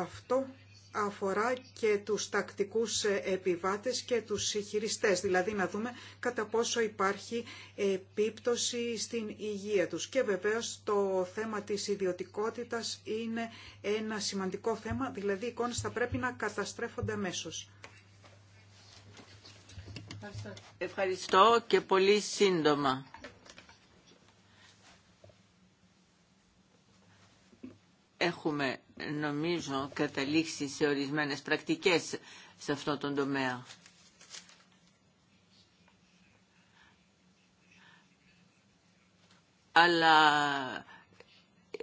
Αυτό αφορά και τους τακτικούς επιβάτες και τους χειριστές, δηλαδή να δούμε κατά πόσο υπάρχει επίπτωση στην υγεία τους. Και βεβαίως το θέμα της ιδιωτικότητας είναι ένα σημαντικό θέμα, δηλαδή οι εικόνες θα πρέπει να καταστρέφονται αμέσω.
Ευχαριστώ και πολύ σύντομα. έχουμε νομίζω καταλήξει σε ορισμένες πρακτικές σε αυτό τον τομέα. Αλλά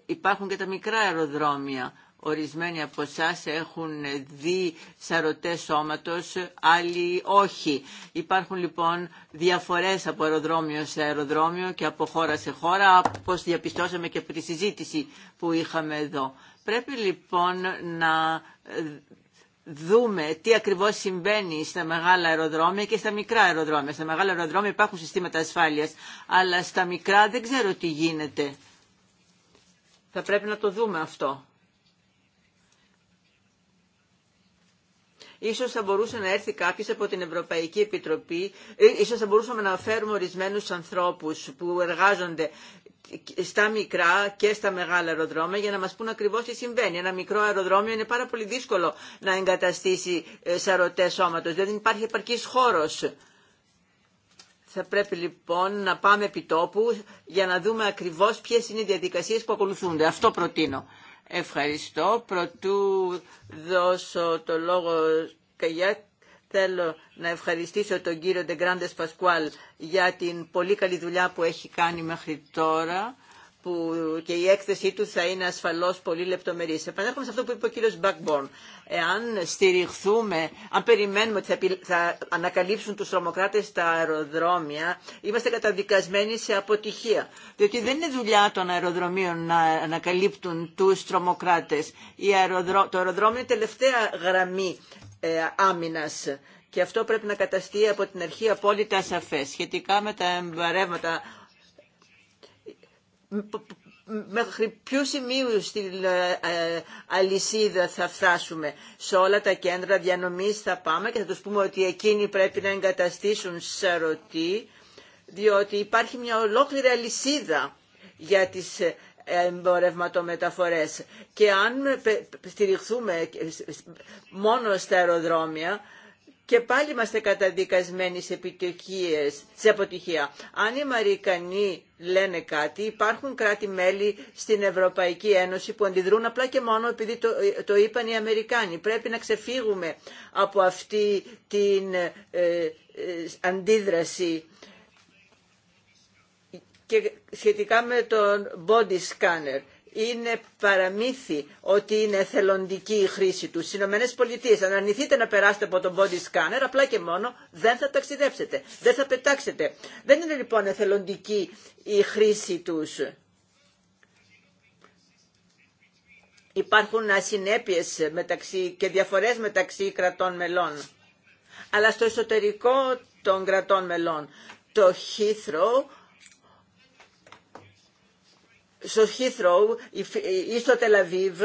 υπάρχουν και τα μικρά αεροδρόμια Ορισμένοι από εσά έχουν δει σαρωτέ σώματος, άλλοι όχι. Υπάρχουν λοιπόν διαφορές από αεροδρόμιο σε αεροδρόμιο και από χώρα σε χώρα, όπω διαπιστώσαμε και από τη συζήτηση που είχαμε εδώ. Πρέπει λοιπόν να δούμε τι ακριβώς συμβαίνει στα μεγάλα αεροδρόμια και στα μικρά αεροδρόμια. Στα μεγάλα αεροδρόμια υπάρχουν συστήματα ασφάλειας, αλλά στα μικρά δεν ξέρω τι γίνεται. Θα πρέπει να το δούμε αυτό. Ίσως θα μπορούσε να έρθει κάποιο από την Ευρωπαϊκή Επιτροπή, ε, ίσως θα μπορούσαμε να φέρουμε ορισμένου ανθρώπους που εργάζονται στα μικρά και στα μεγάλα αεροδρόμια για να μας πούν ακριβώς τι συμβαίνει. Ένα μικρό αεροδρόμιο είναι πάρα πολύ δύσκολο να εγκαταστήσει ε, σαρωτές σώματος, δεν υπάρχει επαρκής χώρος. Θα πρέπει λοιπόν να πάμε επιτόπου για να δούμε ακριβώς ποιες είναι οι διαδικασίες που ακολουθούνται. Αυτό προτείνω. Ευχαριστώ. Προτού δώσω το λόγο για θέλω να ευχαριστήσω τον κύριο Ντεγκράντες Πασκουάλ για την πολύ καλή δουλειά που έχει κάνει μέχρι τώρα που και η έκθεσή του θα είναι ασφαλώς πολύ λεπτομερής. Επανέρχομαι σε αυτό που είπε ο κύριος Μπακμπορν. Εάν στηριχθούμε, αν περιμένουμε ότι θα, ανακαλύψουν τους τρομοκράτες τα αεροδρόμια, είμαστε καταδικασμένοι σε αποτυχία. Διότι δεν είναι δουλειά των αεροδρομίων να ανακαλύπτουν τους τρομοκράτες. Το αεροδρόμιο είναι τελευταία γραμμή ε, άμυνας. Και αυτό πρέπει να καταστεί από την αρχή απόλυτα σαφές. Σχετικά με τα εμπαρεύματα μέχρι ποιου σημείου στην ε, ε, αλυσίδα θα φτάσουμε. Σε όλα τα κέντρα διανομής θα πάμε και θα τους πούμε ότι εκείνοι πρέπει να εγκαταστήσουν σε ρωτή διότι υπάρχει μια ολόκληρη αλυσίδα για τις ε, εμπορευματομεταφορές. Και αν στηριχθούμε μόνο στα αεροδρόμια, και πάλι είμαστε καταδικασμένοι σε επιτυχίες, σε αποτυχία. Αν οι Αμερικανοί λένε κάτι, υπάρχουν κράτη-μέλη στην Ευρωπαϊκή Ένωση που αντιδρούν απλά και μόνο επειδή το, το είπαν οι Αμερικάνοι. Πρέπει να ξεφύγουμε από αυτή την ε, ε, αντίδραση. Και σχετικά με τον body scanner, είναι παραμύθι ότι είναι εθελοντική η χρήση του. Στι Ηνωμένε Πολιτείε, αν αρνηθείτε να περάσετε από τον body scanner, απλά και μόνο δεν θα ταξιδέψετε, δεν θα πετάξετε. Δεν είναι λοιπόν εθελοντική η χρήση του. Υπάρχουν ασυνέπειες και διαφορές μεταξύ κρατών μελών. Αλλά στο εσωτερικό των κρατών μελών, το Heathrow στο Heathrow ή στο Τελαβίβ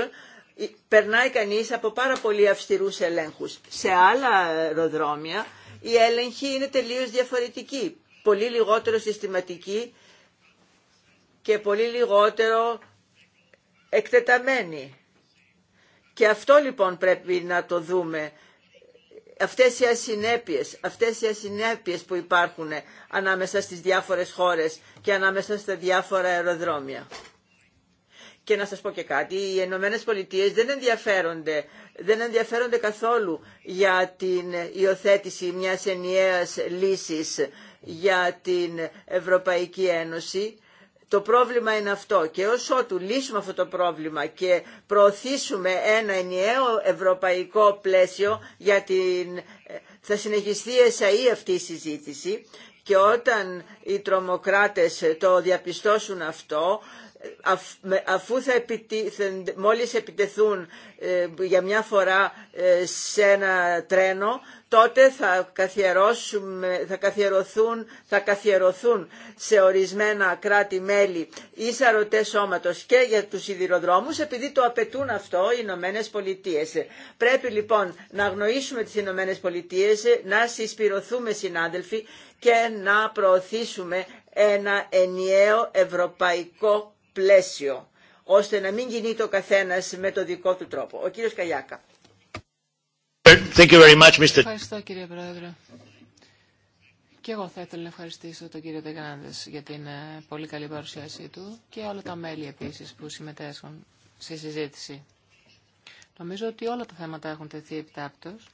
περνάει κανείς από πάρα πολύ αυστηρούς ελέγχους. Σε άλλα αεροδρόμια η έλεγχη είναι τελείως διαφορετική. Πολύ λιγότερο συστηματική και πολύ λιγότερο εκτεταμένη. Και αυτό λοιπόν πρέπει να το δούμε αυτές οι ασυνέπειες, αυτές οι ασυνέπειες που υπάρχουν ανάμεσα στις διάφορες χώρες και ανάμεσα στα διάφορα αεροδρόμια. Και να σας πω και κάτι, οι Ηνωμένε Πολιτείες δεν ενδιαφέρονται, δεν ενδιαφέρονται καθόλου για την υιοθέτηση μιας ενιαίας λύσης για την Ευρωπαϊκή Ένωση το πρόβλημα είναι αυτό και ως ότου λύσουμε αυτό το πρόβλημα και προωθήσουμε ένα ενιαίο ευρωπαϊκό πλαίσιο για την... Ε, θα συνεχιστεί εσαΐ αυτή η συζήτηση και όταν οι τρομοκράτες το διαπιστώσουν αυτό αφού θα μόλις επιτεθούν ε, για μια φορά ε, σε ένα τρένο, τότε θα, καθιερώσουμε, θα, καθιερωθούν, θα καθιερωθούν σε ορισμένα κράτη-μέλη ή σαρωτέ σώματος και για τους σιδηροδρόμους, επειδή το απαιτούν αυτό οι Ηνωμένε Πολιτείε. Πρέπει λοιπόν να γνωρίσουμε τις Ηνωμένε Πολιτείε, να συσπηρωθούμε συνάδελφοι και να προωθήσουμε ένα ενιαίο ευρωπαϊκό πλαίσιο, ώστε να μην κινείται ο καθένας με το δικό
του τρόπο. Ο κύριος Καλιάκα. Ευχαριστώ κύριε Πρόεδρε. Και εγώ θα ήθελα να ευχαριστήσω τον κύριο Δεγκράντες για την ε, πολύ καλή παρουσίασή του και όλα τα μέλη επίσης που συμμετέχουν στη συζήτηση. Νομίζω ότι όλα τα θέματα έχουν τεθεί επιτάπτως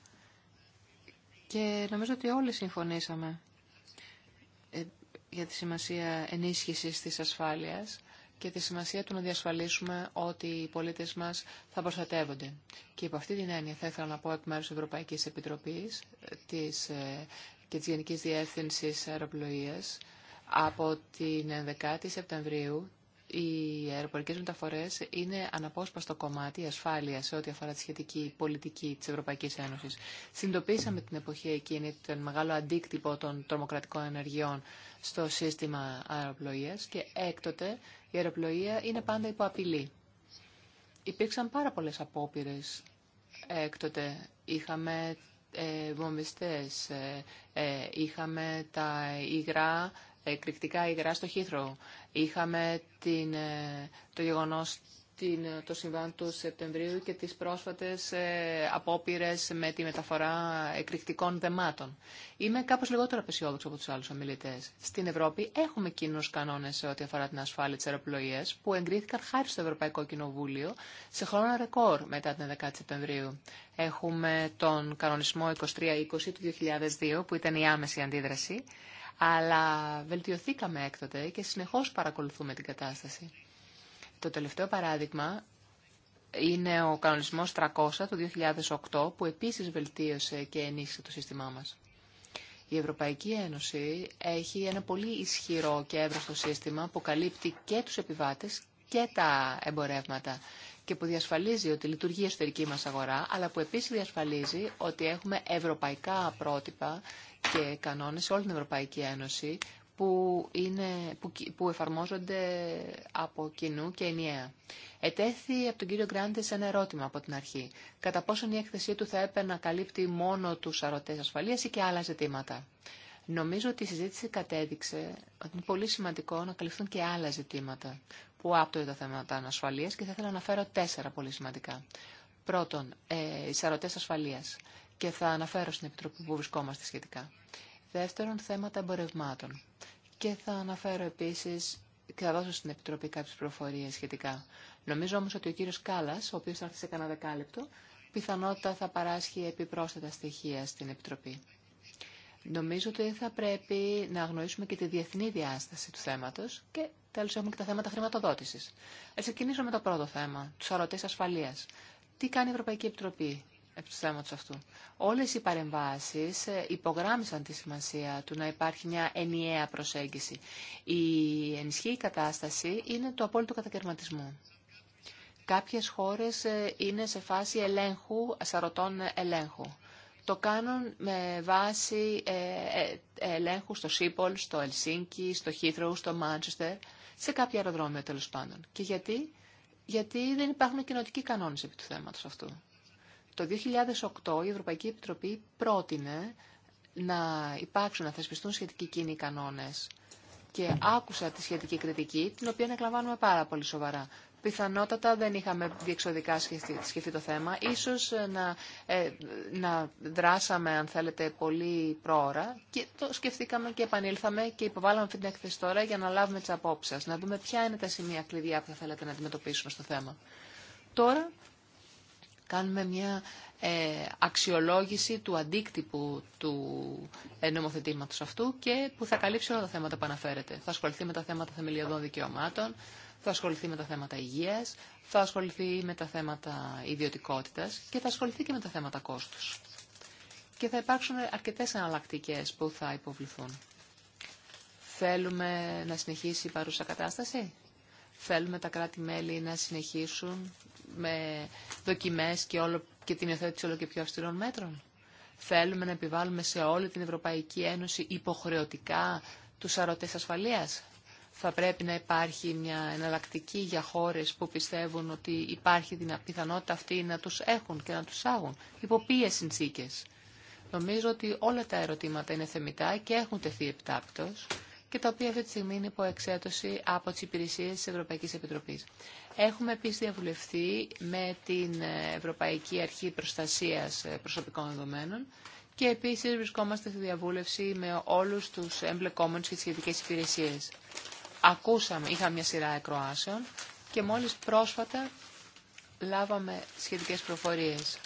και νομίζω ότι όλοι συμφωνήσαμε ε, για τη σημασία ενίσχυσης της ασφάλειας και τη σημασία του να διασφαλίσουμε ότι οι πολίτες μας θα προστατεύονται. Και υπό αυτή την έννοια θα ήθελα να πω εκ μέρους της Ευρωπαϊκής Επιτροπής ε, και της Γενικής Διεύθυνση Αεροπλοεία από την 11η Σεπτεμβρίου οι αεροπορικές μεταφορές είναι αναπόσπαστο κομμάτι ασφάλεια σε ό,τι αφορά τη σχετική πολιτική της Ευρωπαϊκής Ένωσης. Συντοπίσαμε την εποχή εκείνη τον μεγάλο αντίκτυπο των τρομοκρατικών ενεργειών στο σύστημα αεροπλοείας και έκτοτε η αεροπλοεία είναι πάντα υπό απειλή. Υπήρξαν πάρα πολλές απόπειρες έκτοτε. Είχαμε ε, βομβιστές, ε, ε, είχαμε τα υγρά εκρηκτικά υγρά στο Χήθρο. Είχαμε την, ε, το γεγονός ε, το συμβάν του Σεπτεμβρίου και τις πρόσφατες ε, απόπειρες με τη μεταφορά εκρηκτικών δεμάτων. Είμαι κάπως λιγότερο απεσιόδοξο από τους άλλους ομιλητές. Στην Ευρώπη έχουμε κοινούς κανόνες σε ό,τι αφορά την ασφάλεια της αεροπλοείας που εγκρίθηκαν χάρη στο Ευρωπαϊκό Κοινοβούλιο σε χρόνο ρεκόρ μετά την 11η Σεπτεμβρίου. Έχουμε τον κανονισμό 2320 του 2002 που ήταν η άμεση αντίδραση αλλά βελτιωθήκαμε έκτοτε και συνεχώς παρακολουθούμε την κατάσταση. Το τελευταίο παράδειγμα είναι ο κανονισμός 300 του 2008 που επίσης βελτίωσε και ενίσχυσε το σύστημά μας. Η Ευρωπαϊκή Ένωση έχει ένα πολύ ισχυρό και εύρωστο σύστημα που καλύπτει και τους επιβάτες και τα εμπορεύματα και που διασφαλίζει ότι λειτουργεί η εσωτερική μας αγορά, αλλά που επίσης διασφαλίζει ότι έχουμε ευρωπαϊκά πρότυπα και κανόνες σε όλη την Ευρωπαϊκή Ένωση που, εφαρμόζονται από κοινού και ενιαία. Ετέθη από τον κύριο Γκράντε ένα ερώτημα από την αρχή. Κατά πόσον η έκθεσή του θα έπαιρνα καλύπτει μόνο τους αρωτές ασφαλείας ή και άλλα ζητήματα. Νομίζω ότι η συζήτηση κατέδειξε ότι είναι πολύ σημαντικό να καλυφθούν και άλλα ζητήματα που άπτονται τα θέματα ανασφαλείας και θα ήθελα να αναφέρω τέσσερα πολύ σημαντικά. Πρώτον, ε, οι σαρωτές ασφαλείας και θα αναφέρω στην Επιτροπή που βρισκόμαστε σχετικά. Δεύτερον, θέματα εμπορευμάτων και θα αναφέρω επίσης και θα δώσω στην Επιτροπή κάποιες προφορίες σχετικά. Νομίζω όμως ότι ο κύριος Κάλλας, ο οποίος θα έρθει σε κανένα δεκάλεπτο, πιθανότητα θα παράσχει επιπρόσθετα στοιχεία στην Επιτροπή. Νομίζω ότι θα πρέπει να αγνοήσουμε και τη διεθνή διάσταση του θέματος και τέλος έχουμε και τα θέματα χρηματοδότησης. Ας ε, ξεκινήσω με το πρώτο θέμα, τους αρωτέ ασφαλείας. Τι κάνει η Ευρωπαϊκή Επιτροπή επί του θέματο αυτού. Όλες οι παρεμβάσεις ε, υπογράμμισαν τη σημασία του να υπάρχει μια ενιαία προσέγγιση. Η ενισχύη κατάσταση είναι το απόλυτο κατακαιρματισμό. Κάποιες χώρες ε, είναι σε φάση ελέγχου, σαρωτών ελέγχου. Το κάνουν με βάση ε, ε, ελέγχου στο Σίπολ, στο Ελσίνκι, στο Χίθρο, στο Μάντσεστερ, σε κάποια αεροδρόμια τέλο πάντων. Και γιατί? Γιατί δεν υπάρχουν κοινοτικοί κανόνε επί του θέματο αυτού. Το 2008 η Ευρωπαϊκή Επιτροπή πρότεινε να υπάρξουν, να θεσπιστούν σχετικοί κοινοί κανόνε. Και άκουσα τη σχετική κριτική, την οποία ανακλαμβάνουμε πάρα πολύ σοβαρά πιθανότατα δεν είχαμε διεξοδικά σκεφτεί, σκεφτεί το θέμα. Ίσως ε, να, ε, να δράσαμε, αν θέλετε, πολύ πρόωρα και το σκεφτήκαμε και επανήλθαμε και υποβάλαμε αυτή την έκθεση τώρα για να λάβουμε τις απόψεις σας, να δούμε ποια είναι τα σημεία κλειδιά που θα θέλετε να αντιμετωπίσουμε στο θέμα. Τώρα κάνουμε μια ε, αξιολόγηση του αντίκτυπου του ε, νομοθετήματος αυτού και που θα καλύψει όλα τα θέματα που αναφέρετε. Θα ασχοληθεί με τα θέματα θεμελιωδών δικαιωμάτων, θα ασχοληθεί με τα θέματα υγείας, θα ασχοληθεί με τα θέματα ιδιωτικότητας και θα ασχοληθεί και με τα θέματα κόστους. Και θα υπάρξουν αρκετές εναλλακτικέ που θα υποβληθούν. Θέλουμε να συνεχίσει η παρούσα κατάσταση. Θέλουμε τα κράτη-μέλη να συνεχίσουν με δοκιμές και, όλο, και την υιοθέτηση όλο και πιο αυστηρών μέτρων. Θέλουμε να επιβάλλουμε σε όλη την Ευρωπαϊκή Ένωση υποχρεωτικά τους αρωτές ασφαλείας θα πρέπει να υπάρχει μια εναλλακτική για χώρες που πιστεύουν ότι υπάρχει την πιθανότητα αυτή να τους έχουν και να τους άγουν. Υπό ποιες συνθήκες. Νομίζω ότι όλα τα ερωτήματα είναι θεμητά και έχουν τεθεί επιτάπτως και τα οποία αυτή τη στιγμή είναι υπό εξέτωση από τις υπηρεσίες της Ευρωπαϊκής Επιτροπής. Έχουμε επίση διαβουλευτεί με την Ευρωπαϊκή Αρχή Προστασίας Προσωπικών Δεδομένων και επίσης βρισκόμαστε στη διαβούλευση με όλους τους εμπλεκόμενους και τις σχετικές υπηρεσίες ακούσαμε, είχαμε μια σειρά εκροάσεων και μόλις πρόσφατα λάβαμε σχετικές προφορίες.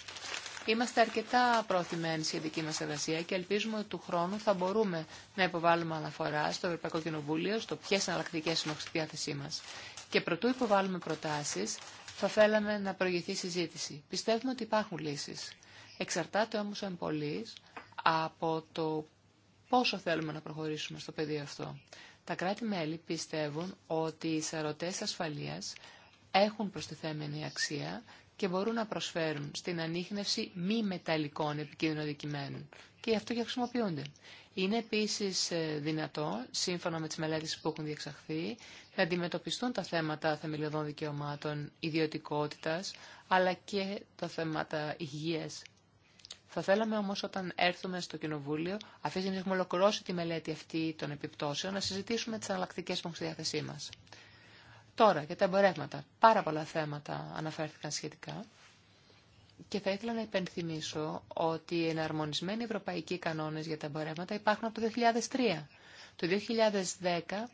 Είμαστε αρκετά προωθημένοι σχετική δική μας εργασία και ελπίζουμε ότι του χρόνου θα μπορούμε να υποβάλουμε αναφορά στο Ευρωπαϊκό Κοινοβούλιο, στο ποιε εναλλακτικέ είναι στη διάθεσή μα. Και προτού υποβάλουμε προτάσει, θα θέλαμε να προηγηθεί συζήτηση. Πιστεύουμε ότι υπάρχουν λύσει. Εξαρτάται όμω εν πολλής από το πόσο θέλουμε να προχωρήσουμε στο πεδίο αυτό. Τα κράτη-μέλη πιστεύουν ότι οι σαρωτές ασφαλείας έχουν προστιθέμενη αξία και μπορούν να προσφέρουν στην ανείχνευση μη μεταλλικών επικίνδυνων αντικειμένων και γι' αυτό και χρησιμοποιούνται. Είναι επίσης ε, δυνατό, σύμφωνα με τις μελέτες που έχουν διεξαχθεί, να αντιμετωπιστούν τα θέματα θεμελιωδών δικαιωμάτων, ιδιωτικότητας, αλλά και τα θέματα υγείας θα θέλαμε όμω όταν έρθουμε στο Κοινοβούλιο, αφήσει να έχουμε ολοκληρώσει τη μελέτη αυτή των επιπτώσεων, να συζητήσουμε τις αλλακτικέ που έχουν στη διάθεσή μα. Τώρα, για τα εμπορεύματα. Πάρα πολλά θέματα αναφέρθηκαν σχετικά. Και θα ήθελα να υπενθυμίσω ότι οι εναρμονισμένοι ευρωπαϊκοί κανόνες για τα εμπορεύματα υπάρχουν από το 2003. Το 2010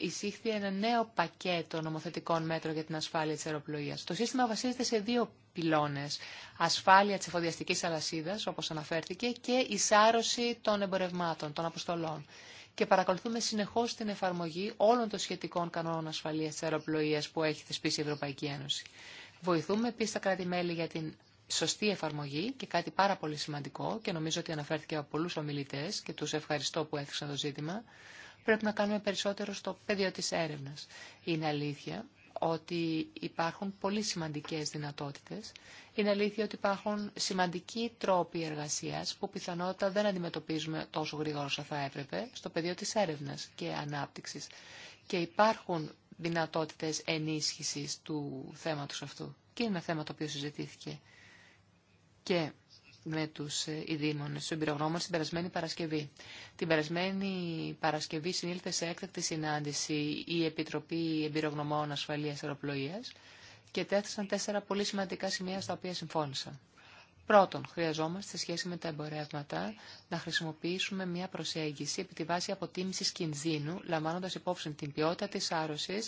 εισήχθη ένα νέο πακέτο νομοθετικών μέτρων για την ασφάλεια τη αεροπλοεία. Το σύστημα βασίζεται σε δύο πυλώνε. Ασφάλεια τη εφοδιαστική αλασίδας, όπω αναφέρθηκε, και η των εμπορευμάτων, των αποστολών. Και παρακολουθούμε συνεχώ την εφαρμογή όλων των σχετικών κανόνων ασφαλείας τη αεροπλοεία που έχει θεσπίσει η Ευρωπαϊκή Ένωση. Βοηθούμε επίση τα κράτη-μέλη για την σωστή εφαρμογή και κάτι πάρα πολύ σημαντικό και νομίζω ότι αναφέρθηκε από πολλού ομιλητέ και του ευχαριστώ που έθιξαν το ζήτημα πρέπει να κάνουμε περισσότερο στο πεδίο της έρευνας. Είναι αλήθεια ότι υπάρχουν πολύ σημαντικές δυνατότητες. Είναι αλήθεια ότι υπάρχουν σημαντικοί τρόποι εργασίας που πιθανότατα δεν αντιμετωπίζουμε τόσο γρήγορα όσο θα έπρεπε στο πεδίο της έρευνας και ανάπτυξης. Και υπάρχουν δυνατότητες ενίσχυσης του θέματος αυτού. Και είναι ένα θέμα το οποίο συζητήθηκε και με του ειδήμονε, του εμπειρογνώμων την περασμένη Παρασκευή. Την περασμένη Παρασκευή συνήλθε σε έκτακτη συνάντηση η Επιτροπή Εμπειρογνωμών ασφαλεία Αεροπλοεία και τέθησαν τέσσερα πολύ σημαντικά σημεία στα οποία συμφώνησαν. Πρώτον, χρειαζόμαστε σε σχέση με τα εμπορεύματα να χρησιμοποιήσουμε μια προσέγγιση επί τη βάση αποτίμηση κινδύνου, λαμβάνοντα υπόψη την ποιότητα τη άρρωση,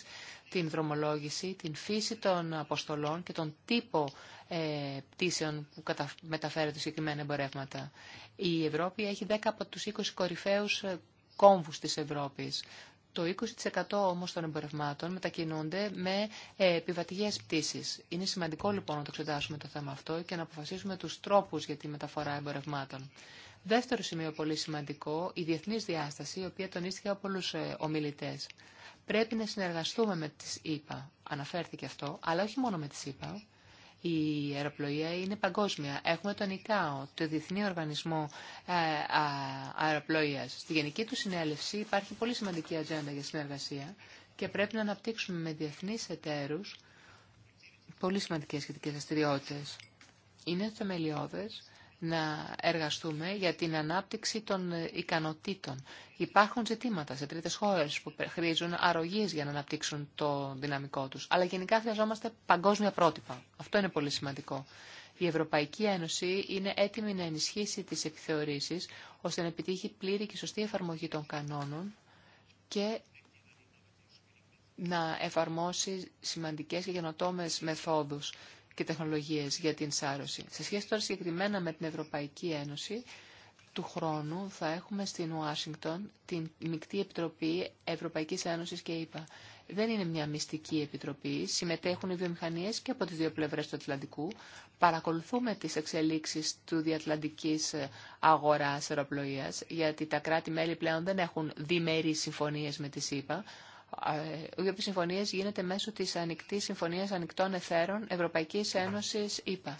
την δρομολόγηση, την φύση των αποστολών και τον τύπο ε, πτήσεων που μεταφέρονται συγκεκριμένα εμπορεύματα. Η Ευρώπη έχει 10 από του 20 κορυφαίου ε, κόμβου τη Ευρώπη. Το 20% όμως των εμπορευμάτων μετακινούνται με ε, επιβατηγές πτήσεις. Είναι σημαντικό λοιπόν να το εξετάσουμε το θέμα αυτό και να αποφασίσουμε τους τρόπους για τη μεταφορά εμπορευμάτων. Δεύτερο σημείο πολύ σημαντικό, η διεθνής διάσταση, η οποία τονίστηκε από πολλούς ε, ομιλητές. Πρέπει να συνεργαστούμε με τις ΗΠΑ, αναφέρθηκε αυτό, αλλά όχι μόνο με τις ΗΠΑ, η αεροπλοεία είναι παγκόσμια. Έχουμε τον ΙΚΑΟ, το Διεθνή Οργανισμό ε, Αεροπλοεία. Στη Γενική του Συνέλευση υπάρχει πολύ σημαντική ατζέντα για συνεργασία και πρέπει να αναπτύξουμε με διεθνεί εταίρους πολύ σημαντικές σχετικέ δραστηριότητε. Είναι θεμελιώδε να εργαστούμε για την ανάπτυξη των ικανοτήτων. Υπάρχουν ζητήματα σε τρίτες χώρες που χρήζουν αρρωγίες για να αναπτύξουν το δυναμικό τους. Αλλά γενικά χρειαζόμαστε παγκόσμια πρότυπα. Αυτό είναι πολύ σημαντικό. Η Ευρωπαϊκή Ένωση είναι έτοιμη να ενισχύσει τις εκθεωρήσεις ώστε να επιτύχει πλήρη και σωστή εφαρμογή των κανόνων και να εφαρμόσει σημαντικές και γενοτόμες μεθόδους και τεχνολογίες για την σάρωση. Σε σχέση τώρα συγκεκριμένα με την Ευρωπαϊκή Ένωση, του χρόνου θα έχουμε στην Ουάσιγκτον την Μικτή Επιτροπή Ευρωπαϊκής Ένωσης και ΕΕ. Δεν είναι μια μυστική επιτροπή, συμμετέχουν οι βιομηχανίες και από τις δύο πλευρές του Ατλαντικού. Παρακολουθούμε τις εξελίξεις του Διατλαντική ε, αγοράς αεροπλοείας, γιατί τα κράτη-μέλη πλέον δεν έχουν διμερείς συμφωνίες με τι ΗΠΑ οι οποίες συμφωνίες γίνεται μέσω της ανοιχτή συμφωνία Ανοιχτών Εθέρων Ευρωπαϊκής Ένωση ΕΠΑ.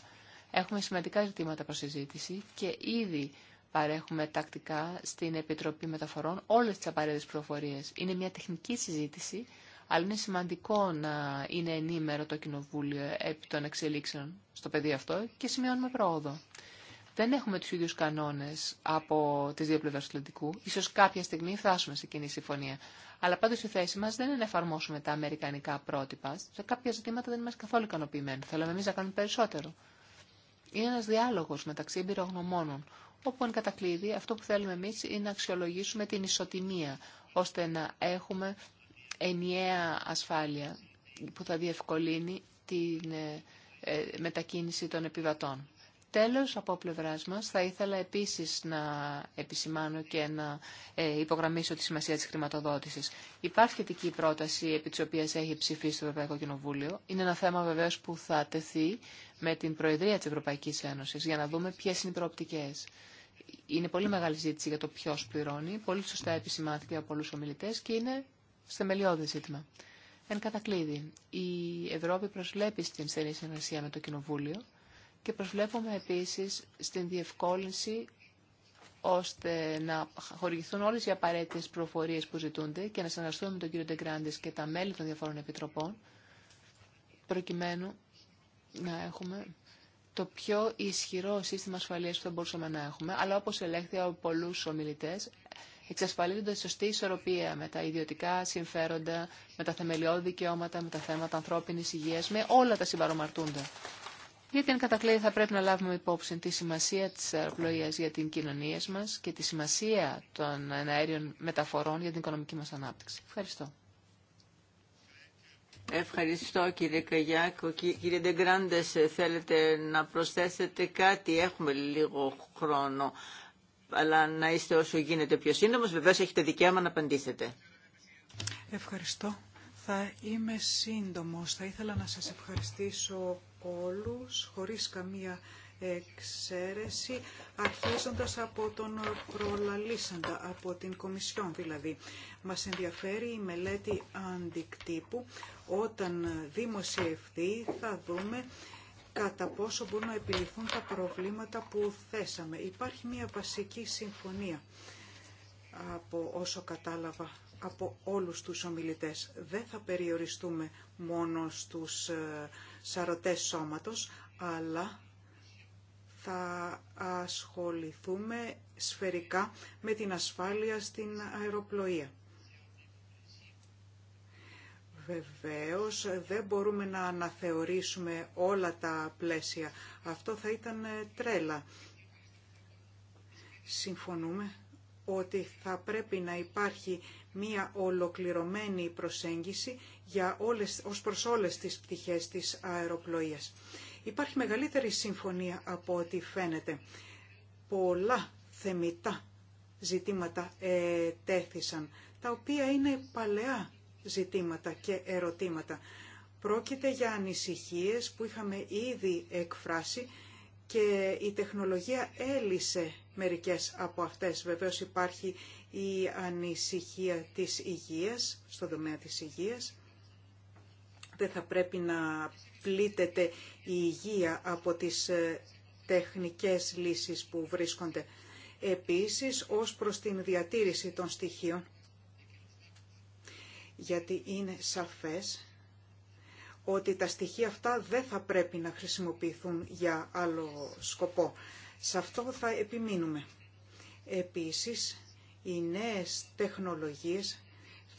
Έχουμε σημαντικά ζητήματα προ συζήτηση και ήδη παρέχουμε τακτικά στην Επιτροπή Μεταφορών όλες τι απαραίτητε πληροφορίε. Είναι μια τεχνική συζήτηση, αλλά είναι σημαντικό να είναι ενήμερο το Κοινοβούλιο επί των εξελίξεων στο πεδίο αυτό και σημειώνουμε πρόοδο δεν έχουμε τους ίδιους κανόνες από τις δύο πλευρές του Ατλαντικού. Ίσως κάποια στιγμή φτάσουμε σε κοινή συμφωνία. Αλλά πάντως η θέση μας δεν είναι να εφαρμόσουμε τα αμερικανικά πρότυπα. Σε κάποια ζητήματα δεν είμαστε καθόλου ικανοποιημένοι. Θέλαμε εμείς να κάνουμε περισσότερο. Είναι ένας διάλογος μεταξύ εμπειρογνωμόνων, όπου εν κατακλείδη αυτό που θέλουμε εμείς είναι να αξιολογήσουμε την ισοτιμία, ώστε να έχουμε ενιαία ασφάλεια που θα διευκολύνει την ε, ε, μετακίνηση των επιβατών. Τέλος, από πλευρά μας, θα ήθελα επίσης να επισημάνω και να ε, υπογραμμίσω τη σημασία της χρηματοδότησης. Υπάρχει σχετική πρόταση επί της οποίας έχει ψηφίσει το Ευρωπαϊκό Κοινοβούλιο. Είναι ένα θέμα βεβαίως που θα τεθεί με την Προεδρία της Ευρωπαϊκής Ένωσης για να δούμε ποιες είναι οι προοπτικές. Είναι πολύ μεγάλη ζήτηση για το ποιο πληρώνει. Πολύ σωστά επισημάθηκε από πολλού ομιλητέ και είναι στεμελιώδη ζήτημα. Εν κατακλείδη, η Ευρώπη προσβλέπει στην στενή συνεργασία με το Κοινοβούλιο και προσβλέπουμε επίσης στην διευκόλυνση ώστε να χορηγηθούν όλες οι απαραίτητες προφορίες που ζητούνται και να συνεργαστούμε με τον κύριο Ντεγκράντες και τα μέλη των διαφόρων επιτροπών προκειμένου να έχουμε το πιο ισχυρό σύστημα ασφαλείας που θα μπορούσαμε να έχουμε, αλλά όπως ελέγχθη από πολλούς ομιλητές, εξασφαλίζοντας σωστή ισορροπία με τα ιδιωτικά συμφέροντα, με τα θεμελιώδη δικαιώματα, με τα θέματα ανθρώπινης υγείας, με όλα τα συμπαρομαρτούντα γιατί αν κατακλείδη θα πρέπει να λάβουμε υπόψη τη σημασία της αεροπλοείας για την κοινωνία μας και τη σημασία των αέριων μεταφορών για την οικονομική μας ανάπτυξη. Ευχαριστώ.
Ευχαριστώ κύριε Καγιάκο. Κύριε Ντεγκράντες, θέλετε να προσθέσετε κάτι. Έχουμε λίγο χρόνο, αλλά να είστε όσο γίνεται πιο σύντομος. Βεβαίως έχετε δικαίωμα να απαντήσετε.
Ευχαριστώ. Θα είμαι σύντομος. Θα ήθελα να σας ευχαριστήσω όλους, χωρίς καμία εξαίρεση, αρχίζοντας από τον προλαλήσαντα, από την Κομισιόν δηλαδή. Μας ενδιαφέρει η μελέτη αντικτύπου. Όταν δημοσιευθεί, θα δούμε κατά πόσο μπορούν να επιληθούν τα προβλήματα που θέσαμε. Υπάρχει μια βασική συμφωνία από όσο κατάλαβα από όλους τους ομιλητές. Δεν θα περιοριστούμε μόνο στους ε, σαρωτές σώματος, αλλά θα ασχοληθούμε σφαιρικά με την ασφάλεια στην αεροπλοεία. Βεβαίως δεν μπορούμε να αναθεωρήσουμε όλα τα πλαίσια. Αυτό θα ήταν ε, τρέλα. Συμφωνούμε ότι θα πρέπει να υπάρχει μία ολοκληρωμένη προσέγγιση για όλες, ως προς όλες τις πτυχές της αεροπλοείας. Υπάρχει μεγαλύτερη συμφωνία από ό,τι φαίνεται. Πολλά θεμητά ζητήματα τέθησαν, τα οποία είναι παλαιά ζητήματα και ερωτήματα. Πρόκειται για ανησυχίες που είχαμε ήδη εκφράσει και η τεχνολογία έλυσε μερικές από αυτές. Βεβαίως υπάρχει η ανησυχία της υγείας, στο τομέα της υγείας. Δεν θα πρέπει να πλήτεται η υγεία από τις ε, τεχνικές λύσεις που βρίσκονται. Επίσης, ως προς την διατήρηση των στοιχείων, γιατί είναι σαφές ότι τα στοιχεία αυτά δεν θα πρέπει να χρησιμοποιηθούν για άλλο σκοπό. Σε αυτό θα επιμείνουμε. Επίσης, οι νέες τεχνολογίες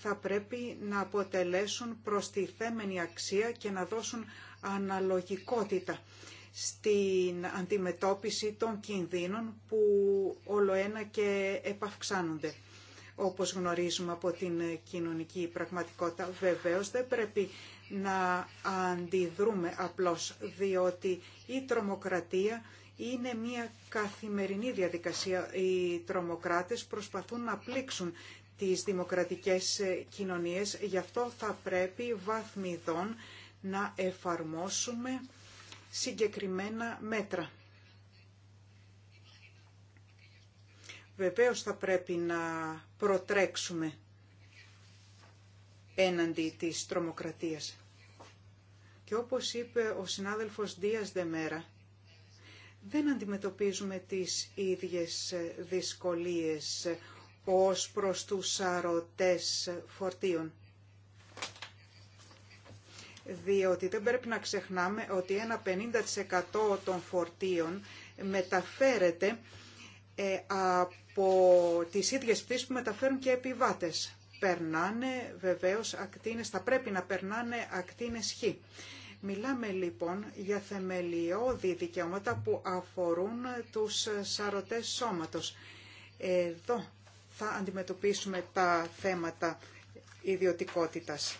θα πρέπει να αποτελέσουν προστιθέμενη αξία και να δώσουν αναλογικότητα στην αντιμετώπιση των κινδύνων που όλο ένα και επαυξάνονται όπως γνωρίζουμε από την κοινωνική πραγματικότητα. Βεβαίως δεν πρέπει να αντιδρούμε απλώς, διότι η τρομοκρατία είναι μια καθημερινή διαδικασία. Οι τρομοκράτες προσπαθούν να πλήξουν τις δημοκρατικές ε, κοινωνίες. Γι' αυτό θα πρέπει βαθμιδών να εφαρμόσουμε συγκεκριμένα μέτρα. Βεβαίως θα πρέπει να προτρέξουμε έναντι της τρομοκρατίας. Και όπως είπε ο συνάδελφος Δίας Δεμέρα, δεν αντιμετωπίζουμε τις ίδιες ε, δυσκολίες ε, ως προς τους σαρωτές φορτίων. Διότι δεν πρέπει να ξεχνάμε ότι ένα 50% των φορτίων μεταφέρεται ε, από τις ίδιες πτήσεις που μεταφέρουν και επιβάτες. Περνάνε βεβαίως ακτίνες, θα πρέπει να περνάνε ακτίνες χ. Μιλάμε λοιπόν για θεμελιώδη δικαιώματα που αφορούν τους σαρωτές σώματος. Εδώ θα αντιμετωπίσουμε τα θέματα ιδιωτικότητας.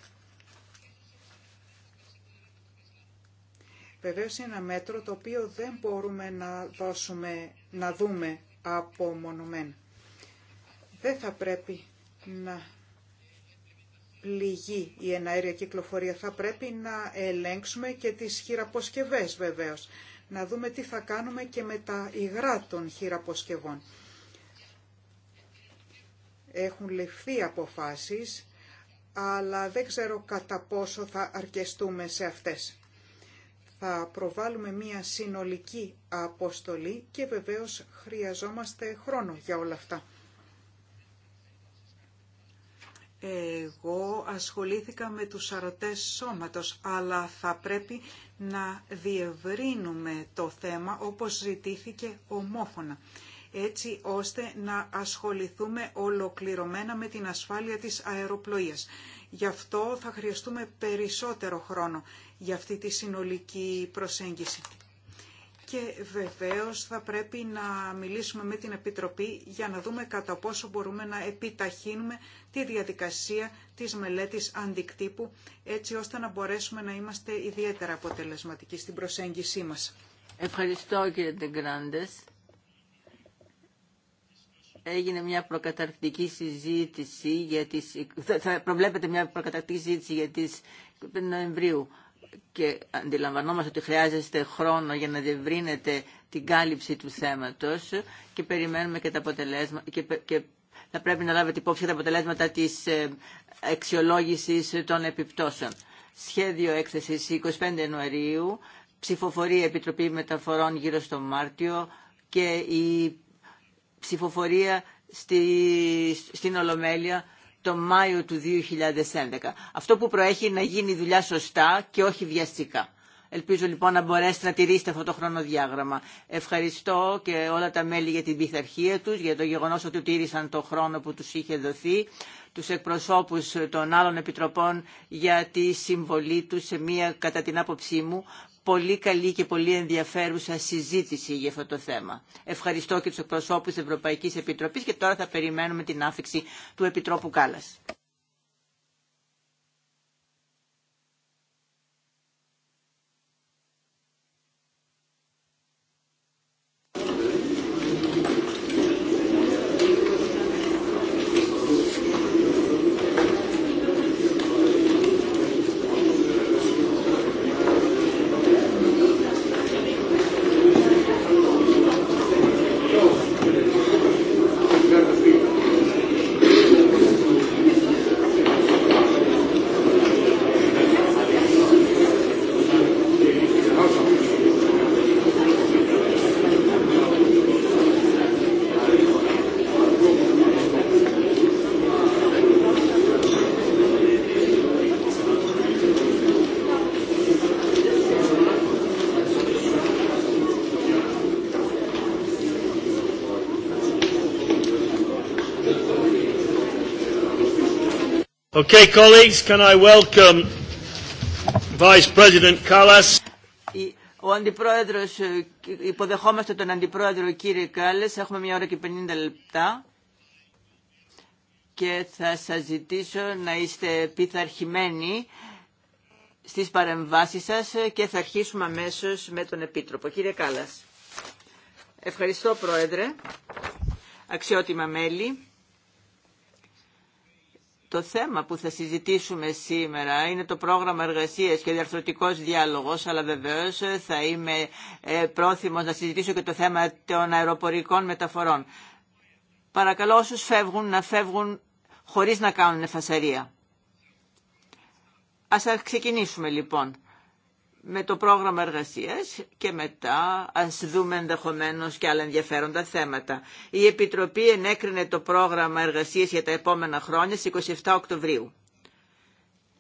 Βεβαίως είναι ένα μέτρο το οποίο δεν μπορούμε να, δώσουμε, να δούμε απομονωμένα. Δεν θα πρέπει να πληγεί η εναέρια κυκλοφορία. Θα πρέπει να ελέγξουμε και τις χειραποσκευές βεβαίως. Να δούμε τι θα κάνουμε και με τα υγρά των χειραποσκευών. Έχουν ληφθεί αποφάσεις, αλλά δεν ξέρω κατά πόσο θα αρκεστούμε σε αυτές. Θα προβάλλουμε μία συνολική αποστολή και βεβαίως χρειαζόμαστε χρόνο για όλα αυτά. Εγώ ασχολήθηκα με τους αρωτές σώματος, αλλά θα πρέπει να διευρύνουμε το θέμα όπως ζητήθηκε ομόφωνα έτσι ώστε να ασχοληθούμε ολοκληρωμένα με την ασφάλεια της αεροπλοείας. Γι' αυτό θα χρειαστούμε περισσότερο χρόνο για αυτή τη συνολική προσέγγιση. Και βεβαίως θα πρέπει να μιλήσουμε με την Επιτροπή για να δούμε κατά πόσο μπορούμε να επιταχύνουμε τη διαδικασία της μελέτης αντικτύπου, έτσι ώστε να μπορέσουμε να είμαστε ιδιαίτερα αποτελεσματικοί στην προσέγγισή μας.
Ευχαριστώ κύριε έγινε μια προκαταρκτική συζήτηση για τις, θα προβλέπετε μια προκαταρκτική συζήτηση για τις 5 Νοεμβρίου και αντιλαμβανόμαστε ότι χρειάζεστε χρόνο για να διευρύνετε την κάλυψη του θέματος και περιμένουμε και τα αποτελέσματα και, και θα πρέπει να λάβετε υπόψη τα αποτελέσματα της ε, αξιολόγησης των επιπτώσεων. Σχέδιο έκθεσης 25 Ιανουαρίου, ψηφοφορία Επιτροπή Μεταφορών γύρω στο Μάρτιο και η ψηφοφορία στη, στην Ολομέλεια το Μάιο του 2011. Αυτό που προέχει να γίνει η δουλειά σωστά και όχι βιαστικά. Ελπίζω λοιπόν να μπορέσετε να τηρήσετε αυτό το χρονοδιάγραμμα. Ευχαριστώ και όλα τα μέλη για την πειθαρχία τους, για το γεγονός ότι τήρησαν το χρόνο που τους είχε δοθεί, τους εκπροσώπους των άλλων επιτροπών για τη συμβολή τους σε μια, κατά την άποψή μου, πολύ καλή και πολύ ενδιαφέρουσα συζήτηση για αυτό το θέμα. Ευχαριστώ και τους εκπροσώπους της Ευρωπαϊκής Επιτροπής και τώρα θα περιμένουμε την άφηξη του Επιτρόπου Κάλλας.
Okay, colleagues, can
Ο αντιπρόεδρος, ε, υποδεχόμαστε τον αντιπρόεδρο κύριε Κάλλες, έχουμε μια ώρα και 50 λεπτά και θα σας ζητήσω να είστε πειθαρχημένοι στις παρεμβάσεις σας και θα αρχίσουμε αμέσως με τον Επίτροπο. Κύριε Κάλλας. Ευχαριστώ Πρόεδρε, αξιότιμα μέλη. Το θέμα που θα συζητήσουμε σήμερα είναι το πρόγραμμα εργασίας και διαρθρωτικός διάλογος, αλλά βεβαίως θα είμαι ε, πρόθυμος να συζητήσω και το θέμα των αεροπορικών μεταφορών. Παρακαλώ όσους φεύγουν να φεύγουν χωρίς να κάνουν φασαρία. Ας ξεκινήσουμε λοιπόν με το πρόγραμμα εργασίας και μετά ας δούμε ενδεχομένω και άλλα ενδιαφέροντα θέματα. Η Επιτροπή ενέκρινε το πρόγραμμα εργασίας για τα επόμενα χρόνια στις 27 Οκτωβρίου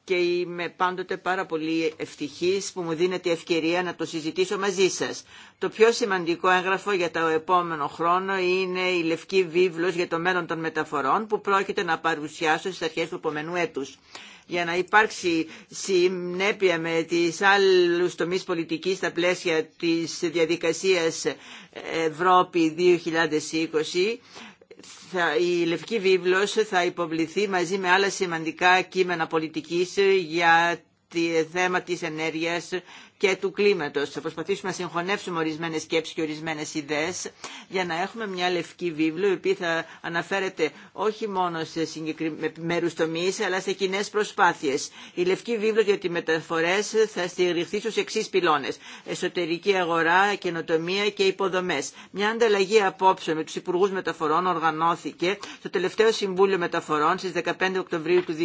και είμαι πάντοτε πάρα πολύ ευτυχής που μου δίνετε ευκαιρία να το συζητήσω μαζί σας. Το πιο σημαντικό έγγραφο για το επόμενο χρόνο είναι η Λευκή Βίβλος για το μέλλον των μεταφορών που πρόκειται να παρουσιάσω στις αρχές του επόμενου έτους. Για να υπάρξει συνέπεια με τις άλλους τομείς πολιτικής στα πλαίσια της διαδικασίας Ευρώπη 2020, θα, η Λευκή Βίβλος θα υποβληθεί μαζί με άλλα σημαντικά κείμενα πολιτικής για τη θέμα της ενέργειας και του κλίματος. Θα προσπαθήσουμε να συγχωνεύσουμε ορισμένες σκέψεις και ορισμένες ιδέες για να έχουμε μια λευκή βίβλο η οποία θα αναφέρεται όχι μόνο σε συγκεκριμένου τομείς αλλά σε κοινέ προσπάθειες. Η λευκή βίβλο για τις μεταφορές θα στηριχθεί στους εξή πυλώνες. Εσωτερική αγορά, καινοτομία και υποδομές. Μια ανταλλαγή απόψε με τους Υπουργούς Μεταφορών οργανώθηκε στο τελευταίο Συμβούλιο Μεταφορών στις 15 Οκτωβρίου του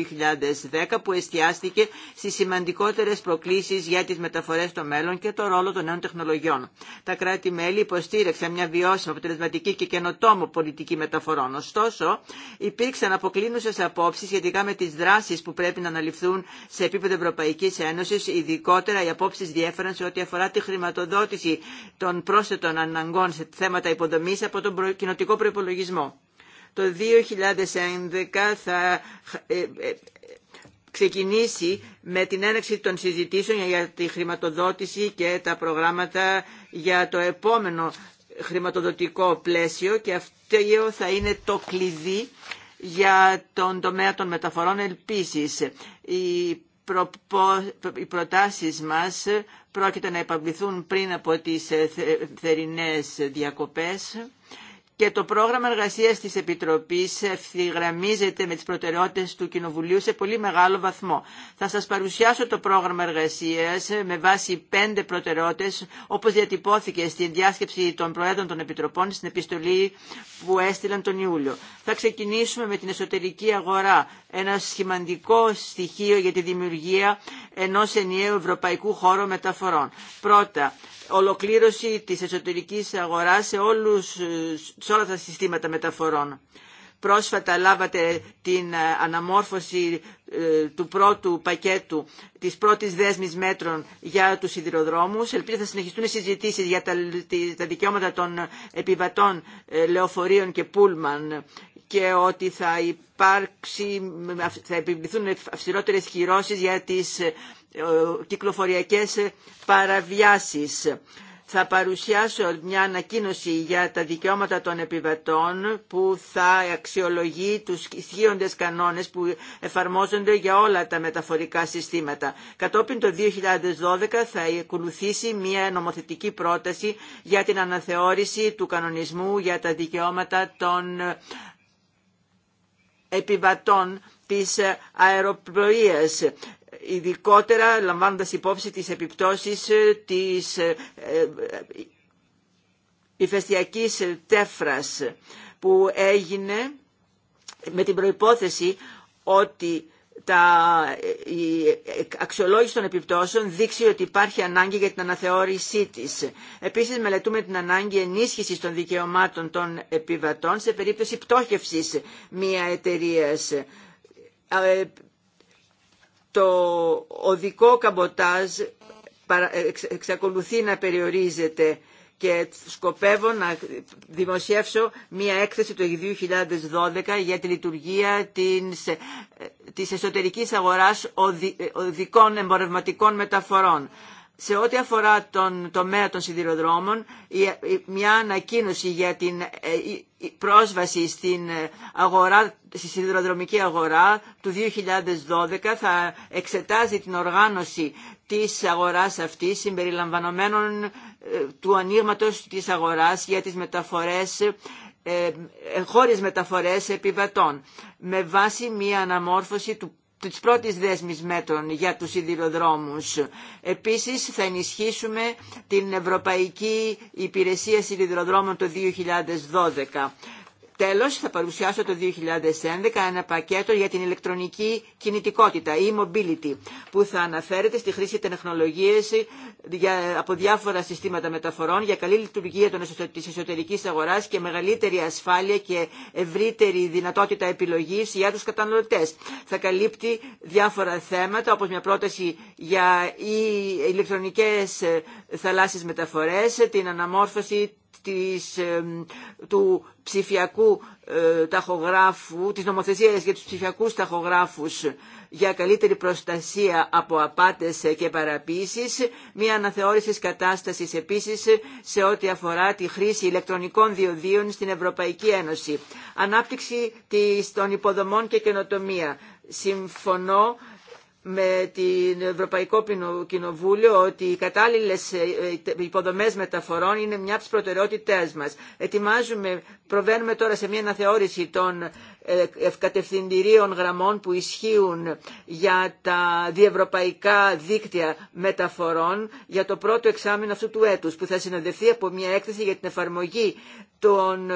2010 που εστιάστηκε στις σημαντικότερες προκλήσεις για τις μεταφορές στο μέλλον και το ρόλο των νέων τεχνολογιών. Τα κράτη-μέλη υποστήριξαν μια βιώσιμη, αποτελεσματική και καινοτόμο πολιτική μεταφορών. Ωστόσο, υπήρξαν αποκλίνουσες απόψεις σχετικά με τις δράσεις που πρέπει να αναλυφθούν σε επίπεδο Ευρωπαϊκής Ένωσης, ειδικότερα οι απόψεις διέφεραν σε ό,τι αφορά τη χρηματοδότηση των πρόσθετων αναγκών σε θέματα υποδομής από τον κοινοτικό προπολογισμό. Το 2011 θα ε, ε, ξεκινήσει με την έναρξη των συζητήσεων για τη χρηματοδότηση και τα προγράμματα για το επόμενο χρηματοδοτικό πλαίσιο και αυτό θα είναι το κλειδί για τον τομέα των μεταφορών ελπίσης. Οι, προπο... προτάσεις μας πρόκειται να επαυληθούν πριν από τις θερινές διακοπές και το πρόγραμμα εργασίας της Επιτροπής ευθυγραμμίζεται με τις προτεραιότητες του Κοινοβουλίου σε πολύ μεγάλο βαθμό. Θα σας παρουσιάσω το πρόγραμμα εργασίας με βάση πέντε προτεραιότητες όπως διατυπώθηκε στην διάσκεψη των Προέδρων των Επιτροπών στην επιστολή που έστειλαν τον Ιούλιο. Θα ξεκινήσουμε με την εσωτερική αγορά, ένα σημαντικό στοιχείο για τη δημιουργία ενός ενιαίου ευρωπαϊκού χώρου μεταφορών. Πρώτα, ολοκλήρωση της εσωτερικής αγοράς σε όλους σε όλα τα συστήματα μεταφορών. Πρόσφατα λάβατε την ε, αναμόρφωση ε, του πρώτου πακέτου, της πρώτης δέσμης μέτρων για τους σιδηροδρόμους. Ελπίζω θα συνεχιστούν οι συζητήσεις για τα δικαιώματα των επιβατών ε, λεωφορείων και πούλμαν και ότι θα υπάρξει, θα επιβληθούν αυστηρότερες χειρώσεις για τις κυκλοφοριακές παραβιάσεις θα παρουσιάσω μια ανακοίνωση για τα δικαιώματα των επιβατών που θα αξιολογεί τους ισχύοντες κανόνες που εφαρμόζονται για όλα τα μεταφορικά συστήματα. Κατόπιν το 2012 θα ακολουθήσει μια νομοθετική πρόταση για την αναθεώρηση του κανονισμού για τα δικαιώματα των επιβατών της αεροπλοείας ειδικότερα λαμβάνοντας υπόψη τις επιπτώσεις ε, της ε, ε, ηφαιστειακής τέφρας που έγινε με την προϋπόθεση ότι τα, η αξιολόγηση των επιπτώσεων δείξει ότι υπάρχει ανάγκη για την αναθεώρησή της. Επίσης μελετούμε την ανάγκη ενίσχυσης των δικαιωμάτων των επιβατών σε περίπτωση πτώχευσης μια εταιρεία το οδικό καμποτάζ ε, εξακολουθεί να περιορίζεται και σκοπεύω να δημοσιεύσω μία έκθεση το 2012 για τη λειτουργία της, ε, της εσωτερικής αγοράς ε, οδικών εμπορευματικών μεταφορών. Σε ό,τι αφορά τον τομέα των σιδηροδρόμων, μια ανακοίνωση για την η πρόσβαση στην, ε, αγορά, στη σιδηροδρομική αγορά του 2012 θα εξετάζει την οργάνωση της αγοράς αυτής συμπεριλαμβανομένων ε, του ανοίγματο της αγοράς για τις μεταφορές ε, χώρες μεταφορές επιβατών με βάση μια αναμόρφωση του της πρώτης δέσμης μέτρων για τους σιδηροδρόμους. Επίσης θα ενισχύσουμε την Ευρωπαϊκή Υπηρεσία Σιδηροδρόμων το 2012. Τέλος, θα παρουσιάσω το 2011 ένα πακέτο για την ηλεκτρονική κινητικότητα, η mobility, που θα αναφέρεται στη χρήση τεχνολογίες από διάφορα συστήματα μεταφορών για καλή λειτουργία της εσωτερικής αγοράς και μεγαλύτερη ασφάλεια και ευρύτερη δυνατότητα επιλογής για τους καταναλωτές. Θα καλύπτει διάφορα θέματα, όπως μια πρόταση για οι ηλεκτρονικές θαλάσσιες μεταφορές, την αναμόρφωση της, του ψηφιακού ε, ταχογράφου, της νομοθεσίας για τους ψηφιακούς ταχογράφους για καλύτερη προστασία από απάτες και παραποίησεις, μια αναθεώρηση κατάστασης επίσης σε ό,τι αφορά τη χρήση ηλεκτρονικών διοδίων στην Ευρωπαϊκή Ένωση, ανάπτυξη των υποδομών και καινοτομία. Συμφωνώ με την Ευρωπαϊκό Κοινοβούλιο ότι οι κατάλληλες ε, ε, υποδομές μεταφορών είναι μια από τις προτεραιότητές μας. Ετοιμάζουμε, προβαίνουμε τώρα σε μια αναθεώρηση των ε, κατευθυντηρίων γραμμών που ισχύουν για τα διευρωπαϊκά δίκτυα μεταφορών για το πρώτο εξάμεινο αυτού του έτους που θα συνοδευτεί από μια έκθεση για την εφαρμογή των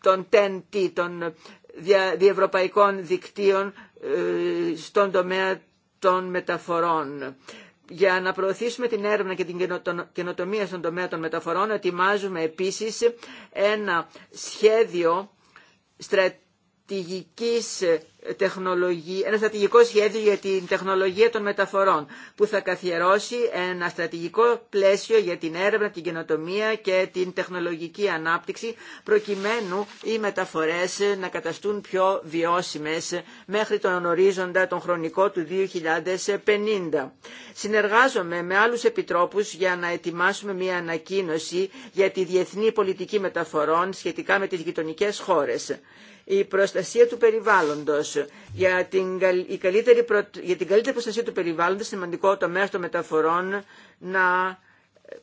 των TEN-T, διευρωπαϊκών δικτύων ε, στον τομέα των μεταφορών. Για να προωθήσουμε την έρευνα και την καινοτομία στον τομέα των μεταφορών, ετοιμάζουμε επίσης ένα σχέδιο στρατηγικής ε, ένα στρατηγικό σχέδιο για την τεχνολογία των μεταφορών που θα καθιερώσει ένα στρατηγικό πλαίσιο για την έρευνα, την καινοτομία και την τεχνολογική ανάπτυξη προκειμένου οι μεταφορές ε, να καταστούν πιο βιώσιμες μέχρι τον ορίζοντα τον χρονικό του 2050. Συνεργάζομαι με άλλους επιτρόπους για να ετοιμάσουμε μια ανακοίνωση για τη διεθνή πολιτική μεταφορών σχετικά με τις γειτονικές χώρες η προστασία του περιβάλλοντος. Για την, η καλύτερη, για την καλύτερη προστασία του περιβάλλοντος, σημαντικό το μέρος των μεταφορών να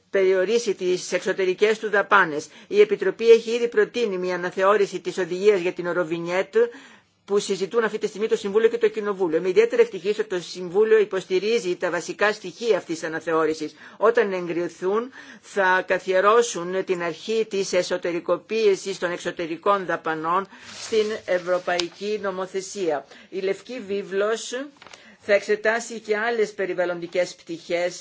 περιορίσει τις εξωτερικές του δαπάνες. Η Επιτροπή έχει ήδη προτείνει μια αναθεώρηση της οδηγίας για την Οροβινιέτ που συζητούν αυτή τη στιγμή το Συμβούλιο και το Κοινοβούλιο. Με ιδιαίτερη ευτυχή ότι το Συμβούλιο υποστηρίζει τα βασικά στοιχεία αυτή τη αναθεώρηση. Όταν εγκριθούν, θα καθιερώσουν την αρχή τη εσωτερικοποίηση των εξωτερικών δαπανών στην Ευρωπαϊκή Νομοθεσία. Η Λευκή Βίβλο θα εξετάσει και άλλε περιβαλλοντικέ πτυχέ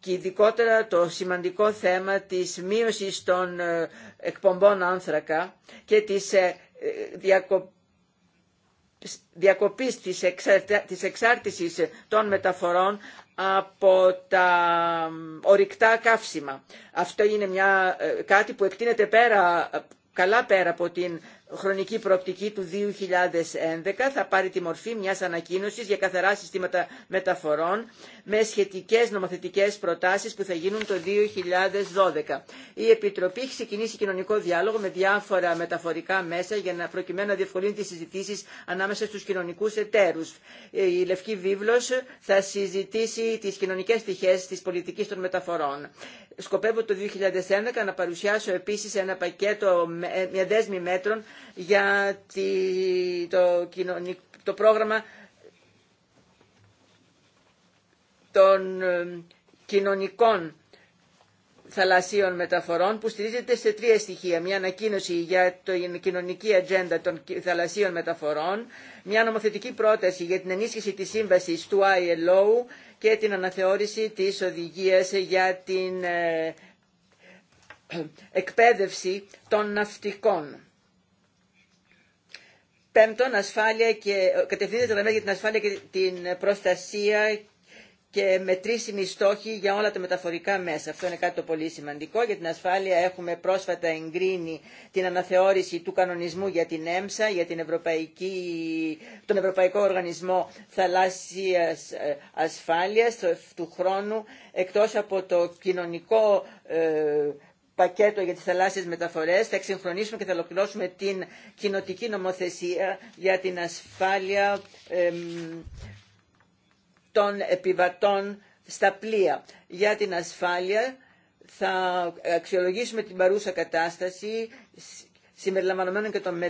και ειδικότερα το σημαντικό θέμα της μείωσης των ε, εκπομπών άνθρακα και της ε, ε, διακοπής διακοπής της, εξάρτησης των μεταφορών από τα ορυκτά καύσιμα. Αυτό είναι μια, ε, κάτι που εκτείνεται πέρα, ε, καλά πέρα από την χρονική προοπτική του 2011 θα πάρει τη μορφή μιας ανακοίνωσης για καθαρά συστήματα μεταφορών με σχετικές νομοθετικές προτάσεις που θα γίνουν το 2012. Η Επιτροπή έχει ξεκινήσει κοινωνικό διάλογο με διάφορα μεταφορικά μέσα για να προκειμένου να διευκολύνει τις συζητήσεις ανάμεσα στους κοινωνικούς εταίρους. Η Λευκή Βίβλος θα συζητήσει τις κοινωνικές στοιχές της πολιτικής των μεταφορών. Σκοπεύω το 2011 να παρουσιάσω επίσης ένα πακέτο, μια δέσμη μέτρων για το, το πρόγραμμα των κοινωνικών θαλασσίων μεταφορών που στηρίζεται σε τρία στοιχεία. Μια ανακοίνωση για την κοινωνική ατζέντα των θαλασσίων μεταφορών, μια νομοθετική πρόταση για την ενίσχυση της σύμβασης του ILO και την αναθεώρηση της οδηγίας για την ε, (clears throat) εκπαίδευση των ναυτικών. Πέμπτον, ασφάλεια και ε, κατευθύνεται για την ασφάλεια και την προστασία και μετρήσιμη στόχοι για όλα τα μεταφορικά μέσα. Αυτό είναι κάτι το πολύ σημαντικό. Για την ασφάλεια έχουμε πρόσφατα εγκρίνει την αναθεώρηση του κανονισμού για την ΕΜΣΑ, για την Ευρωπαϊκή, τον Ευρωπαϊκό Οργανισμό Θαλάσσιας ε, Ασφάλειας του χρόνου, εκτός από το κοινωνικό ε, πακέτο για τις θαλάσσιες μεταφορές θα εξυγχρονίσουμε και θα ολοκληρώσουμε την κοινοτική νομοθεσία για την ασφάλεια των επιβατών στα πλοία. Για την ασφάλεια θα αξιολογήσουμε την παρούσα κατάσταση συμπεριλαμβανομένων και των,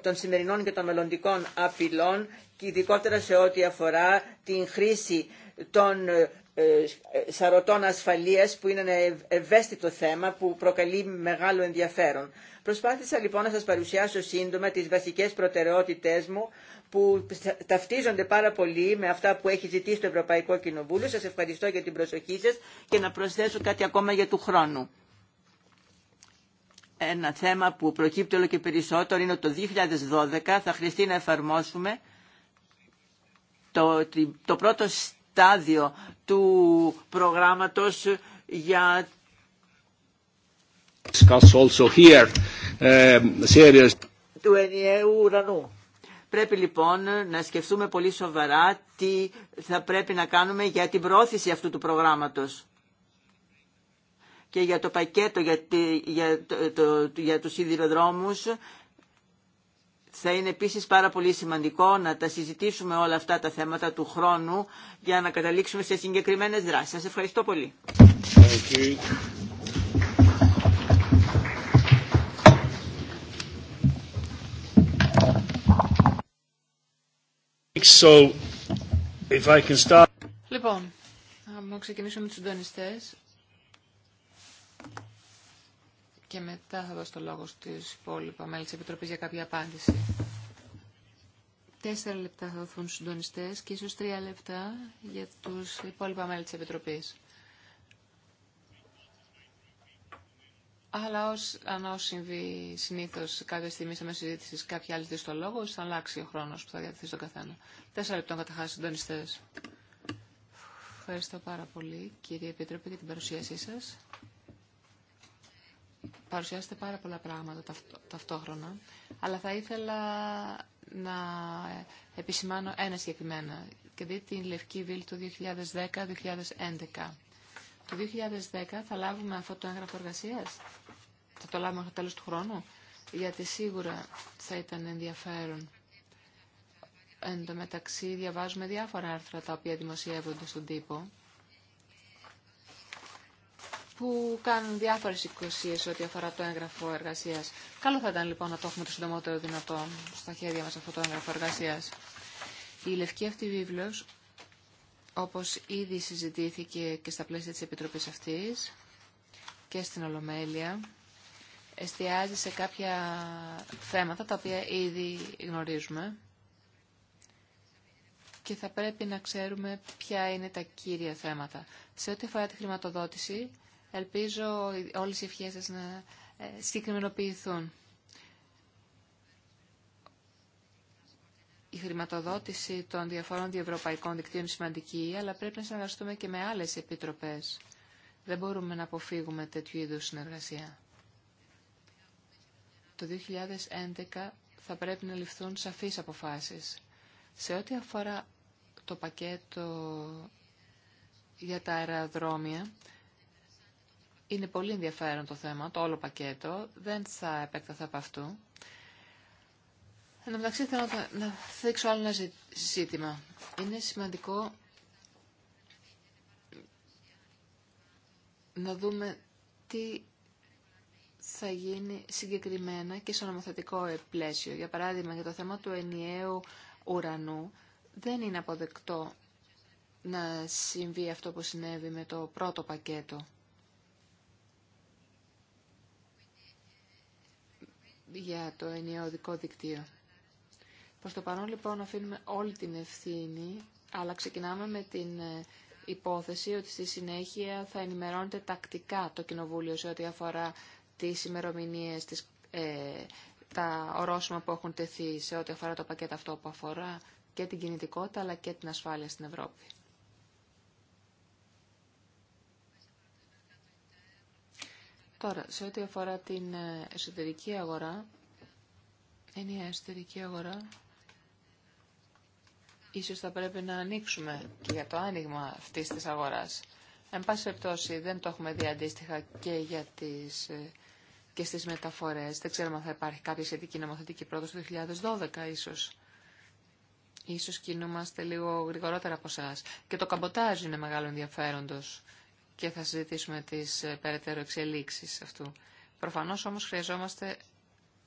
των σημερινών και των μελλοντικών απειλών και ειδικότερα σε ό,τι αφορά την χρήση των ε, ε, σαρωτών ασφαλείας που είναι ένα ευαίσθητο θέμα που προκαλεί μεγάλο ενδιαφέρον. Προσπάθησα λοιπόν να σας παρουσιάσω σύντομα τις βασικές προτεραιότητές μου που ταυτίζονται πάρα πολύ με αυτά που έχει ζητήσει το Ευρωπαϊκό Κοινοβούλιο. Σας ευχαριστώ για την προσοχή σας και να προσθέσω κάτι ακόμα για του χρόνου. Ένα θέμα που προκύπτει όλο και περισσότερο είναι ότι το 2012 θα χρειαστεί να εφαρμόσουμε το, το πρώτο στάδιο του προγράμματος για
also here, uh,
του ενιαίου ουρανού. Πρέπει λοιπόν να σκεφτούμε πολύ σοβαρά τι θα πρέπει να κάνουμε για την πρόθεση αυτού του προγράμματος και για το πακέτο για, τη, για, το, το, για τους σιδηροδρόμους θα είναι επίσης πάρα πολύ σημαντικό να τα συζητήσουμε όλα αυτά τα θέματα του χρόνου για να καταλήξουμε σε συγκεκριμένες δράσεις. Σας ευχαριστώ πολύ. So,
if I can start...
Λοιπόν, να ξεκινήσω με τους συντονιστές και μετά θα δώσω το λόγο στους υπόλοιπα μέλη της Επιτροπής για κάποια απάντηση. Τέσσερα λεπτά θα δοθούν στους συντονιστές και ίσως τρία λεπτά για τους υπόλοιπα μέλη της Επιτροπής. Αλλά ως, αν όσο συμβεί συνήθως κάποια στιγμή σε μέσα συζήτηση κάποια άλλη στο λόγο, θα αλλάξει ο χρόνο που θα διατηθεί στον καθένα. Τέσσερα λεπτά καταρχάς στους συντονιστές. Ευχαριστώ πάρα πολύ κύριε Επίτροπε για την παρουσίασή σα παρουσιάσετε πάρα πολλά πράγματα ταυτόχρονα, αλλά θα ήθελα να επισημάνω ένα συγκεκριμένα και δείτε την Λευκή Βίλη του 2010-2011. Το 2010 θα λάβουμε αυτό το έγγραφο εργασία. Θα το λάβουμε στο τέλος του χρόνου. Γιατί σίγουρα θα ήταν ενδιαφέρον. Εν τω μεταξύ διαβάζουμε διάφορα άρθρα τα οποία δημοσιεύονται στον τύπο που κάνουν διάφορε εικοσίε ό,τι αφορά το έγγραφο εργασία. Καλό θα ήταν λοιπόν να το έχουμε το συντομότερο δυνατό στα χέρια μα αυτό το έγγραφο εργασία. Η λευκή αυτή βίβλο, όπω ήδη συζητήθηκε και στα πλαίσια τη Επιτροπή αυτή και στην Ολομέλεια, εστιάζει σε κάποια θέματα τα οποία ήδη γνωρίζουμε και θα πρέπει να ξέρουμε ποια είναι τα κύρια θέματα. Σε ό,τι αφορά τη χρηματοδότηση, Ελπίζω όλες οι ευχές σας να ε, συγκεκριμενοποιηθούν. Η χρηματοδότηση των διαφορών διευρωπαϊκών δικτύων είναι σημαντική, αλλά πρέπει να συνεργαστούμε και με άλλες επιτροπές. Δεν μπορούμε να αποφύγουμε τέτοιου είδους συνεργασία. Το 2011 θα πρέπει να ληφθούν σαφείς αποφάσεις. Σε ό,τι αφορά το πακέτο για τα αεροδρόμια, είναι πολύ ενδιαφέρον το θέμα, το όλο πακέτο. Δεν θα επέκταθα από αυτού. Εν τω μεταξύ θέλω να θέξω άλλο ένα ζήτημα. Είναι σημαντικό να δούμε τι θα γίνει συγκεκριμένα και στο νομοθετικό πλαίσιο. Για παράδειγμα, για το θέμα του ενιαίου ουρανού, δεν είναι αποδεκτό να συμβεί αυτό που συνέβη με το πρώτο πακέτο. για το ενιαίο δικό δικτύο. Προς το παρόν λοιπόν αφήνουμε όλη την ευθύνη, αλλά ξεκινάμε με την ε, υπόθεση ότι στη συνέχεια θα ενημερώνεται τακτικά το Κοινοβούλιο σε ό,τι αφορά τις ημερομηνίε, ε, τα ορόσημα που έχουν τεθεί σε ό,τι αφορά το πακέτο αυτό που αφορά και την κινητικότητα αλλά και την ασφάλεια στην Ευρώπη. Τώρα, σε ό,τι αφορά την ε, εσωτερική αγορά, είναι η εσωτερική αγορά. Ίσως θα πρέπει να ανοίξουμε και για το άνοιγμα αυτής της αγοράς. Εν πάση περιπτώσει, δεν το έχουμε δει αντίστοιχα και, για τις, ε, και στις μεταφορές. Δεν ξέρουμε αν θα υπάρχει κάποια σχετική νομοθετική πρόταση το 2012 ίσως. Ίσως κινούμαστε λίγο γρηγορότερα από εσά. Και το καμποτάζ είναι μεγάλο ενδιαφέροντος και θα συζητήσουμε τις ε, περαιτέρω εξελίξεις αυτού. Προφανώς όμως χρειαζόμαστε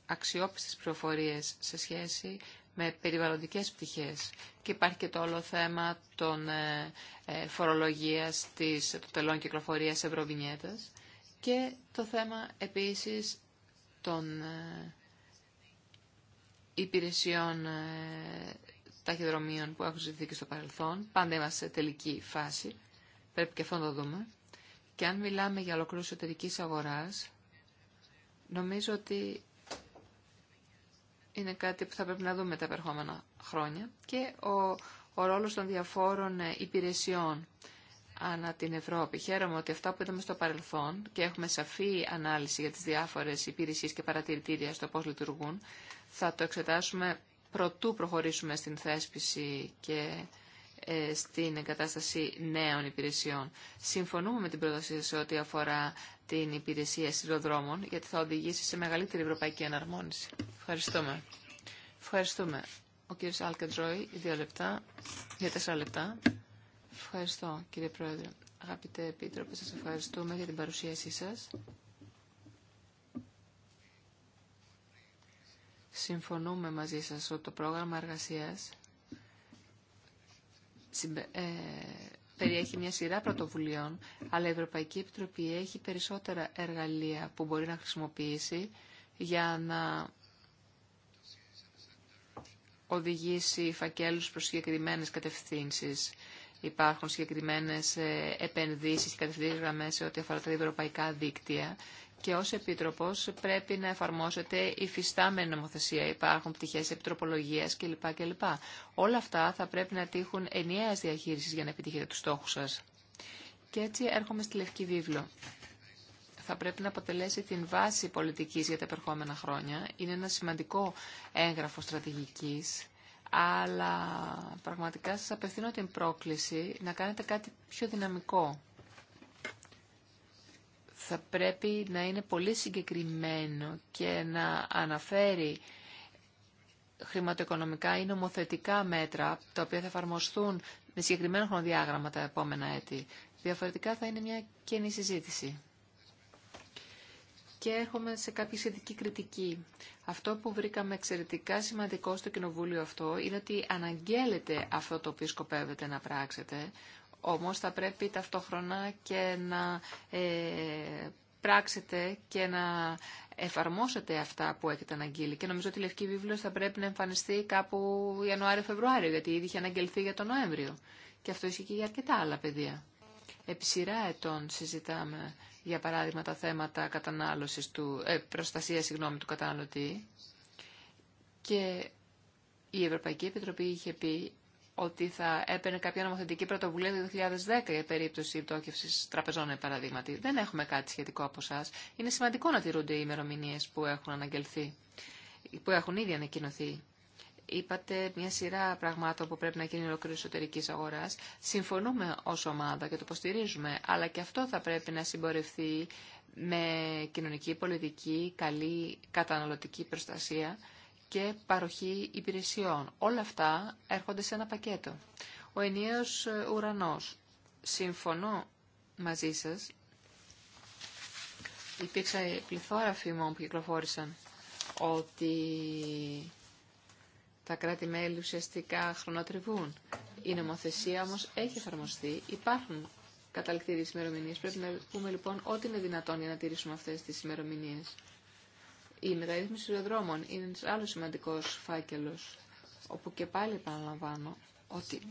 αξιόπιστες πληροφορίες σε σχέση με περιβαλλοντικές πτυχές. Και υπάρχει και το όλο θέμα των ε, ε, φορολογίας της, των τελών κυκλοφορίας ευρωβινιέτας και το θέμα επίσης των υπηρεσιών ταχυδρομείων που έχουν ζητηθεί και στο παρελθόν. Πάντα είμαστε σε τελική φάση. Πρέπει και αυτό να το δούμε. Και αν μιλάμε για ολοκλήρωση εταιρική αγορά, νομίζω ότι είναι κάτι που θα πρέπει να δούμε τα επερχόμενα χρόνια και ο, ο ρόλος των διαφόρων ε, υπηρεσιών ανά την Ευρώπη. Χαίρομαι ότι αυτά που είδαμε στο παρελθόν και έχουμε σαφή ανάλυση για τις διάφορες υπηρεσίες και παρατηρητήρια στο πώς λειτουργούν, θα το εξετάσουμε πρωτού προχωρήσουμε στην θέσπιση και ε, στην εγκατάσταση νέων υπηρεσιών. Συμφωνούμε με την πρόταση σε ό,τι αφορά την υπηρεσία σιδηροδρόμων, γιατί θα οδηγήσει σε μεγαλύτερη ευρωπαϊκή εναρμόνιση. Ευχαριστούμε. Ευχαριστούμε. Ο κύριος Αλκαντζόη, δύο λεπτά, για τέσσερα λεπτά. Ευχαριστώ, κύριε Πρόεδρε. Αγαπητέ Επίτροπε, σας ευχαριστούμε για την παρουσίασή σας. Συμφωνούμε μαζί σας ότι το πρόγραμμα εργασίας ε, περιέχει μια σειρά πρωτοβουλειών, αλλά η Ευρωπαϊκή Επιτροπή έχει περισσότερα εργαλεία που μπορεί να χρησιμοποιήσει για να οδηγήσει φακέλους προς συγκεκριμένες κατευθύνσεις. Υπάρχουν συγκεκριμένες ε, επενδύσεις και κατευθύνσεις γραμμές σε ό,τι αφορά τα ευρωπαϊκά δίκτυα και ως Επίτροπος πρέπει να εφαρμόσετε η φυστάμενη νομοθεσία, υπάρχουν πτυχές επιτροπολογίας κλπ. κλπ. Όλα αυτά θα πρέπει να τύχουν ενιαίας διαχείρισης για να επιτύχετε τους στόχους σας. Και έτσι έρχομαι στη Λευκή Βίβλο. Θα πρέπει να αποτελέσει την βάση πολιτικής για τα επερχόμενα χρόνια. Είναι ένα σημαντικό έγγραφο στρατηγικής αλλά πραγματικά σας απευθύνω την πρόκληση να κάνετε κάτι πιο δυναμικό θα πρέπει να είναι πολύ συγκεκριμένο και να αναφέρει χρηματοοικονομικά ή νομοθετικά μέτρα τα οποία θα εφαρμοστούν με συγκεκριμένο χρονοδιάγραμμα τα επόμενα έτη. Διαφορετικά θα είναι μια καινή συζήτηση. Και έρχομαι σε κάποια σχετική κριτική. Αυτό που βρήκαμε εξαιρετικά σημαντικό στο κοινοβούλιο αυτό είναι ότι αναγγέλλεται αυτό το οποίο σκοπεύετε να πράξετε, όμως θα πρέπει ταυτόχρονα και να ε, πράξετε και να εφαρμόσετε αυτά που έχετε αναγγείλει. Και νομίζω ότι η Λευκή Βίβλος θα πρέπει να εμφανιστεί κάπου Ιανουάριο-Φεβρουάριο, γιατί ήδη είχε αναγγελθεί για τον Νοέμβριο. Και αυτό ισχύει και για αρκετά άλλα παιδεία. Επί σειρά ετών συζητάμε, για παράδειγμα, τα θέματα κατανάλωσης του, ε, προστασία συγγνώμη, του καταναλωτή. Και η Ευρωπαϊκή Επιτροπή είχε πει ότι θα έπαιρνε κάποια νομοθετική πρωτοβουλία το 2010 για περίπτωση πτώχευση τραπεζών, παραδείγματι. Δεν έχουμε κάτι σχετικό από εσά. Είναι σημαντικό να τηρούνται οι ημερομηνίε που έχουν αναγγελθεί, που έχουν ήδη ανακοινωθεί. Είπατε μια σειρά πραγμάτων που πρέπει να γίνει ολόκληρη εσωτερική αγορά. Συμφωνούμε ω ομάδα και το υποστηρίζουμε, αλλά και αυτό θα πρέπει να συμπορευθεί με κοινωνική πολιτική, καλή καταναλωτική προστασία και παροχή υπηρεσιών. Όλα αυτά έρχονται σε ένα πακέτο. Ο ενιαίος ε, ουρανός. Συμφωνώ μαζί σας. Υπήρξε πληθώρα φήμων που κυκλοφόρησαν ότι τα κράτη-μέλη ουσιαστικά χρονοτριβούν. Η νομοθεσία όμως έχει εφαρμοστεί. Υπάρχουν καταληκτήριες ημερομηνίες. Πρέπει να πούμε λοιπόν ό,τι είναι δυνατόν για να τηρήσουμε αυτές τις ημερομηνίες. Η μεταρρύθμιση των δρόμων είναι ένας άλλος σημαντικός φάκελος, όπου και πάλι επαναλαμβάνω ότι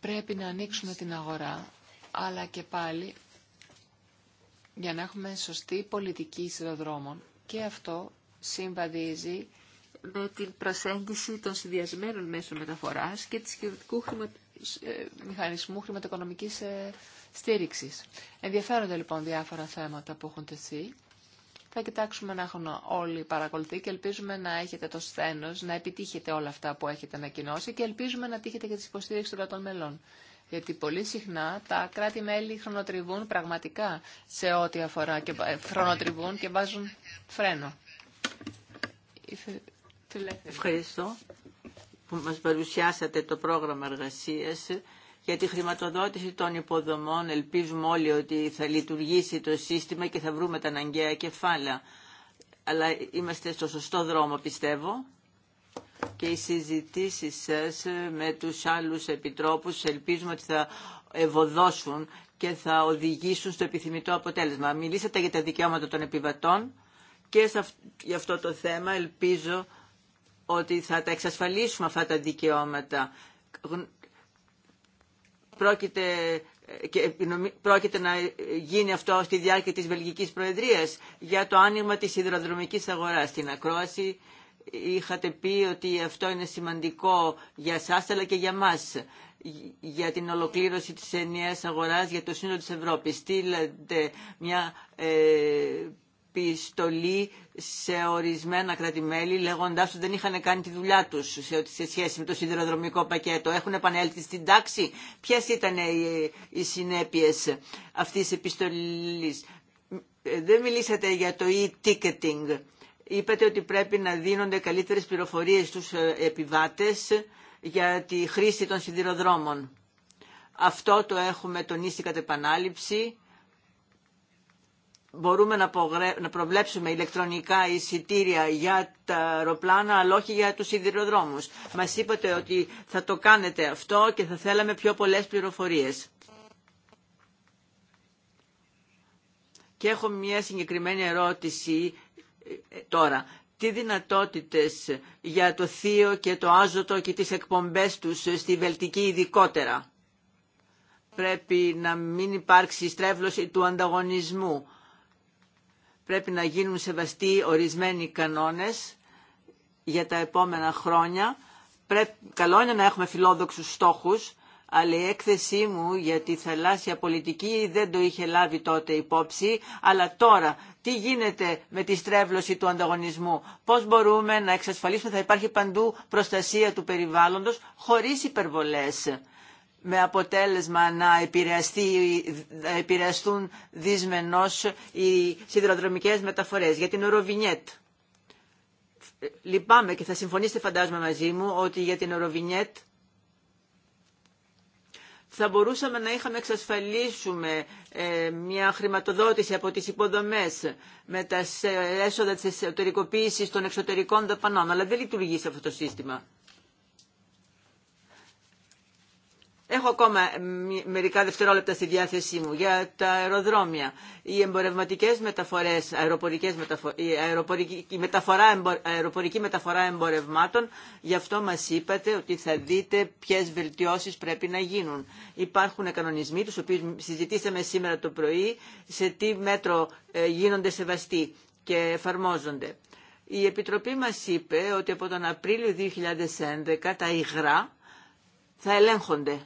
πρέπει να ανοίξουμε την αγορά, αλλά και πάλι για να έχουμε σωστή πολιτική σιδηροδρόμων. Και αυτό συμβαδίζει με την προσέγγιση των συνδυασμένων μέσων μεταφοράς και της κοινωνικού χρημα... Ε, μηχανισμού χρηματοοικονομικής ε, στήριξης. Ενδιαφέρονται λοιπόν διάφορα θέματα που έχουν τεθεί θα κοιτάξουμε να έχουν όλοι παρακολουθεί και ελπίζουμε να έχετε το σθένος, να επιτύχετε όλα αυτά που έχετε ανακοινώσει και ελπίζουμε να τύχετε και τις υποστήριξη των κρατών μελών. Γιατί πολύ συχνά τα κράτη-μέλη χρονοτριβούν πραγματικά σε ό,τι αφορά και ε, χρονοτριβούν και βάζουν φρένο. Ευχαριστώ
που μας παρουσιάσατε το πρόγραμμα εργασίας για τη χρηματοδότηση των υποδομών. Ελπίζουμε όλοι ότι θα λειτουργήσει το σύστημα και θα βρούμε τα αναγκαία κεφάλαια. Αλλά είμαστε στο σωστό δρόμο, πιστεύω. Και οι συζητήσεις σας με τους άλλους επιτρόπους ελπίζουμε ότι θα ευωδώσουν και θα οδηγήσουν στο επιθυμητό αποτέλεσμα. Μιλήσατε για τα δικαιώματα των επιβατών και για αυτό το θέμα ελπίζω ότι θα τα εξασφαλίσουμε αυτά τα δικαιώματα πρόκειται, και ε, πρόκειται να γίνει αυτό στη διάρκεια της Βελγικής Προεδρίας για το άνοιγμα της υδροδρομικής αγοράς στην Ακρόαση. Είχατε πει ότι αυτό είναι σημαντικό για εσάς αλλά και για μας για την ολοκλήρωση της ενιαίας αγοράς για το σύνολο της Ευρώπης. Στείλετε μια ε, επιστολή σε ορισμένα κρατημέλη λέγοντάς ότι δεν είχαν κάνει τη δουλειά τους σε σχέση με το σιδηροδρομικό πακέτο. Έχουν επανέλθει στην τάξη. Ποιες ήταν οι συνέπειες αυτής της επιστολής. Δεν μιλήσατε για το e-ticketing. Είπατε ότι πρέπει να δίνονται καλύτερες πληροφορίες στους ε, επιβάτες για τη χρήση των σιδηροδρόμων. Αυτό το έχουμε τονίσει κατά επανάληψη μπορούμε να προβλέψουμε ηλεκτρονικά εισιτήρια για τα αεροπλάνα, αλλά όχι για τους σιδηροδρόμους. Μας είπατε ότι θα το κάνετε αυτό και θα θέλαμε πιο πολλές πληροφορίες. Και έχω μια συγκεκριμένη ερώτηση ε, ε, τώρα. Τι δυνατότητες για το θείο και το άζωτο και τις εκπομπές τους στη Βελτική ειδικότερα. Πρέπει να μην υπάρξει στρέβλωση του ανταγωνισμού πρέπει να γίνουν σεβαστοί ορισμένοι κανόνες για τα επόμενα χρόνια. Πρέπει, καλό είναι να έχουμε φιλόδοξους στόχους, αλλά η έκθεσή μου για τη θαλάσσια πολιτική δεν το είχε λάβει τότε υπόψη, αλλά τώρα τι γίνεται με τη στρέβλωση του ανταγωνισμού, πώς μπορούμε να εξασφαλίσουμε θα υπάρχει παντού προστασία του περιβάλλοντος χωρίς υπερβολές με αποτέλεσμα να, επηρεαστούν δυσμενώς οι σιδηροδρομικές μεταφορές. Για την Οροβινιέτ. Λυπάμαι και θα συμφωνήσετε φαντάζομαι μαζί μου ότι για την Οροβινιέτ θα μπορούσαμε να είχαμε εξασφαλίσουμε ε, μια χρηματοδότηση από τις υποδομές με τα έσοδα της εσωτερικοποίησης των εξωτερικών δαπανών, αλλά δεν λειτουργεί σε αυτό το σύστημα. Έχω ακόμα μερικά δευτερόλεπτα στη διάθεσή μου για τα αεροδρόμια. Οι εμπορευματικέ μεταφορές, αεροπορικές μεταφορέ, η, αεροπορική, μεταφορά, αεροπορική μεταφορά εμπορευμάτων, γι' αυτό μα είπατε ότι θα δείτε ποιε βελτιώσει πρέπει να γίνουν. Υπάρχουν κανονισμοί, του οποίου συζητήσαμε σήμερα το πρωί, σε τι μέτρο ε, γίνονται σεβαστοί και εφαρμόζονται. Η Επιτροπή μας είπε ότι από τον Απρίλιο 2011 τα υγρά θα ελέγχονται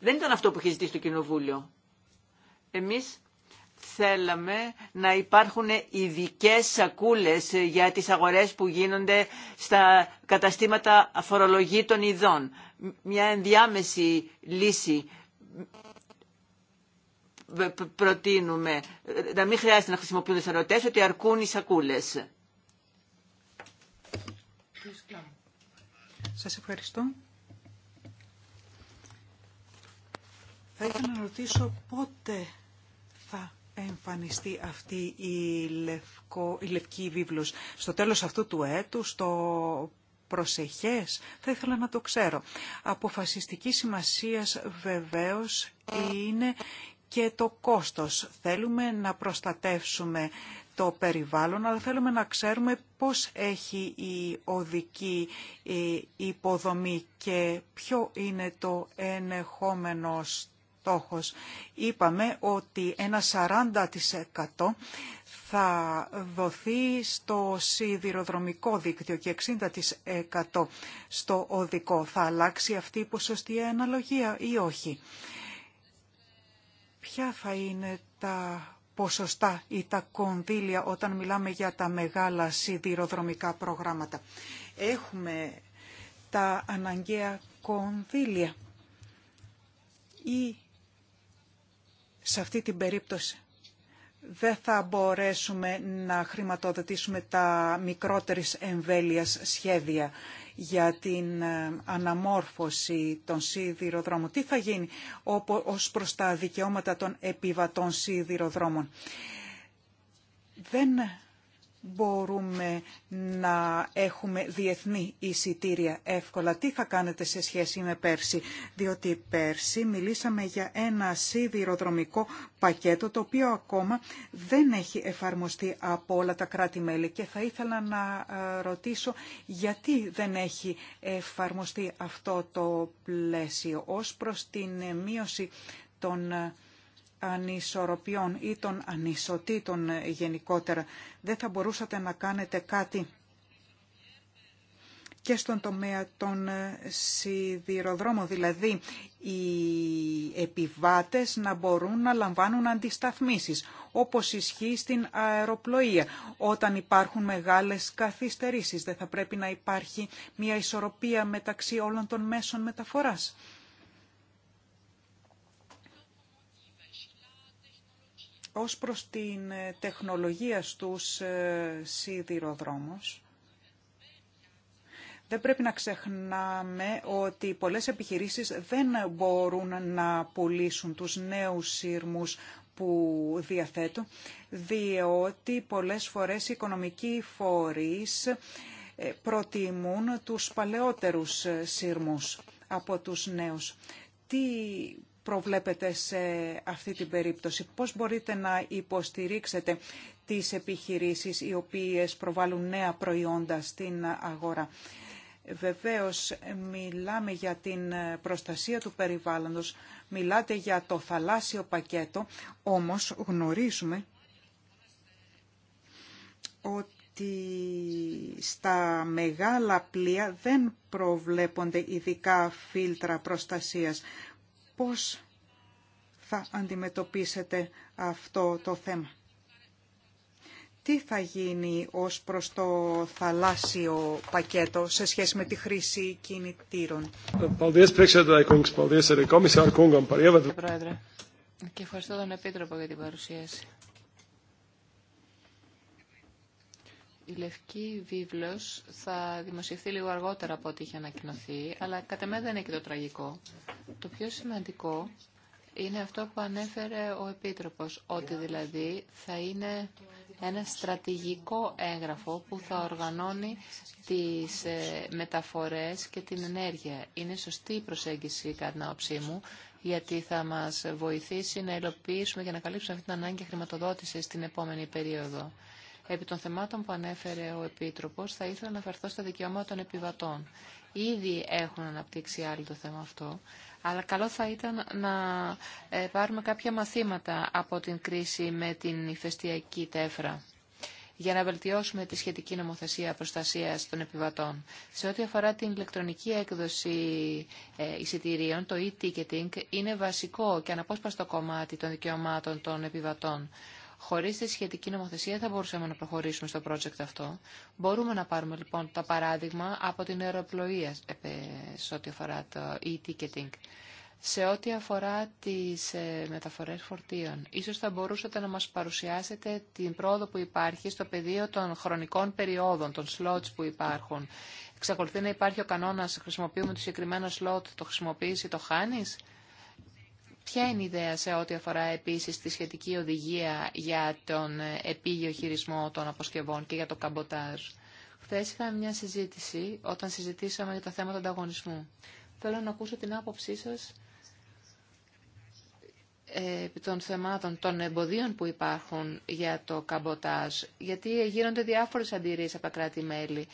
δεν ήταν αυτό που είχε ζητήσει το Κοινοβούλιο. Εμείς θέλαμε να υπάρχουν ειδικέ σακούλες για τις αγορές που γίνονται στα καταστήματα των ειδών. Μια ενδιάμεση λύση προτείνουμε να μην χρειάζεται να χρησιμοποιούνται σαρωτές, ότι αρκούν οι σακούλες.
Σας ευχαριστώ. Θα ήθελα να ρωτήσω πότε θα εμφανιστεί αυτή η, λευκο, η λευκή βίβλος. Στο τέλος αυτού του έτους, στο προσεχές, θα ήθελα να το ξέρω. Αποφασιστική σημασίας βεβαίως είναι και το κόστος. Θέλουμε να προστατεύσουμε το περιβάλλον, αλλά θέλουμε να ξέρουμε πώς έχει η οδική ε, υποδομή και ποιο είναι το ενεχόμενο Είπαμε ότι ένα 40% θα δοθεί στο σιδηροδρομικό δίκτυο και 60% στο οδικό. Θα αλλάξει αυτή η ποσοστία αναλογία ή όχι. Ποια θα είναι τα ποσοστά ή τα κονδύλια όταν μιλάμε για τα μεγάλα σιδηροδρομικά προγράμματα. Έχουμε τα αναγκαία κονδύλια ή σε αυτή την περίπτωση δεν θα μπορέσουμε να χρηματοδοτήσουμε τα μικρότερης εμβέλειας σχέδια για την ε, αναμόρφωση των σιδηροδρόμων. Τι θα γίνει ως προς τα δικαιώματα των επιβατών σιδηροδρόμων. Δεν μπορούμε να έχουμε διεθνή εισιτήρια εύκολα. Τι θα κάνετε σε σχέση με πέρσι, διότι πέρσι μιλήσαμε για ένα σιδηροδρομικό πακέτο το οποίο ακόμα δεν έχει εφαρμοστεί από όλα τα κράτη-μέλη και θα ήθελα να ε, ρωτήσω γιατί δεν έχει εφαρμοστεί αυτό το πλαίσιο ως προς την μείωση των ε, ανισορροπιών ή των ανισοτήτων ε, γενικότερα. Δεν θα μπορούσατε να κάνετε κάτι και στον τομέα των ε, σιδηροδρόμων, δηλαδή οι επιβάτες να μπορούν να λαμβάνουν αντισταθμίσεις, όπως ισχύει στην αεροπλοεία. Όταν υπάρχουν μεγάλες καθυστερήσεις, δεν θα πρέπει να υπάρχει μια ισορροπία μεταξύ όλων των μέσων μεταφοράς. Ως προς την ε, τεχνολογία στους ε, σιδηροδρόμους, δεν πρέπει να ξεχνάμε ότι πολλές επιχειρήσεις δεν μπορούν να πουλήσουν τους νέους σύρμους που διαθέτουν, διότι πολλές φορές οι οικονομικοί φορείς ε, προτιμούν τους παλαιότερους σύρμους από τους νέους. Τι προβλέπετε σε αυτή την περίπτωση. Πώς μπορείτε να υποστηρίξετε τις επιχειρήσεις οι οποίες προβάλλουν νέα προϊόντα στην αγορά. Βεβαίως μιλάμε για την προστασία του περιβάλλοντος, μιλάτε για το θαλάσσιο πακέτο, όμως γνωρίζουμε ότι στα μεγάλα πλοία δεν προβλέπονται ειδικά φίλτρα προστασίας. Πώς θα αντιμετωπίσετε αυτό το θέμα. Τι θα γίνει ως προς το θαλάσσιο πακέτο σε σχέση με τη χρήση κινητήρων.
Πρόεδρε,
και ευχαριστώ τον Επίτροπο για την παρουσίαση. η Λευκή Βίβλος θα δημοσιευθεί λίγο αργότερα από ό,τι είχε ανακοινωθεί, αλλά κατά μένα δεν είναι και το τραγικό. Το πιο σημαντικό είναι αυτό που ανέφερε ο Επίτροπος, ότι δηλαδή θα είναι ένα στρατηγικό έγγραφο που θα οργανώνει τις ε, μεταφορές και την ενέργεια. Είναι σωστή η προσέγγιση κατά την μου, γιατί θα μας βοηθήσει να υλοποιήσουμε και να καλύψουμε αυτή την ανάγκη χρηματοδότηση στην επόμενη περίοδο. Επί των θεμάτων που ανέφερε ο Επίτροπος, θα ήθελα να αφαιρθώ στα δικαιώματα των επιβατών. Ήδη έχουν αναπτύξει άλλοι το θέμα αυτό, αλλά καλό θα ήταν να ε, πάρουμε κάποια μαθήματα από την κρίση με την ηφαιστειακή τέφρα για να βελτιώσουμε τη σχετική νομοθεσία προστασίας των επιβατών. Σε ό,τι αφορά την ηλεκτρονική έκδοση ε, εισιτηρίων, το e-ticketing είναι βασικό και αναπόσπαστο κομμάτι των δικαιωμάτων των επιβατών. Χωρί τη σχετική νομοθεσία θα μπορούσαμε να προχωρήσουμε στο project αυτό. Μπορούμε να πάρουμε λοιπόν το παράδειγμα από την αεροπλοεία σε ό,τι αφορά το e-ticketing. Σε ό,τι αφορά τις ε, μεταφορές φορτίων, ίσως θα μπορούσατε να μας παρουσιάσετε την πρόοδο που υπάρχει στο πεδίο των χρονικών περιόδων, των slots που υπάρχουν. Εξακολουθεί να υπάρχει ο κανόνας, χρησιμοποιούμε το συγκεκριμένο slot, το χρησιμοποιήσει, το χάνεις. Ποια είναι η ιδέα σε ό,τι αφορά επίσης τη σχετική οδηγία για τον επίγειο χειρισμό των αποσκευών και για το καμποτάζ. Χθε είχαμε μια συζήτηση όταν συζητήσαμε για το θέμα του ανταγωνισμού. Θέλω να ακούσω την άποψή σας των θεμάτων, των εμποδίων που υπάρχουν για το καμποτάζ, γιατί γίνονται διάφορες αντιρρήσεις από τα κράτη-μέλη.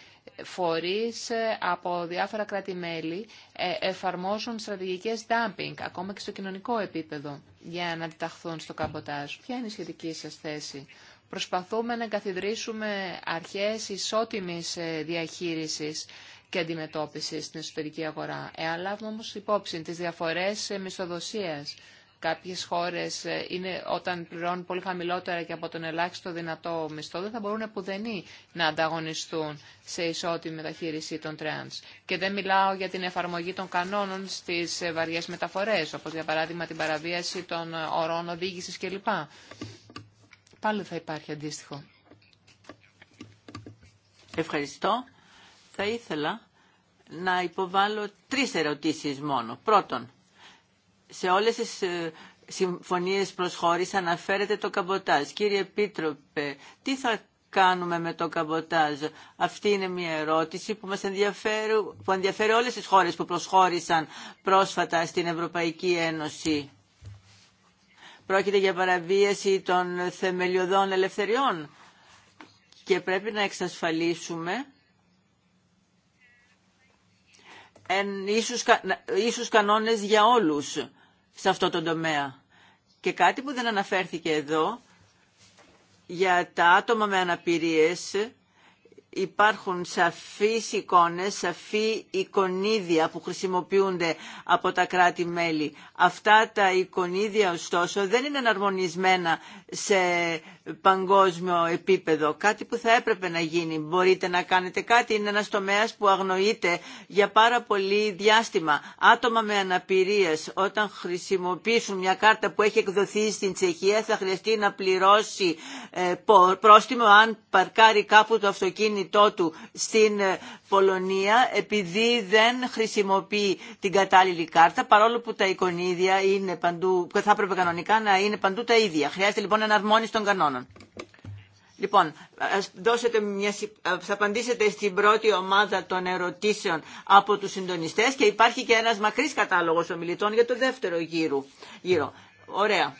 Φορείς ε, από διάφορα κράτη-μέλη ε, εφαρμόζουν στρατηγικές dumping, ακόμα και στο κοινωνικό επίπεδο, για να αντιταχθούν στο καμποτάζ. Ποια είναι η σχετική σας θέση. Προσπαθούμε να καθιδρύσουμε αρχές ισότιμης ε, διαχείρισης και αντιμετώπισης στην εσωτερική αγορά. Εάν λάβουμε όμως υπόψη τις διαφορές μισθοδοσίας, κάποιες χώρες ε, είναι, όταν πληρώνουν πολύ χαμηλότερα και από τον ελάχιστο δυνατό μισθό, δεν θα μπορούν πουδενή να ανταγωνιστούν σε ισότιμη μεταχείριση των τρανς. Και δεν μιλάω για την εφαρμογή των κανόνων στις ε, βαριές μεταφορές, όπως για παράδειγμα την παραβίαση των ε, ορών οδήγησης κλπ. Πάλι θα υπάρχει αντίστοιχο.
Ευχαριστώ. Θα ήθελα να υποβάλω τρεις ερωτήσεις μόνο. Πρώτον, σε όλες τις ε, συμφωνίες προσχώρησης αναφέρεται το καμποτάζ. Κύριε Επίτροπε, τι θα κάνουμε με το καμποτάζ. Αυτή είναι μια ερώτηση που μας ενδιαφέρει, που ενδιαφέρει όλες τις χώρες που προσχώρησαν πρόσφατα στην Ευρωπαϊκή Ένωση. Πρόκειται για παραβίαση των θεμελιωδών ελευθεριών και πρέπει να εξασφαλίσουμε εν, ίσους, ίσους κανόνες για όλους σε αυτό το τομέα. Και κάτι που δεν αναφέρθηκε εδώ, για τα άτομα με αναπηρίες υπάρχουν σαφείς εικόνες, σαφή εικονίδια που χρησιμοποιούνται από τα κράτη-μέλη. Αυτά τα εικονίδια, ωστόσο, δεν είναι αναρμονισμένα σε παγκόσμιο επίπεδο, κάτι που θα έπρεπε να γίνει. Μπορείτε να κάνετε κάτι, είναι ένας τομέας που αγνοείται για πάρα πολύ διάστημα. Άτομα με αναπηρίες, όταν χρησιμοποιήσουν μια κάρτα που έχει εκδοθεί στην Τσεχία, θα χρειαστεί να πληρώσει ε, πρόστιμο αν παρκάρει κάπου το αυτοκίνητό του στην ε, Πολωνία, επειδή δεν χρησιμοποιεί την κατάλληλη κάρτα, παρόλο που τα εικονίδια είναι παντού, θα έπρεπε κανονικά να είναι παντού τα ίδια. Χρειάζεται λοιπόν ένα αρμόνι στον κανόνα. Λοιπόν, θα απαντήσετε στην πρώτη ομάδα των ερωτήσεων από τους συντονιστές και υπάρχει και ένας μακρύς κατάλογος ομιλητών για το δεύτερο γύρο. γύρο. Ωραία.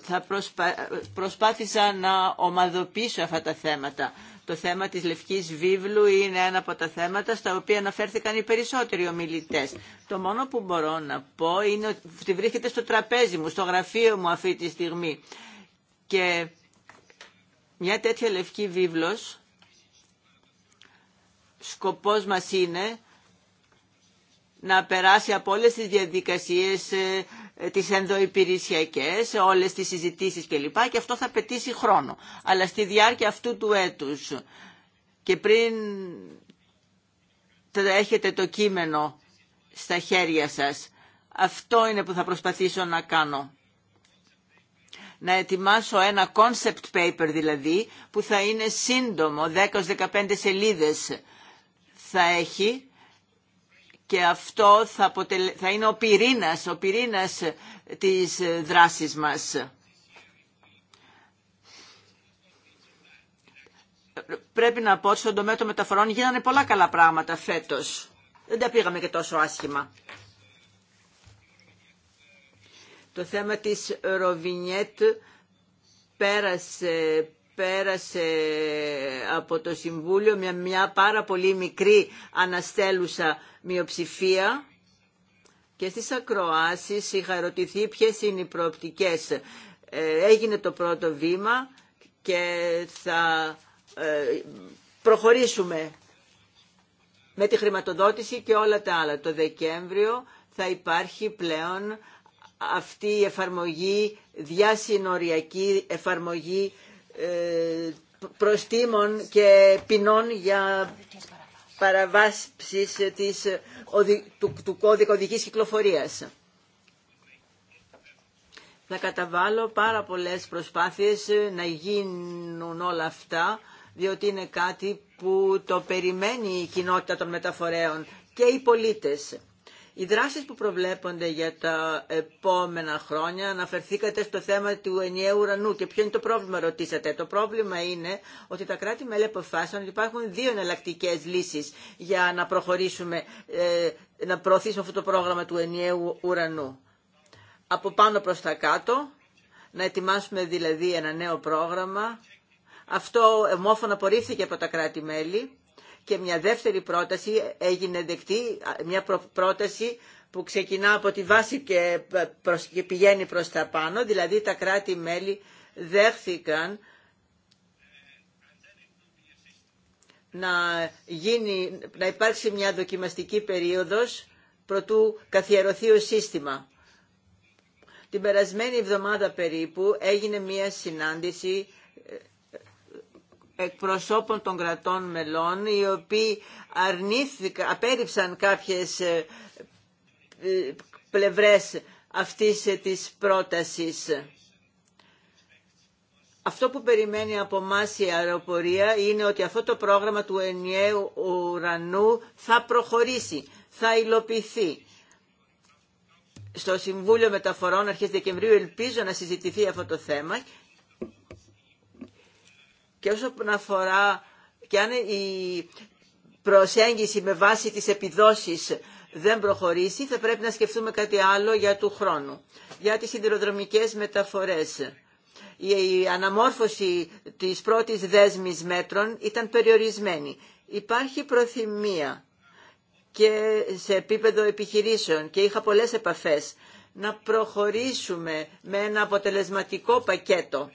Θα Προσπάθησα να ομαδοποιήσω αυτά τα θέματα. Το θέμα της Λευκής Βίβλου είναι ένα από τα θέματα στα οποία αναφέρθηκαν οι περισσότεροι ομιλητές. Το μόνο που μπορώ να πω είναι ότι βρίσκεται στο τραπέζι μου, στο γραφείο μου αυτή τη στιγμή. Και μια τέτοια λευκή βίβλος, σκοπός μας είναι να περάσει από όλες τις διαδικασίες ε, τις ενδοϊπηρεσιακές, όλες τις συζητήσεις κλπ. Και αυτό θα πετύσει χρόνο. Αλλά στη διάρκεια αυτού του έτους και πριν έχετε το κείμενο στα χέρια σας, αυτό είναι που θα προσπαθήσω να κάνω να ετοιμάσω ένα concept paper δηλαδή που θα είναι σύντομο, 10-15 σελίδες θα έχει και αυτό θα, θα είναι ο πυρήνας, ο πυρήνας της δράσης μας. Πρέπει να πω ότι στον τομέα των μεταφορών γίνανε πολλά καλά πράγματα φέτος. Δεν τα πήγαμε και τόσο άσχημα. Το θέμα της Ροβινιέτ πέρασε πέρασε από το Συμβούλιο με μια πάρα πολύ μικρή αναστέλουσα μειοψηφία και στις ακροάσεις είχα ρωτηθεί ποιες είναι οι προοπτικές. Ε, έγινε το πρώτο βήμα και θα ε, προχωρήσουμε με τη χρηματοδότηση και όλα τα άλλα. Το Δεκέμβριο θα υπάρχει πλέον αυτή η εφαρμογή, διασυνοριακή εφαρμογή ε, προστήμων και ποινών για παραβάσεις της, του, του κώδικα οδικής κυκλοφορίας. Θα καταβάλω πάρα πολλές προσπάθειες να γίνουν όλα αυτά, διότι είναι κάτι που το περιμένει η κοινότητα των μεταφορέων και οι πολίτες. Οι δράσεις που προβλέπονται για τα επόμενα χρόνια αναφερθήκατε στο θέμα του ενιαίου ουρανού και ποιο είναι το πρόβλημα ρωτήσατε. Το πρόβλημα είναι ότι τα κράτη-μέλη αποφάσισαν ότι υπάρχουν δύο εναλλακτικέ λύσεις για να προχωρήσουμε, ε, να προωθήσουμε αυτό το πρόγραμμα του ενιαίου ουρανού. Από πάνω προς τα κάτω, να ετοιμάσουμε δηλαδή ένα νέο πρόγραμμα. Αυτό ομόφωνα απορρίφθηκε από τα κράτη-μέλη και μια δεύτερη πρόταση έγινε δεκτή, μια πρόταση που ξεκινά από τη βάση και, πηγαίνει προς τα πάνω, δηλαδή τα κράτη-μέλη δέχθηκαν να, γίνει, να υπάρξει μια δοκιμαστική περίοδος προτού καθιερωθεί ο σύστημα. Την περασμένη εβδομάδα περίπου έγινε μια συνάντηση ε, εκπροσώπων των κρατών μελών οι οποίοι αρνήθηκαν, απέρριψαν κάποιες ε, ε, πλευρές αυτής ε, της πρότασης. Αυτό που περιμένει από εμά η αεροπορία είναι ότι αυτό το πρόγραμμα του ενιαίου ουρανού θα προχωρήσει, θα υλοποιηθεί. Στο Συμβούλιο Μεταφορών αρχές Δεκεμβρίου ελπίζω να συζητηθεί αυτό το θέμα και όσον αφορά και αν η προσέγγιση με βάση τις επιδόσεις δεν προχωρήσει, θα πρέπει να σκεφτούμε κάτι άλλο για του χρόνου. Για τις σιδηροδρομικές μεταφορές. Η αναμόρφωση της πρώτης δέσμης μέτρων ήταν περιορισμένη. Υπάρχει προθυμία και σε επίπεδο επιχειρήσεων και είχα πολλές επαφές να προχωρήσουμε με ένα αποτελεσματικό πακέτο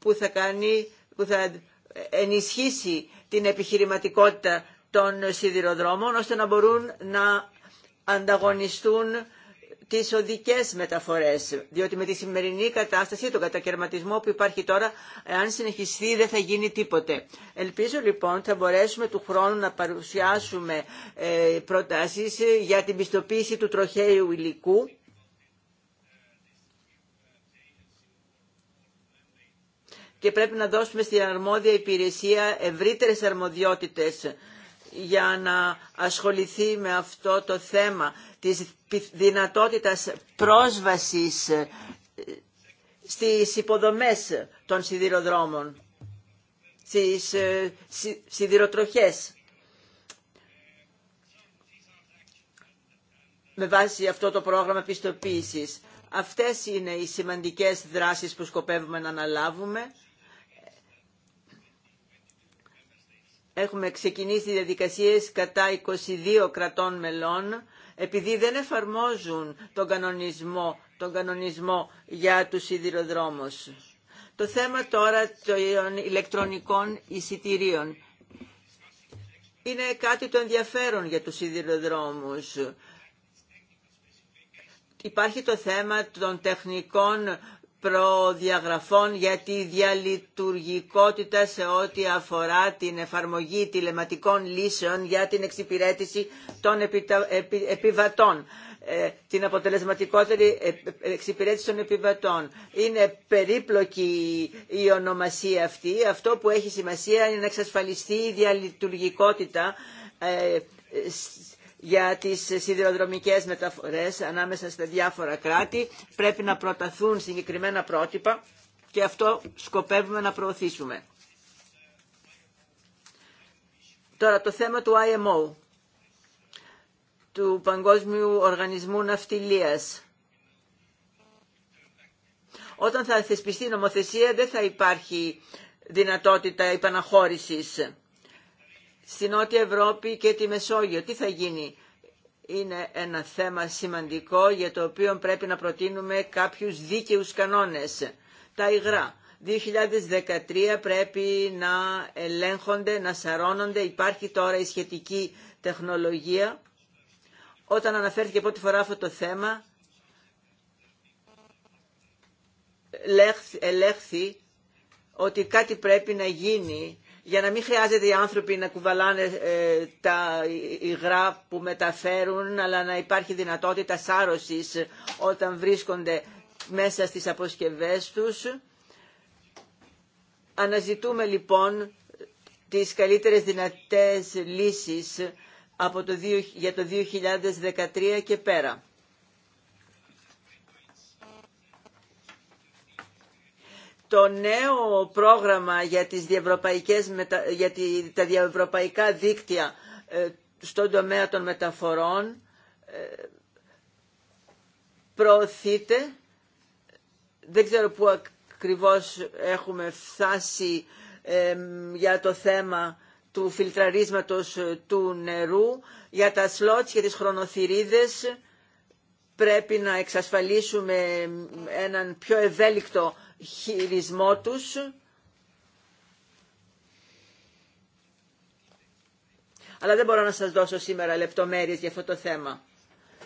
που θα, κάνει, που θα ενισχύσει την επιχειρηματικότητα των σιδηροδρόμων ώστε να μπορούν να ανταγωνιστούν τις οδικές μεταφορές. Διότι με τη σημερινή κατάσταση, τον κατακαιρματισμό που υπάρχει τώρα, αν συνεχιστεί δεν θα γίνει τίποτε. Ελπίζω λοιπόν θα μπορέσουμε του χρόνου να παρουσιάσουμε ε, προτάσεις ε, για την πιστοποίηση του τροχαίου υλικού και πρέπει να δώσουμε στην αρμόδια υπηρεσία ευρύτερες αρμοδιότητες για να ασχοληθεί με αυτό το θέμα της δυνατότητας πρόσβασης ε, στις υποδομές των σιδηροδρόμων, στις ε, σιδηροτροχές. Με βάση αυτό το πρόγραμμα πιστοποίησης. Αυτές είναι οι σημαντικές δράσεις που σκοπεύουμε να αναλάβουμε έχουμε ξεκινήσει διαδικασίες κατά 22 κρατών μελών επειδή δεν εφαρμόζουν τον κανονισμό, τον κανονισμό για τους σιδηροδρόμους. Το θέμα τώρα των ηλεκτρονικών εισιτηρίων είναι κάτι το ενδιαφέρον για τους σιδηροδρόμους. Υπάρχει το θέμα των τεχνικών προδιαγραφών για τη διαλειτουργικότητα σε ό,τι αφορά την εφαρμογή τηλεματικών λύσεων για την εξυπηρέτηση των επιβατών ε, την αποτελεσματικότερη εξυπηρέτηση των επιβατών. Είναι περίπλοκη η ονομασία αυτή. Αυτό που έχει σημασία είναι να εξασφαλιστεί η διαλειτουργικότητα ε, για τις σιδηροδρομικές μεταφορές ανάμεσα στα διάφορα κράτη. Πρέπει να προταθούν συγκεκριμένα πρότυπα και αυτό σκοπεύουμε να προωθήσουμε. Τώρα το θέμα του IMO, του Παγκόσμιου Οργανισμού Ναυτιλίας. Όταν θα θεσπιστεί η νομοθεσία δεν θα υπάρχει δυνατότητα υπαναχώρησης στη Νότια Ευρώπη και τη Μεσόγειο. Τι θα γίνει. Είναι ένα θέμα σημαντικό για το οποίο πρέπει να προτείνουμε κάποιους δίκαιους κανόνες. Τα υγρά. 2013 πρέπει να ελέγχονται, να σαρώνονται. Υπάρχει τώρα η σχετική τεχνολογία. Όταν αναφέρθηκε πρώτη φορά αυτό το θέμα, ελέγχθη ότι κάτι πρέπει να γίνει για να μην χρειάζεται οι άνθρωποι να κουβαλάνε ε, τα υγρά που μεταφέρουν, αλλά να υπάρχει δυνατότητα σάρωσης όταν βρίσκονται μέσα στις αποσκευές τους. Αναζητούμε λοιπόν τις καλύτερες δυνατές λύσεις από για το 2013 και πέρα. το νέο πρόγραμμα για, τις διευρωπαϊκές, για τα διευρωπαϊκά δίκτυα ε, στον τομέα των μεταφορών ε, προωθείται. Δεν ξέρω πού ακριβώς έχουμε φτάσει ε, για το θέμα του φιλτραρίσματος του νερού. Για τα σλότς και τις χρονοθυρίδες πρέπει να εξασφαλίσουμε έναν πιο ευέλικτο χειρισμό τους αλλά δεν μπορώ να σας δώσω σήμερα λεπτομέρειες για αυτό το θέμα.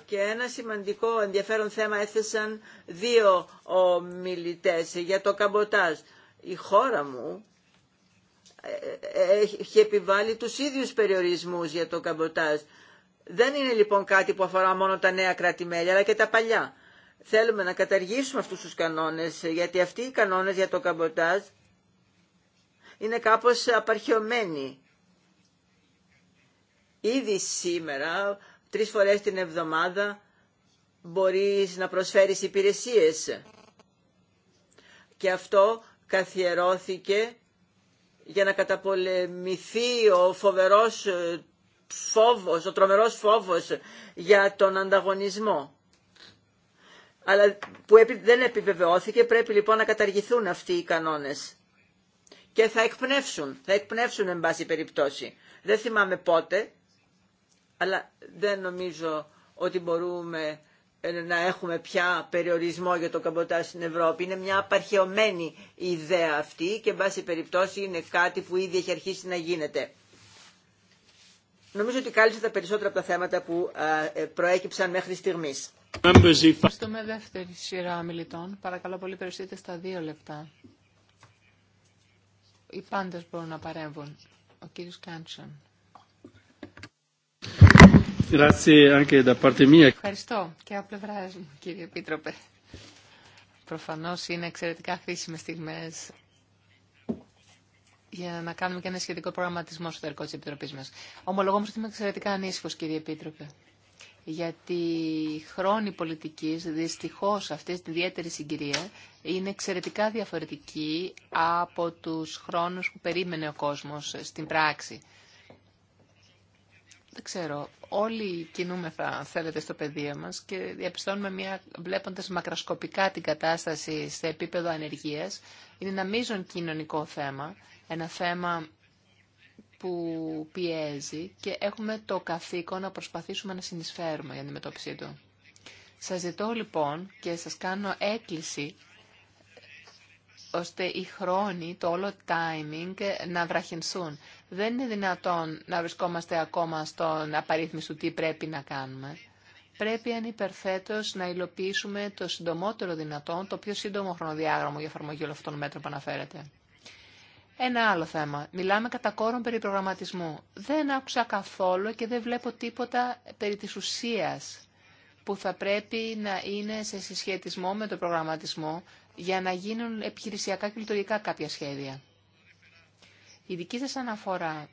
Και ένα σημαντικό ενδιαφέρον θέμα έθεσαν δύο ομιλητές για το καμποτάζ. Η χώρα μου ε, ε, έχει επιβάλει τους ίδιους περιορισμούς για το καμποτάζ. Δεν είναι λοιπόν κάτι που αφορά μόνο τα νέα κράτη-μέλη, αλλά και τα παλιά θέλουμε να καταργήσουμε αυτούς τους κανόνες, γιατί αυτοί οι κανόνες για το καμποτάζ είναι κάπως απαρχαιωμένοι. Ήδη σήμερα, τρεις φορές την εβδομάδα, μπορείς να προσφέρεις υπηρεσίες. Και αυτό καθιερώθηκε για να καταπολεμηθεί ο φοβερός ε, φόβος, ο τρομερός φόβος για τον ανταγωνισμό αλλά που δεν επιβεβαιώθηκε, πρέπει λοιπόν να καταργηθούν αυτοί οι κανόνες. Και θα εκπνεύσουν, θα εκπνεύσουν εν πάση περιπτώσει. Δεν θυμάμαι πότε, αλλά δεν νομίζω ότι μπορούμε ε, να έχουμε πια περιορισμό για το καμποτά στην Ευρώπη. Είναι μια απαρχαιωμένη ιδέα αυτή και εν πάση περιπτώσει είναι κάτι που ήδη έχει αρχίσει να γίνεται. Νομίζω ότι κάλυψε τα περισσότερα από τα θέματα που ε, ε, προέκυψαν μέχρι στιγμής.
Ευχαριστούμε δεύτερη σειρά μιλητών. Παρακαλώ πολύ περισσότερο στα δύο λεπτά. Οι πάντες μπορούν να παρέμβουν. Ο κύριος Κάντσον. Ευχαριστώ και από πλευρά μου, κύριε Επίτροπε. Προφανώς είναι εξαιρετικά χρήσιμες στιγμές για να κάνουμε και ένα σχετικό προγραμματισμό στο εταιρικό τη Επιτροπή μα. Ομολογώ όμω ότι είμαι εξαιρετικά ανήσυχο, κύριε Επίτροπε. Γιατί η χρόνη πολιτική, δυστυχώ αυτή τη ιδιαίτερη συγκυρία, είναι εξαιρετικά διαφορετική από του χρόνου που περίμενε ο κόσμο στην πράξη. Δεν ξέρω, όλοι κινούμεθα, αν θέλετε, στο πεδίο μα και διαπιστώνουμε μια, βλέποντα μακροσκοπικά την κατάσταση σε επίπεδο ανεργία. είναι ένα μείζον κοινωνικό θέμα ένα θέμα που πιέζει και έχουμε το καθήκον να προσπαθήσουμε να συνεισφέρουμε για αντιμετώπιση του. Σας ζητώ λοιπόν και σας κάνω έκκληση ώστε οι χρόνοι, το όλο timing να βραχυνσούν. Δεν είναι δυνατόν να βρισκόμαστε ακόμα στον απαρίθμηση του τι πρέπει να κάνουμε. Πρέπει ανυπερθέτως να υλοποιήσουμε το συντομότερο δυνατόν, το πιο σύντομο χρονοδιάγραμμα για εφαρμογή όλων αυτών των μέτρων που αναφέρεται. Ένα άλλο θέμα. Μιλάμε κατά κόρον περί προγραμματισμού. Δεν άκουσα καθόλου και δεν βλέπω τίποτα περί της ουσίας που θα πρέπει να είναι σε συσχετισμό με τον προγραμματισμό για να γίνουν επιχειρησιακά και λειτουργικά κάποια σχέδια. Η δική σας αναφορά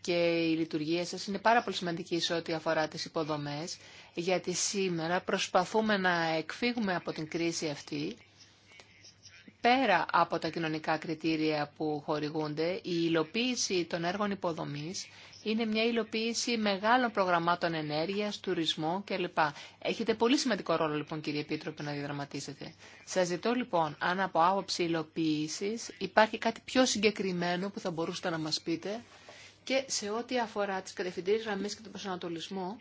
και η λειτουργία σας είναι πάρα πολύ σημαντική σε ό,τι αφορά τις υποδομές, γιατί σήμερα προσπαθούμε να εκφύγουμε από την κρίση αυτή πέρα από τα κοινωνικά κριτήρια που χορηγούνται, η υλοποίηση των έργων υποδομής είναι μια υλοποίηση μεγάλων προγραμμάτων ενέργειας, τουρισμού κλπ. Έχετε πολύ σημαντικό ρόλο λοιπόν κύριε Επίτροπε να διαδραματίσετε. Σας ζητώ λοιπόν αν από άποψη υλοποίηση υπάρχει κάτι πιο συγκεκριμένο που θα μπορούσατε να μας πείτε και σε ό,τι αφορά τις κατευθυντήριες γραμμές και τον προσανατολισμό,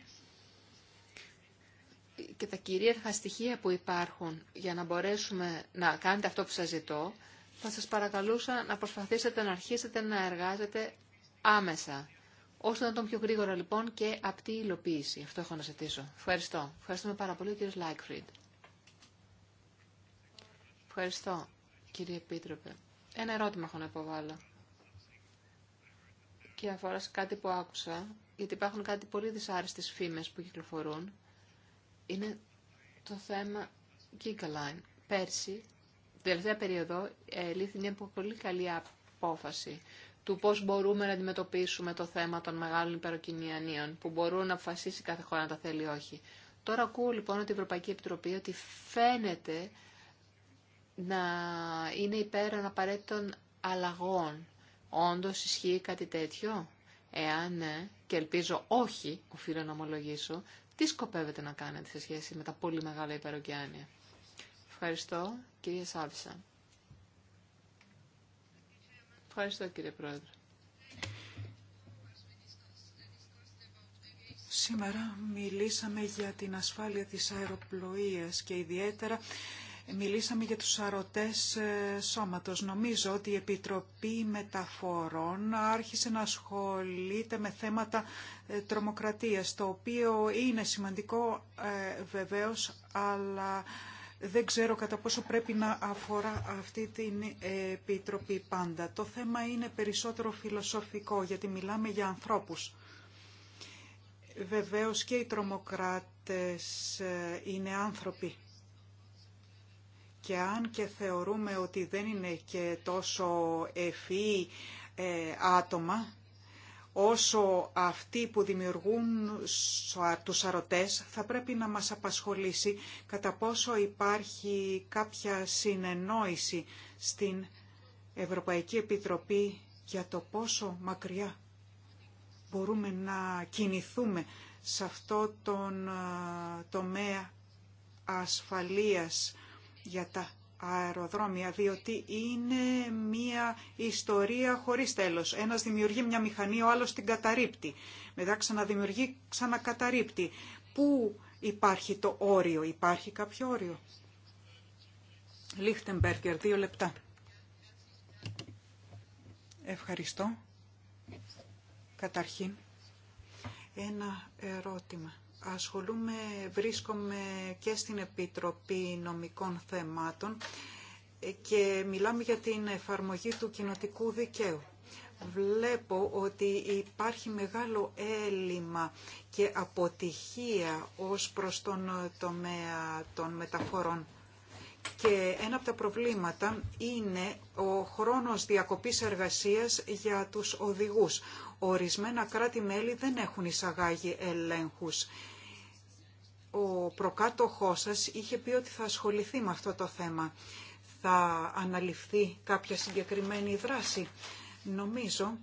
και τα κυρίαρχα στοιχεία που υπάρχουν για να μπορέσουμε να κάνετε αυτό που σας ζητώ, θα σας παρακαλούσα να προσπαθήσετε να αρχίσετε να εργάζετε άμεσα, ώστε να τον πιο γρήγορα λοιπόν και τη υλοποίηση. Αυτό έχω να ζητήσω. Ευχαριστώ. Ευχαριστούμε πάρα πολύ κύριε Λάικφριντ. Ευχαριστώ κύριε Επίτροπε. Ένα ερώτημα έχω να υποβάλω και αφορά σε κάτι που άκουσα, γιατί υπάρχουν κάτι πολύ δυσάρεστες φήμες που κυκλοφορούν είναι το θέμα Gigaline. Πέρσι, την τελευταία περίοδο, ε, λύθη μια πολύ καλή απόφαση του πώς μπορούμε να αντιμετωπίσουμε το θέμα των μεγάλων υπεροκινιανίων που μπορούν να αποφασίσει κάθε χώρα να τα θέλει ή όχι. Τώρα ακούω λοιπόν ότι η Ευρωπαϊκή Επιτροπή ότι φαίνεται να είναι υπέρ απαραίτητων αλλαγών. όντω ισχύει κάτι τέτοιο? Εάν ναι, και ελπίζω όχι, οφείλω να ομολογήσω, τι σκοπεύετε να κάνετε σε σχέση με τα πολύ μεγάλα υπεροκειάνια. Ευχαριστώ, κυρία Σάβησα. Ευχαριστώ, κύριε Πρόεδρε.
Σήμερα μιλήσαμε για την ασφάλεια της αεροπλοείας και ιδιαίτερα Μιλήσαμε για τους αρωτές ε, σώματος. Νομίζω ότι η Επιτροπή Μεταφορών άρχισε να ασχολείται με θέματα ε, τρομοκρατίας, το οποίο είναι σημαντικό ε, βεβαίως, αλλά δεν ξέρω κατά πόσο πρέπει να αφορά αυτή την Επιτροπή πάντα. Το θέμα είναι περισσότερο φιλοσοφικό, γιατί μιλάμε για ανθρώπους. Βεβαίως και οι τρομοκράτες είναι άνθρωποι και αν και θεωρούμε ότι δεν είναι και τόσο εφή ε, άτομα, όσο αυτοί που δημιουργούν τους αρωτές θα πρέπει να μας απασχολήσει κατά πόσο υπάρχει κάποια συνεννόηση στην Ευρωπαϊκή Επιτροπή για το πόσο μακριά μπορούμε να κινηθούμε σε αυτό τον ε, τομέα ασφαλείας για τα αεροδρόμια, διότι είναι μία ιστορία χωρίς τέλος. Ένας δημιουργεί μια μηχανή, ο άλλος την καταρρύπτει. Μετά ξαναδημιουργεί, ξανακαταρρύπτει. Πού υπάρχει το όριο, υπάρχει κάποιο όριο. Λίχτεμπεργκερ, δύο λεπτά. Ευχαριστώ. Καταρχήν, ένα ερώτημα ασχολούμαι, βρίσκομαι και στην Επιτροπή Νομικών Θεμάτων και μιλάμε για την εφαρμογή του κοινοτικού δικαίου. Βλέπω ότι υπάρχει μεγάλο έλλειμμα και αποτυχία ως προς τον τομέα των μεταφορών. Και ένα από τα προβλήματα είναι ο χρόνος διακοπής εργασίας για τους οδηγούς. Ορισμένα κράτη-μέλη δεν έχουν εισαγάγει ελέγχους ο προκάτοχός σας είχε πει ότι θα ασχοληθεί με αυτό το θέμα. Θα αναλυφθεί κάποια συγκεκριμένη δράση. Νομίζω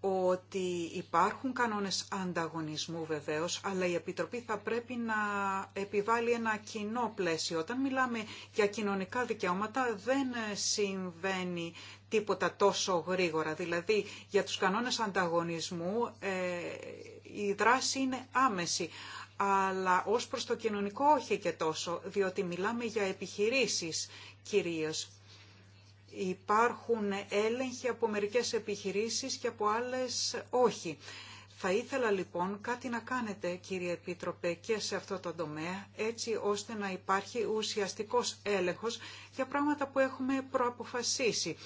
ότι υπάρχουν κανόνες ανταγωνισμού βεβαίως, αλλά η Επιτροπή θα πρέπει να επιβάλλει ένα κοινό πλαίσιο. Όταν μιλάμε για κοινωνικά δικαιώματα δεν συμβαίνει τίποτα τόσο γρήγορα. Δηλαδή, για τους κανόνες ανταγωνισμού ε, η δράση είναι άμεση, αλλά ως προς το κοινωνικό όχι και τόσο, διότι μιλάμε για επιχειρήσεις κυρίως. Υπάρχουν έλεγχοι από μερικές επιχειρήσεις και από άλλες όχι. Θα ήθελα λοιπόν κάτι να κάνετε κύριε Επίτροπε και σε αυτό το τομέα έτσι ώστε να υπάρχει ουσιαστικός έλεγχος για πράγματα που έχουμε προαποφασίσει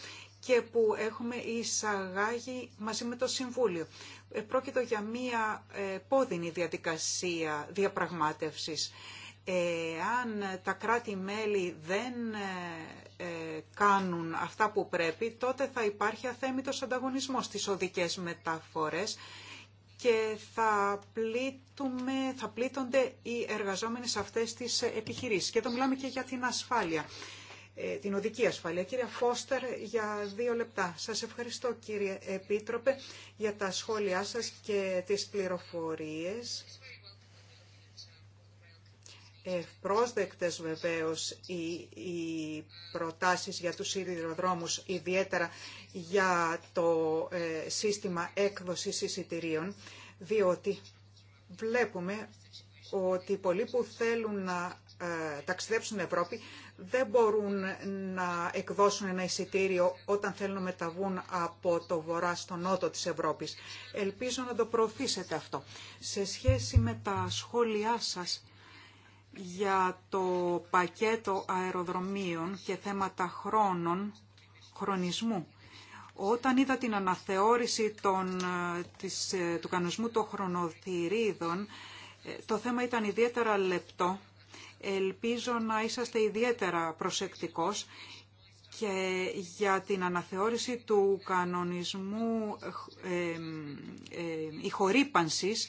και που έχουμε εισαγάγει μαζί με το Συμβούλιο. Ε, πρόκειται για μία ε, πόδινη διαδικασία διαπραγμάτευσης. Ε, αν τα κράτη-μέλη δεν κάνουν αυτά που πρέπει, τότε θα υπάρχει αθέμητος ανταγωνισμός στις οδικές μεταφορές και θα, πλήττουμε, θα πλήττονται οι εργαζόμενοι σε αυτές τις επιχειρήσεις. Και το μιλάμε και για την ασφάλεια. Ε, την οδική ασφάλεια. Κύριε Φώστερ, για δύο λεπτά. Σας ευχαριστώ κύριε Επίτροπε για τα σχόλιά σας και τις πληροφορίες. Ευπρόσδεκτες βεβαίως οι, οι προτάσεις για τους σιδηροδρόμους, ιδιαίτερα για το ε, σύστημα έκδοσης εισιτηρίων, διότι βλέπουμε ότι πολλοί που θέλουν να ε, ταξιδέψουν Ευρώπη δεν μπορούν να εκδώσουν ένα εισιτήριο όταν θέλουν να μεταβούν από το βορρά στο νότο της Ευρώπης. Ελπίζω να το προωθήσετε αυτό. Σε σχέση με τα σχόλιά σας για το πακέτο αεροδρομίων και θέματα χρόνων, χρονισμού, όταν είδα την αναθεώρηση του κανονισμού των χρονοθυρίδων, ε, το θέμα ήταν ιδιαίτερα λεπτό Ελπίζω να είσαστε ιδιαίτερα προσεκτικός και για την αναθεώρηση του κανονισμού ε, ε, ε, ηχορύπανσης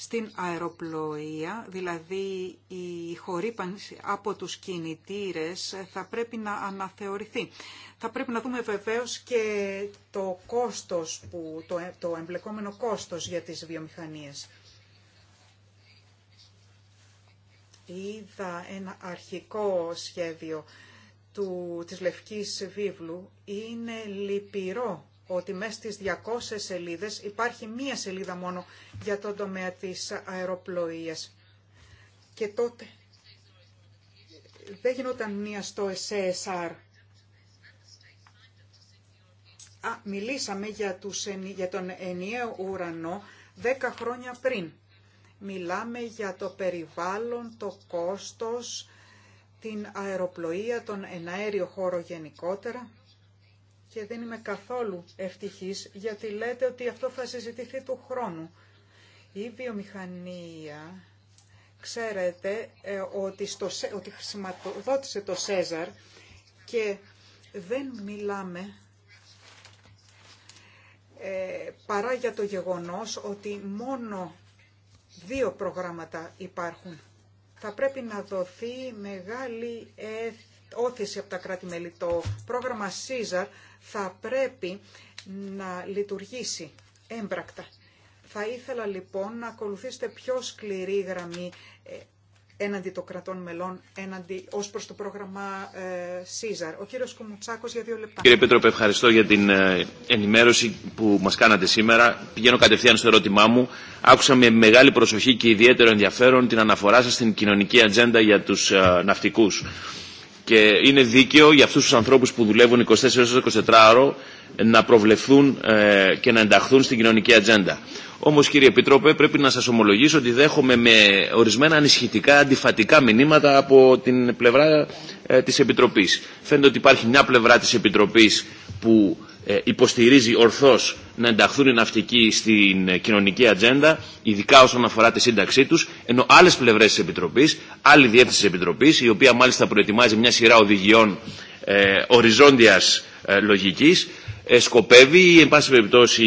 στην αεροπλοεία, δηλαδή η χορύπανση από τους κινητήρες θα πρέπει να αναθεωρηθεί. Θα πρέπει να δούμε βεβαίως και το κόστος, που, το, το εμπλεκόμενο κόστος για τις βιομηχανίες. είδα ένα αρχικό σχέδιο του, της Λευκής Βίβλου, είναι λυπηρό ότι μέσα στις 200 σελίδες υπάρχει μία σελίδα μόνο για τον τομέα της αεροπλοείας. Και τότε δεν γινόταν μία στο SSR. Α, μιλήσαμε για, τους, για τον ενιαίο ουρανό 10 χρόνια πριν. Μιλάμε για το περιβάλλον, το κόστος, την αεροπλοεία, τον εναέριο χώρο γενικότερα. Και δεν είμαι καθόλου ευτυχής γιατί λέτε ότι αυτό θα συζητηθεί του χρόνου. Η βιομηχανία, ξέρετε ε, ότι, στο, ότι το Σέζαρ και δεν μιλάμε ε, παρά για το γεγονός ότι μόνο Δύο προγράμματα υπάρχουν. Θα πρέπει να δοθεί μεγάλη όθηση από τα κράτη-μέλη. Το πρόγραμμα Caesar θα πρέπει να λειτουργήσει έμπρακτα. Θα ήθελα λοιπόν να ακολουθήσετε πιο σκληρή γραμμή ε, έναντι των κρατών μελών έναντι, ως προς το πρόγραμμα ΣΥΖΑΡ. Ε, Ο κύριο Κουμουτσάκος για δύο λεπτά.
Κύριε Πέτροπε, ευχαριστώ για την ε, ενημέρωση που μα κάνατε σήμερα. Πηγαίνω κατευθείαν στο ερώτημά μου. Άκουσα με μεγάλη προσοχή και ιδιαίτερο ενδιαφέρον την αναφορά σα στην κοινωνική ατζέντα για τους ε, ναυτικού. Και είναι δίκαιο για αυτού του ανθρώπου που δουλεύουν 24 ώρες 24 ώρο να προβλεφθούν και να ενταχθούν στην κοινωνική ατζέντα. Όμως κύριε Επιτρόπε πρέπει να σας ομολογήσω ότι δέχομαι με ορισμένα ανισχυτικά αντιφατικά μηνύματα από την πλευρά ε, της Επιτροπής. Φαίνεται ότι υπάρχει μια πλευρά της Επιτροπής που ε, υποστηρίζει ορθώς να ενταχθούν οι ναυτικοί στην ε, κοινωνική ατζέντα, ειδικά όσον αφορά τη σύνταξή τους, ενώ άλλες πλευρές της Επιτροπής, άλλη διεύθυνση της Επιτροπής, η οποία μάλιστα προετοιμάζει μια σειρά οδηγιών ε, οριζόντιας ε, λογικής, ε, σκοπεύει ή, εν πάση περιπτώσει,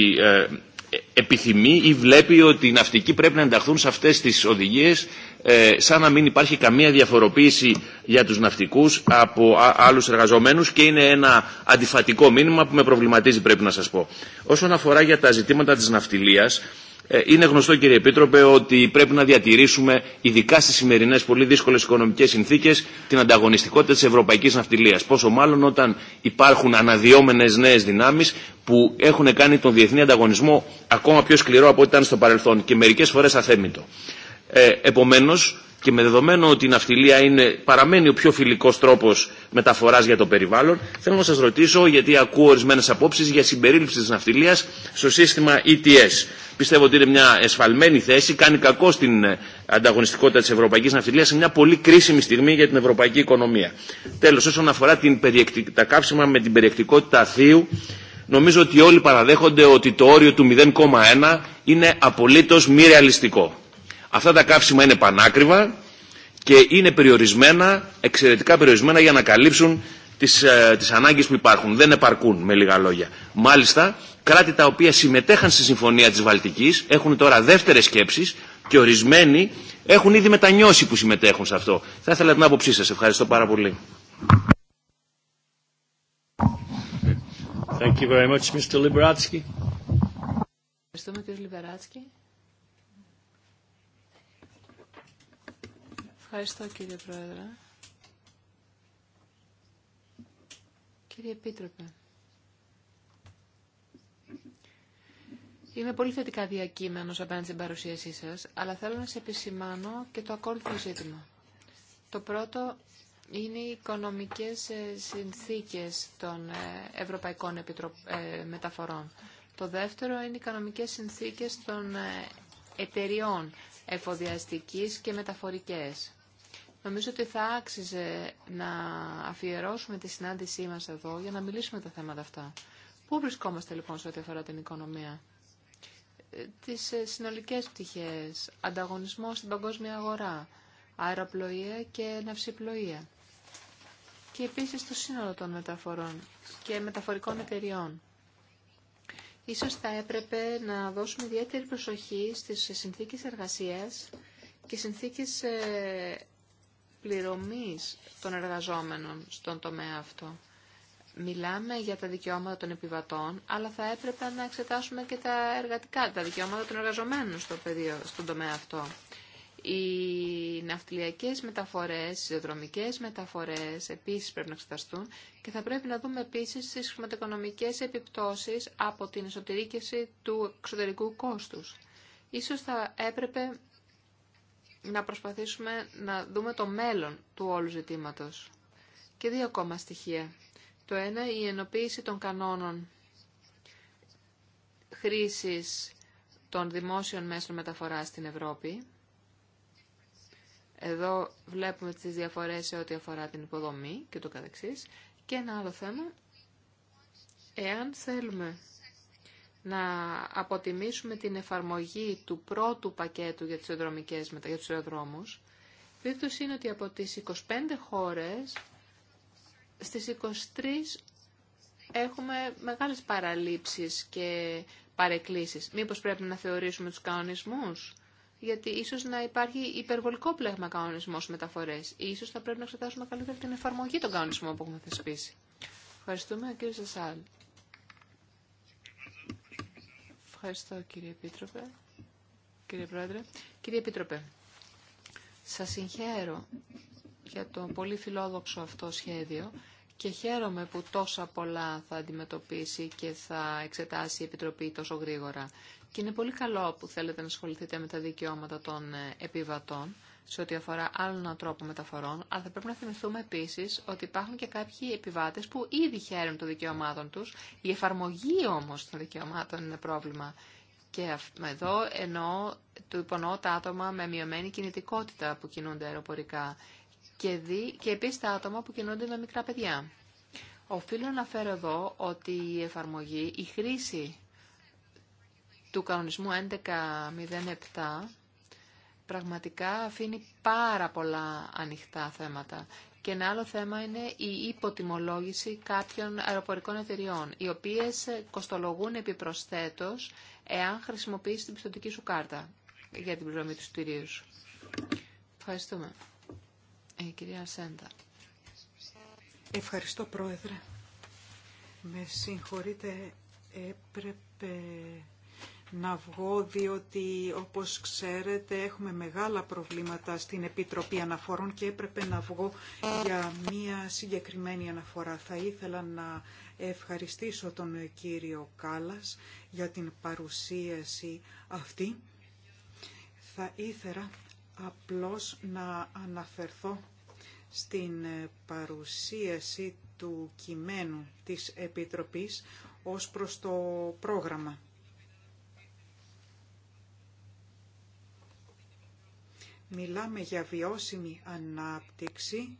επιθυμεί ή βλέπει ότι οι ναυτικοί πρέπει να ενταχθούν σε αυτές τις οδηγίες ε, σαν να μην υπάρχει καμία διαφοροποίηση για τους ναυτικούς από άλλους εργαζομένους και είναι ένα αντιφατικό μήνυμα που με προβληματίζει πρέπει να σας πω. Όσον αφορά για τα ζητήματα της ναυτιλίας, ε, είναι γνωστό κύριε Επίτροπε ότι πρέπει να διατηρήσουμε ειδικά στις σημερινές πολύ δύσκολες οικονομικές συνθήκες την ανταγωνιστικότητα της ευρωπαϊκής ναυτιλίας. Πόσο μάλλον όταν υπάρχουν αναδυόμενες νέες δυνάμεις που έχουν κάνει τον διεθνή ανταγωνισμό ακόμα πιο σκληρό από ό,τι ήταν στο παρελθόν και μερικές φορές αθέμητο. Ε, επομένως και με δεδομένο ότι η ναυτιλία είναι, παραμένει ο πιο φιλικό τρόπο μεταφορά για το περιβάλλον, θέλω να σα ρωτήσω, γιατί ακούω ορισμένε απόψει για συμπερίληψη τη ναυτιλία στο σύστημα ETS. Πιστεύω ότι είναι μια εσφαλμένη θέση, κάνει κακό στην ανταγωνιστικότητα τη Ευρωπαϊκή ναυτιλία σε μια πολύ κρίσιμη στιγμή για την ευρωπαϊκή οικονομία. Τέλο, όσον αφορά την τα κάψιμα με την περιεκτικότητα θείου, νομίζω ότι όλοι παραδέχονται ότι το όριο του 0,1 είναι απολύτω μη ρεαλιστικό. Αυτά τα καύσιμα είναι πανάκριβα και είναι περιορισμένα, εξαιρετικά περιορισμένα για να καλύψουν τις, ε, τις ανάγκες που υπάρχουν. Δεν επαρκούν με λίγα λόγια. Μάλιστα, κράτη τα οποία συμμετέχαν στη Συμφωνία της Βαλτικής έχουν τώρα δεύτερες σκέψεις και ορισμένοι έχουν ήδη μετανιώσει που συμμετέχουν σε αυτό. Θα ήθελα την άποψή σας. Ευχαριστώ πάρα πολύ. Thank you very much, Mr. Λιβεράτσκι.
Ευχαριστώ κύριε Πρόεδρε. Κύριε Επίτροπε. Είμαι πολύ θετικά διακείμενος απέναντι στην παρουσίασή σας, αλλά θέλω να σε επισημάνω και το ακόλουθο ζήτημα. Το πρώτο είναι οι οικονομικές ε, συνθήκες των ε, Ευρωπαϊκών ε, Μεταφορών. Το δεύτερο είναι οι οικονομικές συνθήκες των εταιριών εφοδιαστικής και μεταφορικές. Νομίζω ότι θα άξιζε να αφιερώσουμε τη συνάντησή μας εδώ για να μιλήσουμε τα θέματα αυτά. Πού βρισκόμαστε λοιπόν σε ό,τι αφορά την οικονομία. Ε, τις ε, συνολικές πτυχές, ανταγωνισμό στην παγκόσμια αγορά, αεροπλοεία και ναυσιπλοεία. Και επίσης το σύνολο των μεταφορών και μεταφορικών εταιριών. Ίσως θα έπρεπε να δώσουμε ιδιαίτερη προσοχή στις συνθήκες εργασίας και συνθήκες ε, πληρωμής των εργαζόμενων στον τομέα αυτό. Μιλάμε για τα δικαιώματα των επιβατών, αλλά θα έπρεπε να εξετάσουμε και τα εργατικά, τα δικαιώματα των εργαζομένων στο πεδίο, στον τομέα αυτό. Οι ναυτιλιακές μεταφορές, οι ζεδρομικές μεταφορές επίσης πρέπει να εξεταστούν και θα πρέπει να δούμε επίσης τις χρηματοοικονομικές επιπτώσεις από την εσωτερήκευση του εξωτερικού κόστους. Ίσως θα έπρεπε να προσπαθήσουμε να δούμε το μέλλον του όλου ζητήματος. Και δύο ακόμα στοιχεία. Το ένα, η ενοποίηση των κανόνων χρήσης των δημόσιων μέσων μεταφοράς στην Ευρώπη. Εδώ βλέπουμε τις διαφορές σε ό,τι αφορά την υποδομή και το καθεξής. Και ένα άλλο θέμα, εάν θέλουμε να αποτιμήσουμε την εφαρμογή του πρώτου πακέτου για τις μετα... για τους αεροδρόμους, είναι ότι από τις 25 χώρες, στις 23 έχουμε μεγάλες παραλήψεις και παρεκκλήσεις. Μήπως πρέπει να θεωρήσουμε τους κανονισμούς, γιατί ίσως να υπάρχει υπερβολικό πλέγμα κανονισμός μεταφορές. Ίσως θα πρέπει να εξετάσουμε καλύτερα την εφαρμογή των κανονισμών που έχουμε θεσπίσει. Ευχαριστούμε, κύριε Σασάλ. Ευχαριστώ κύριε Επίτροπε. Κύριε Πρόεδρε. Κύριε Επίτροπε, σας συγχαίρω για το πολύ φιλόδοξο αυτό σχέδιο και χαίρομαι που τόσα πολλά θα αντιμετωπίσει και θα εξετάσει η Επιτροπή τόσο γρήγορα. Και είναι πολύ καλό που θέλετε να ασχοληθείτε με τα δικαιώματα των επιβατών σε ό,τι αφορά άλλον τρόπο μεταφορών, αλλά θα πρέπει να θυμηθούμε επίση ότι υπάρχουν και κάποιοι επιβάτε που ήδη χαίρουν των δικαιωμάτων του. Η εφαρμογή όμω των δικαιωμάτων είναι πρόβλημα. Και εδώ εννοώ, του υπονοώ τα άτομα με μειωμένη κινητικότητα που κινούνται αεροπορικά και, δι, και επίσης τα άτομα που κινούνται με μικρά παιδιά. Οφείλω να αναφέρω εδώ ότι η εφαρμογή, η χρήση του κανονισμού 1107 πραγματικά αφήνει πάρα πολλά ανοιχτά θέματα. Και ένα άλλο θέμα είναι η υποτιμολόγηση κάποιων αεροπορικών εταιριών, οι οποίες κοστολογούν επιπροσθέτως εάν χρησιμοποιήσει την πιστοτική σου κάρτα για την πληρωμή του στηρίου σου. Ευχαριστούμε. Ε, κυρία Σέντα. Ευχαριστώ, Πρόεδρε.
Με συγχωρείτε, έπρεπε να βγω διότι όπως ξέρετε έχουμε μεγάλα προβλήματα στην Επιτροπή Αναφορών και έπρεπε να βγω για μία συγκεκριμένη αναφορά. Θα ήθελα να ευχαριστήσω τον κύριο Κάλας για την παρουσίαση αυτή. Θα ήθελα απλώς να αναφερθώ στην παρουσίαση του κειμένου της Επιτροπής ως προς το πρόγραμμα Μιλάμε για βιώσιμη ανάπτυξη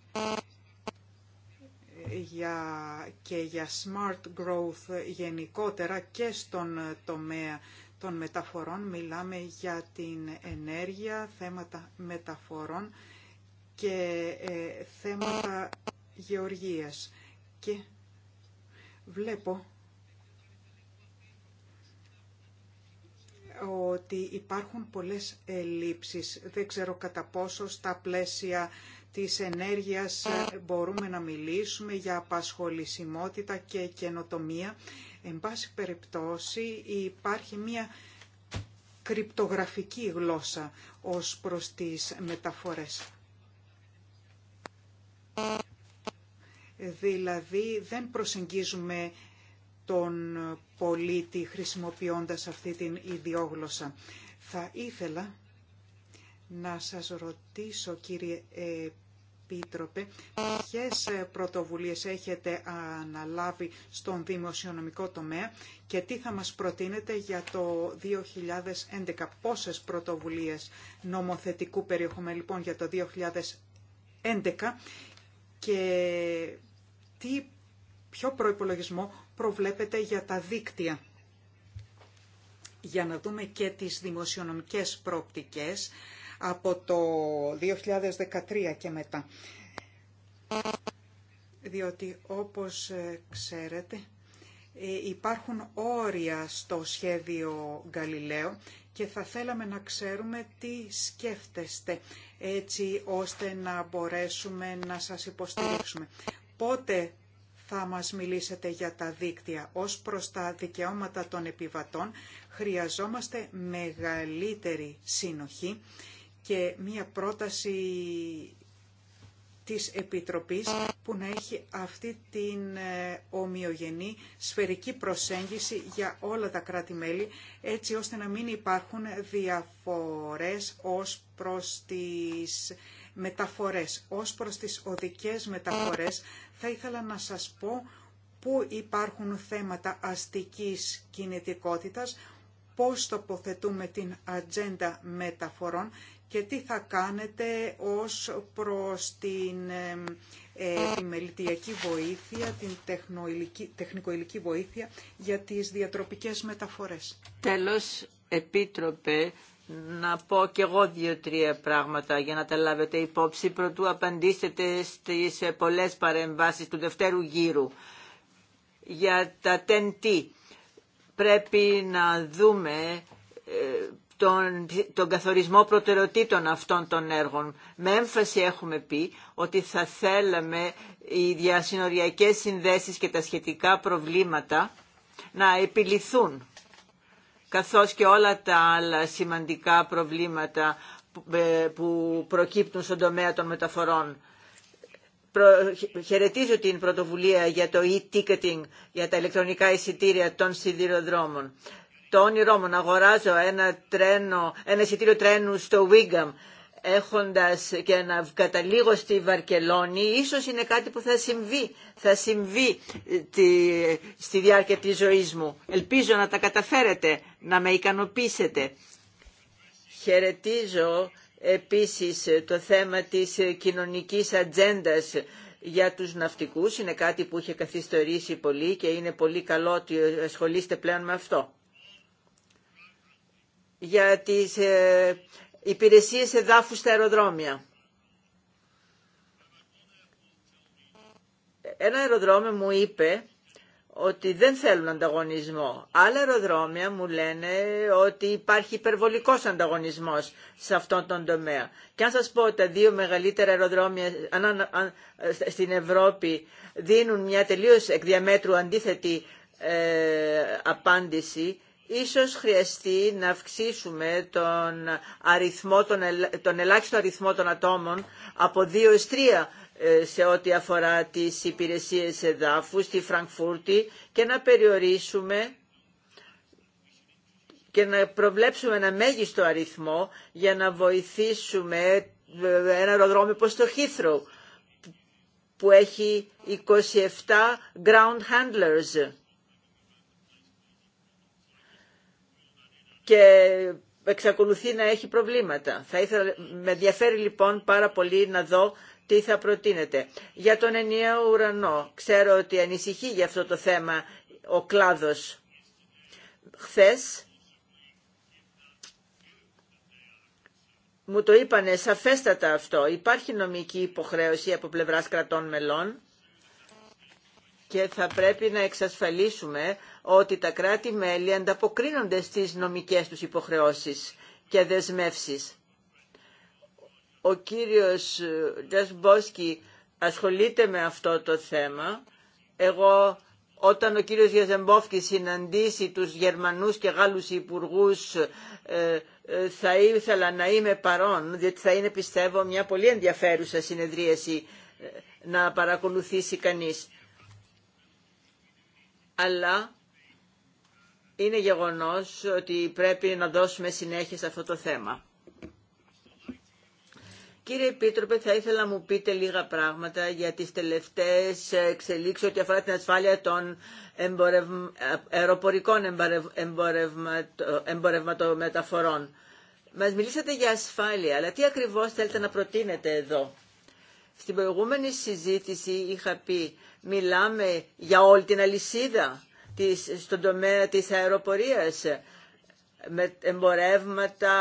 και για smart growth γενικότερα και στον τομέα των μεταφορών. Μιλάμε για την ενέργεια, θέματα μεταφορών και ε, θέματα γεωργίας. Και βλέπω ότι υπάρχουν πολλές ελλείψεις. Δεν ξέρω κατά πόσο στα πλαίσια της ενέργειας μπορούμε να μιλήσουμε για απασχολησιμότητα και καινοτομία. Εν πάση περιπτώσει υπάρχει μια κρυπτογραφική γλώσσα ως προς τις μεταφορές. Δηλαδή δεν προσεγγίζουμε τον πολίτη χρησιμοποιώντας αυτή την ιδιόγλωσσα. Θα ήθελα να σας ρωτήσω κύριε Επίτροπε, ποιες πρωτοβουλίες έχετε αναλάβει στον δημοσιονομικό τομέα και τι θα μας προτείνετε για το 2011, πόσες πρωτοβουλίες νομοθετικού περιεχομένου λοιπόν για το 2011 και τι ποιο προϋπολογισμό προβλέπετε για τα δίκτυα. Για να δούμε και τις δημοσιονομικές πρόπτικες από το 2013 και μετά. Διότι όπως ε, ξέρετε ε, υπάρχουν όρια στο σχέδιο Γαλιλαίο και θα θέλαμε να ξέρουμε τι σκέφτεστε έτσι ώστε να μπορέσουμε να σας υποστηρίξουμε. Πότε θα μας μιλήσετε για τα δίκτυα. Ως προς τα δικαιώματα των επιβατών χρειαζόμαστε μεγαλύτερη συνοχή και μία πρόταση της Επιτροπής που να έχει αυτή την ε, ομοιογενή σφαιρική προσέγγιση για όλα τα κράτη-μέλη έτσι ώστε να μην υπάρχουν διαφορές ως προς τις μεταφορές. Ως προς τις οδικές μεταφορές θα ήθελα να σας πω πού υπάρχουν θέματα αστικής κινητικότητας, πώς τοποθετούμε την ατζέντα μεταφορών και τι θα κάνετε ως προς την επιμελητιακή ε, βοήθεια, την τεχνικοηλική βοήθεια για τις διατροπικές μεταφορές.
Τέλος, Επίτροπε, να πω κι εγώ δύο-τρία πράγματα για να τα λάβετε υπόψη προτού απαντήσετε στις ε, πολλές παρεμβάσεις του δευτέρου γύρου. Για τα τεντή πρέπει να δούμε ε, τον, τον καθορισμό προτεραιοτήτων αυτών των έργων. Με έμφαση έχουμε πει ότι θα θέλαμε οι διασυνοριακές συνδέσεις και τα σχετικά προβλήματα να επιληθούν καθώς και όλα τα άλλα σημαντικά προβλήματα που ε, προκύπτουν στον τομέα των μεταφορών. Χαιρετίζω την πρωτοβουλία για το e-ticketing, για τα ηλεκτρονικά εισιτήρια των σιδηροδρόμων. Το όνειρό μου να αγοράζω ένα, τρένο, ένα εισιτήριο τρένου στο Wigam έχοντας και να καταλήγω στη Βαρκελόνη, ίσως είναι κάτι που θα συμβεί, θα συμβεί ε, τη, στη διάρκεια της ζωής μου. Ελπίζω να τα καταφέρετε, να με ικανοποιήσετε. Χαιρετίζω επίσης ε, το θέμα της ε, κοινωνικής ατζέντα για τους ναυτικούς. Είναι κάτι που είχε καθιστορήσει πολύ και είναι πολύ καλό ότι ασχολείστε πλέον με αυτό. Για τις υπηρεσίες δάφους στα αεροδρόμια. Ένα αεροδρόμιο μου είπε ότι δεν θέλουν ανταγωνισμό. Άλλα αεροδρόμια μου λένε ότι υπάρχει υπερβολικός ανταγωνισμός σε αυτόν τον τομέα. Και αν σας πω τα δύο μεγαλύτερα αεροδρόμια στην Ευρώπη δίνουν μια τελείως εκ διαμέτρου αντίθετη ε, απάντηση, Ίσως χρειαστεί να αυξήσουμε τον, αριθμό, τον, τον ελάχιστο αριθμό των ατόμων από 2 3 ε, σε ό,τι αφορά τις υπηρεσίες εδάφου στη Φραγκφούρτη και να περιορίσουμε και να προβλέψουμε ένα μέγιστο αριθμό για να βοηθήσουμε ε, ένα αεροδρόμιο όπως το Heathrow που έχει 27 ground handlers και εξακολουθεί να έχει προβλήματα. Θα ήθελα, με ενδιαφέρει λοιπόν πάρα πολύ να δω τι θα προτείνετε. Για τον ενιαίο ουρανό, ξέρω ότι ανησυχεί για αυτό το θέμα ο κλάδος. Χθες μου το είπανε σαφέστατα αυτό. Υπάρχει νομική υποχρέωση από πλευράς κρατών μελών και θα πρέπει να εξασφαλίσουμε ότι τα κράτη-μέλη ανταποκρίνονται στις νομικές τους υποχρεώσεις και δεσμεύσεις. Ο κύριος ε, Τζασμπόσκι ασχολείται με αυτό το θέμα. Εγώ όταν ο κύριος Γεζεμπόφκη συναντήσει τους Γερμανούς και Γάλλους υπουργούς ε, ε, θα ήθελα να είμαι παρόν, διότι θα είναι πιστεύω μια πολύ ενδιαφέρουσα συνεδρίαση να παρακολουθήσει κανείς αλλά είναι γεγονός ότι πρέπει να δώσουμε συνέχεια σε αυτό το θέμα. Κύριε Επίτροπε, θα ήθελα να μου πείτε λίγα πράγματα για τις τελευταίες εξελίξεις ό,τι αφορά την ασφάλεια των αεροπορικών εμπορευματομεταφορών. Μας μιλήσατε για ασφάλεια, αλλά τι ακριβώς θέλετε να προτείνετε εδώ. Στην προηγούμενη συζήτηση είχα πει Μιλάμε για όλη την αλυσίδα της, στον τομέα της αεροπορίας, με εμπορεύματα,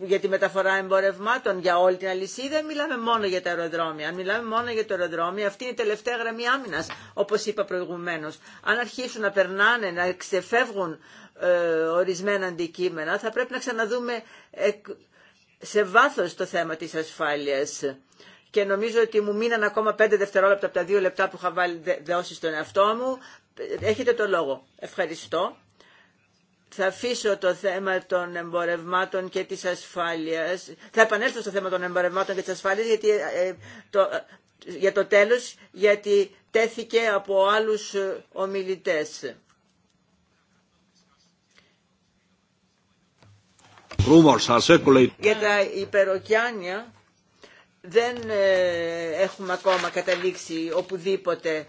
για τη μεταφορά εμπορευμάτων για όλη την αλυσίδα, μιλάμε μόνο για τα αεροδρόμια. Αν μιλάμε μόνο για το αεροδρόμιο αυτή είναι η τελευταία γραμμή άμυνα, όπως είπα προηγουμένως. Αν αρχίσουν να περνάνε, να ξεφεύγουν ε, ορισμένα αντικείμενα, θα πρέπει να ξαναδούμε σε βάθος το θέμα της ασφάλειας και νομίζω ότι μου μείναν ακόμα πέντε δευτερόλεπτα από τα δύο λεπτά που είχα βάλει δώσει στον εαυτό μου. Έχετε το λόγο. Ευχαριστώ. Θα αφήσω το θέμα των εμπορευμάτων και της ασφάλειας. Θα επανέλθω στο θέμα των εμπορευμάτων και της ασφάλειας γιατί, ε, ε, το, ε, για το τέλος, γιατί τέθηκε από άλλους ομιλητές. Για τα υπεροκιάνια δεν ε, έχουμε ακόμα καταλήξει οπουδήποτε.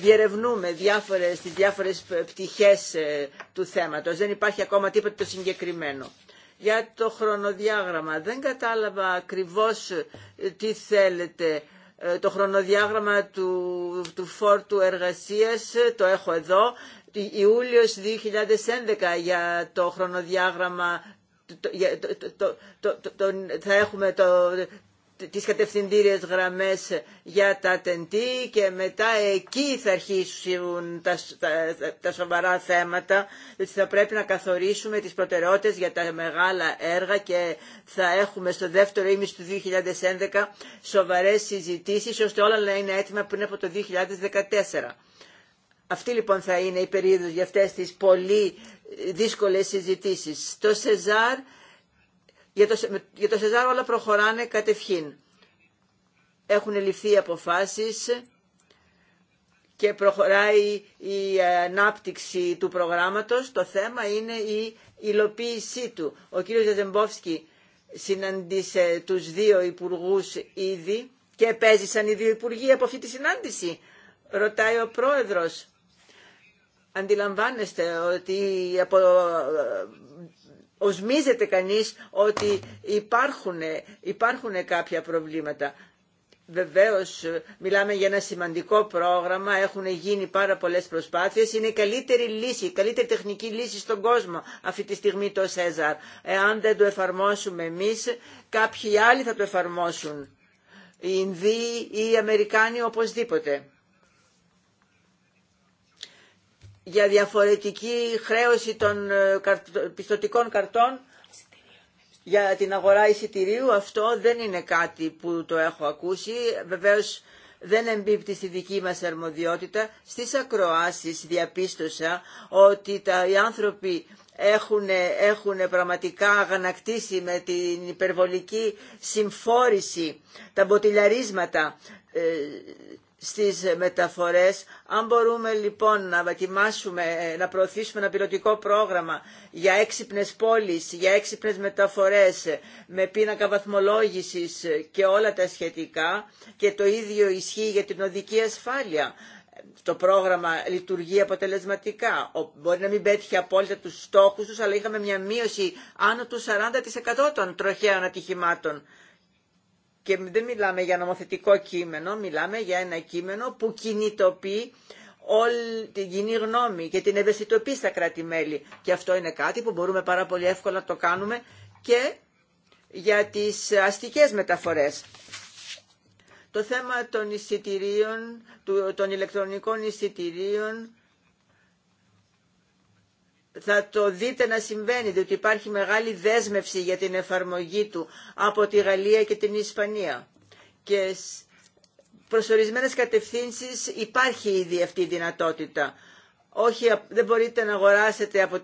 διερευνούμε διάφορες, τις διάφορες πτυχές ε, του θέματος. Δεν υπάρχει ακόμα τίποτα το συγκεκριμένο. Για το χρονοδιάγραμμα, δεν κατάλαβα ακριβώς ε, τι θέλετε. Το χρονοδιάγραμμα του, του φόρτου εργασίας το έχω εδώ. Ιούλιος 2011 για το χρονοδιάγραμμα θα έχουμε το, τις κατευθυντήριες γραμμές για τα τεντή και μετά εκεί θα αρχίσουν τα, τα, σοβαρά θέματα θα πρέπει να καθορίσουμε τις προτεραιότητες για τα μεγάλα έργα και θα έχουμε στο δεύτερο ήμιση του 2011 σοβαρές συζητήσεις ώστε όλα να είναι έτοιμα πριν από το 2014. Αυτή λοιπόν θα είναι η περίοδος για αυτές τις πολύ δύσκολες συζητήσεις. Το Σεζάρ, για, το, Σεζάρ όλα προχωράνε κατευχήν. Έχουν ληφθεί αποφάσεις και προχωράει η ανάπτυξη του προγράμματος. Το θέμα είναι η υλοποίησή του. Ο κύριος Ζεζεμπόφσκι συναντήσε τους δύο υπουργούς ήδη και επέζησαν οι δύο υπουργοί από αυτή τη συνάντηση. Ρωτάει ο πρόεδρος αντιλαμβάνεστε ότι απο... Ε, οσμίζεται κανείς ότι υπάρχουν, υπάρχουν κάποια προβλήματα. Βεβαίως μιλάμε για ένα σημαντικό πρόγραμμα, έχουν γίνει πάρα πολλές προσπάθειες, είναι η καλύτερη λύση, καλύτερη τεχνική λύση στον κόσμο αυτή τη στιγμή το ΣΕΖΑΡ. Εάν δεν το εφαρμόσουμε εμείς, κάποιοι άλλοι θα το εφαρμόσουν, οι Ινδοί ή οι Αμερικάνοι οπωσδήποτε. για διαφορετική χρέωση των ε, πιστοτικών καρτών για την αγορά εισιτηρίου. Αυτό δεν είναι κάτι που το έχω ακούσει. Βεβαίως δεν εμπίπτει στη δική μας αρμοδιότητα. Στις ακροάσεις διαπίστωσα ότι τα, οι άνθρωποι έχουν, έχουν πραγματικά αγανακτήσει με την υπερβολική συμφόρηση, τα μποτιλιαρίσματα. Ε, στις μεταφορές. Αν μπορούμε λοιπόν να δοκιμάσουμε, να προωθήσουμε ένα πιλωτικό πρόγραμμα για έξυπνες πόλεις, για έξυπνες μεταφορές με πίνακα βαθμολόγησης και όλα τα σχετικά και το ίδιο ισχύει για την οδική ασφάλεια. Το πρόγραμμα λειτουργεί αποτελεσματικά. Μπορεί να μην πέτυχε απόλυτα τους στόχους τους, αλλά είχαμε μια μείωση άνω του 40% των τροχαίων ατυχημάτων και δεν μιλάμε για νομοθετικό κείμενο, μιλάμε για ένα κείμενο που κινητοποιεί όλη την κοινή γνώμη και την ευαισθητοποιεί στα κράτη-μέλη. Και αυτό είναι κάτι που μπορούμε πάρα πολύ εύκολα να το κάνουμε και για τις αστικές μεταφορές. Το θέμα των εισιτηρίων, των ηλεκτρονικών εισιτηρίων θα το δείτε να συμβαίνει, διότι υπάρχει μεγάλη δέσμευση για την εφαρμογή του από τη Γαλλία και την Ισπανία. Και προς ορισμένες κατευθύνσεις υπάρχει ήδη αυτή η δυνατότητα. Όχι, δεν μπορείτε να αγοράσετε από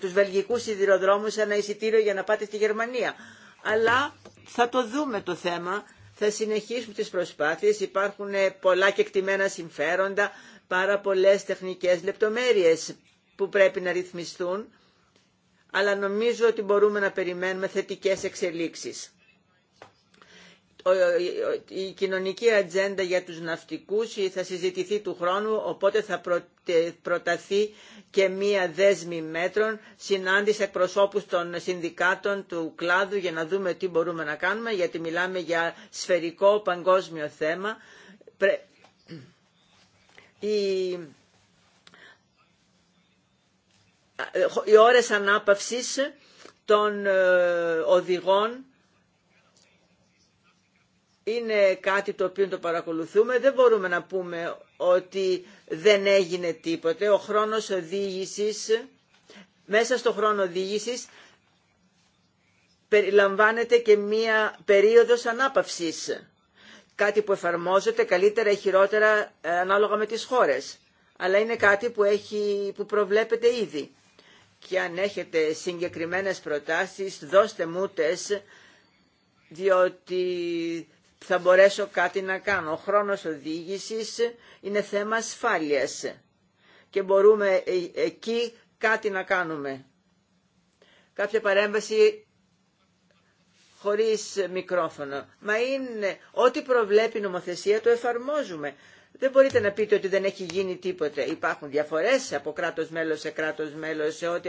τους βελγικούς σιδηροδρόμους ένα εισιτήριο για να πάτε στη Γερμανία. Αλλά θα το δούμε το θέμα, θα συνεχίσουμε τις προσπάθειες, υπάρχουν ε, πολλά κεκτημένα συμφέροντα, πάρα πολλές τεχνικές λεπτομέρειες που πρέπει να ρυθμιστούν, αλλά νομίζω ότι μπορούμε να περιμένουμε θετικές εξελίξεις. Η κοινωνική ατζέντα για τους ναυτικούς θα συζητηθεί του χρόνου, οπότε θα προταθεί και μία δέσμη μέτρων, συνάντηση εκπροσώπους των συνδικάτων του κλάδου για να δούμε τι μπορούμε να κάνουμε, γιατί μιλάμε για σφαιρικό παγκόσμιο θέμα. Η οι ώρες ανάπαυσης των ε, οδηγών είναι κάτι το οποίο το παρακολουθούμε. Δεν μπορούμε να πούμε ότι δεν έγινε τίποτε. Ο χρόνος οδήγησης, μέσα στο χρόνο οδήγησης, περιλαμβάνεται και μία περίοδος ανάπαυσης. Κάτι που εφαρμόζεται καλύτερα ή χειρότερα ανάλογα με τις χώρες. Αλλά είναι κάτι που, έχει, που προβλέπεται ήδη και αν έχετε συγκεκριμένες προτάσεις δώστε μου τες διότι θα μπορέσω κάτι να κάνω. Ο χρόνος οδήγησης είναι θέμα ασφάλειας και μπορούμε ε, εκεί κάτι να κάνουμε. Κάποια παρέμβαση χωρίς μικρόφωνο. Μα είναι ό,τι προβλέπει η νομοθεσία το εφαρμόζουμε. Δεν μπορείτε να πείτε ότι δεν έχει γίνει τίποτε. Υπάρχουν διαφορές από κράτος μέλος σε κράτος μέλος, σε ό,τι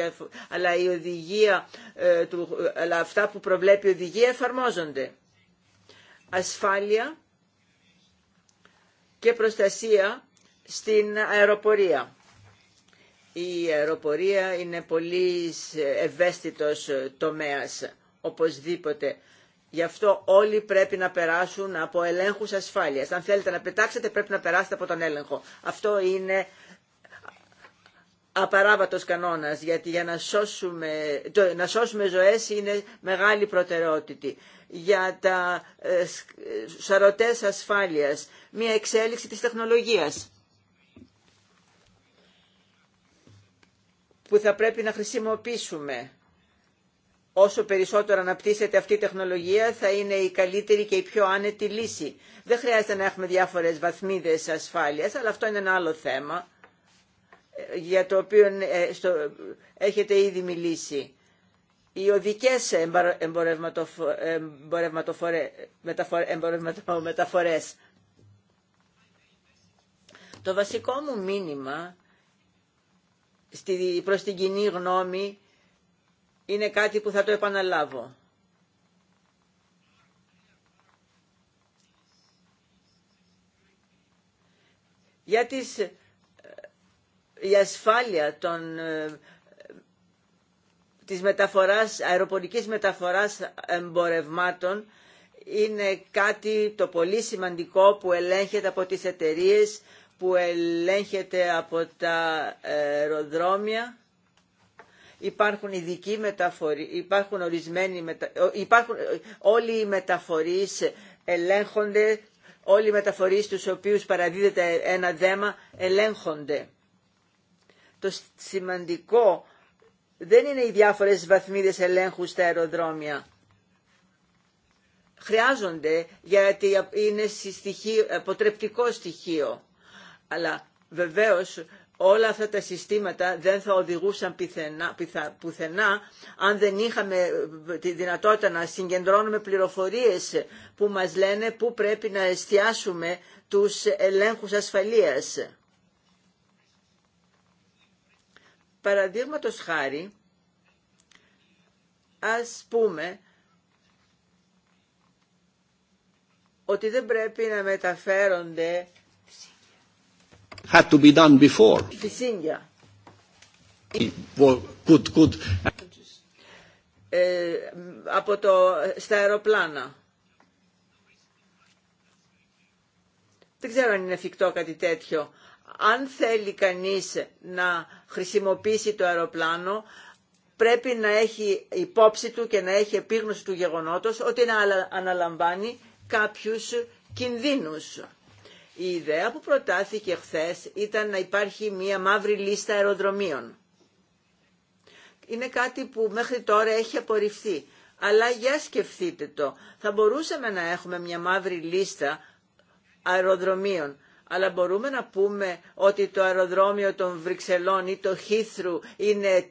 αλλά, η οδηγία, ε, του... αλλά αυτά που προβλέπει η οδηγία εφαρμόζονται. Ασφάλεια και προστασία στην αεροπορία. Η αεροπορία είναι πολύ ευαίσθητος τομέας, οπωσδήποτε Γι' αυτό όλοι πρέπει να περάσουν από ελέγχους ασφάλειας. Αν θέλετε να πετάξετε πρέπει να περάσετε από τον έλεγχο. Αυτό είναι απαράβατος κανόνα γιατί για να σώσουμε, να σώσουμε ζωές είναι μεγάλη προτεραιότητα. Για τα ε, σαρωτές μια εξέλιξη της τεχνολογία. που θα πρέπει να χρησιμοποιήσουμε όσο περισσότερο αναπτύσσεται αυτή η τεχνολογία θα είναι η καλύτερη και η πιο άνετη λύση. Δεν χρειάζεται να έχουμε διάφορες βαθμίδες ασφάλειας, αλλά αυτό είναι ένα άλλο θέμα ε, για το οποίο ε, έχετε ήδη μιλήσει. Οι οδικές εμπορευματοφορές. Το βασικό μου μήνυμα προς την κοινή γνώμη είναι κάτι που θα το επαναλάβω. Για τη ε, ασφάλεια των, ε, της μεταφοράς, αεροπορικής μεταφοράς εμπορευμάτων είναι κάτι το πολύ σημαντικό που ελέγχεται από τις εταιρείες, που ελέγχεται από τα αεροδρόμια υπάρχουν ειδικοί μεταφοροί, υπάρχουν ορισμένοι, μετα... υπάρχουν... όλοι οι μεταφορείς ελέγχονται, όλοι οι μεταφορείς τους οποίους παραδίδεται ένα δέμα ελέγχονται. Το σημαντικό δεν είναι οι διάφορες βαθμίδες ελέγχου στα αεροδρόμια. Χρειάζονται γιατί είναι αποτρεπτικό στοιχείο. Αλλά βεβαίως όλα αυτά τα συστήματα δεν θα οδηγούσαν πιθενά, πουθενά αν δεν είχαμε τη δυνατότητα να συγκεντρώνουμε πληροφορίες που μας λένε πού πρέπει να εστιάσουμε τους ελέγχους ασφαλείας. Παραδείγματος χάρη, ας πούμε ότι δεν πρέπει να μεταφέρονται
had to be done before.
Uh, στα αεροπλάνα. Δεν ξέρω αν είναι εφικτό κάτι τέτοιο. Αν θέλει κανείς να χρησιμοποιήσει το αεροπλάνο, πρέπει να έχει υπόψη του και να έχει επίγνωση του γεγονότος ότι να αναλαμβάνει κάποιους κινδύνους. Η ιδέα που προτάθηκε χθε ήταν να υπάρχει μία μαύρη λίστα αεροδρομίων. Είναι κάτι που μέχρι τώρα έχει απορριφθεί. Αλλά για σκεφτείτε το. Θα μπορούσαμε να έχουμε μια μαύρη λίστα αεροδρομίων αλλά μπορούμε να πούμε ότι το αεροδρόμιο των Βρυξελών ή το Χίθρου είναι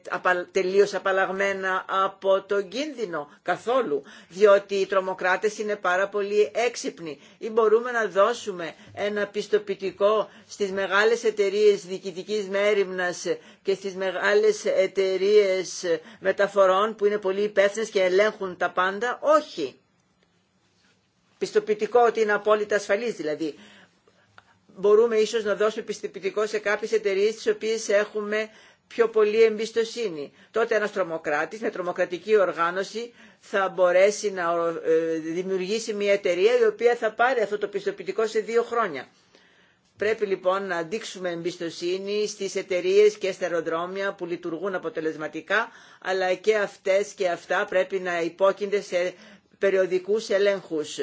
τελείως απαλλαγμένα από τον κίνδυνο καθόλου, διότι οι τρομοκράτες είναι πάρα πολύ έξυπνοι ή μπορούμε να δώσουμε ένα πιστοποιητικό στις μεγάλες εταιρείες διοικητικής μέρημνας και στις μεγάλες εταιρείες μεταφορών που είναι πολύ υπεύθυνε και ελέγχουν τα πάντα, όχι. Πιστοποιητικό ότι είναι απόλυτα ασφαλής δηλαδή μπορούμε ίσως να δώσουμε πιστοποιητικό σε κάποιες εταιρείες τις οποίες έχουμε πιο πολύ εμπιστοσύνη. Τότε ένας τρομοκράτης με τρομοκρατική οργάνωση θα μπορέσει να ε, δημιουργήσει μια εταιρεία η οποία θα πάρει αυτό το πιστοποιητικό σε δύο χρόνια. Πρέπει λοιπόν να δείξουμε εμπιστοσύνη στις εταιρείε και στα αεροδρόμια που λειτουργούν αποτελεσματικά, αλλά και αυτές και αυτά πρέπει να υπόκεινται σε περιοδικούς ελέγχους.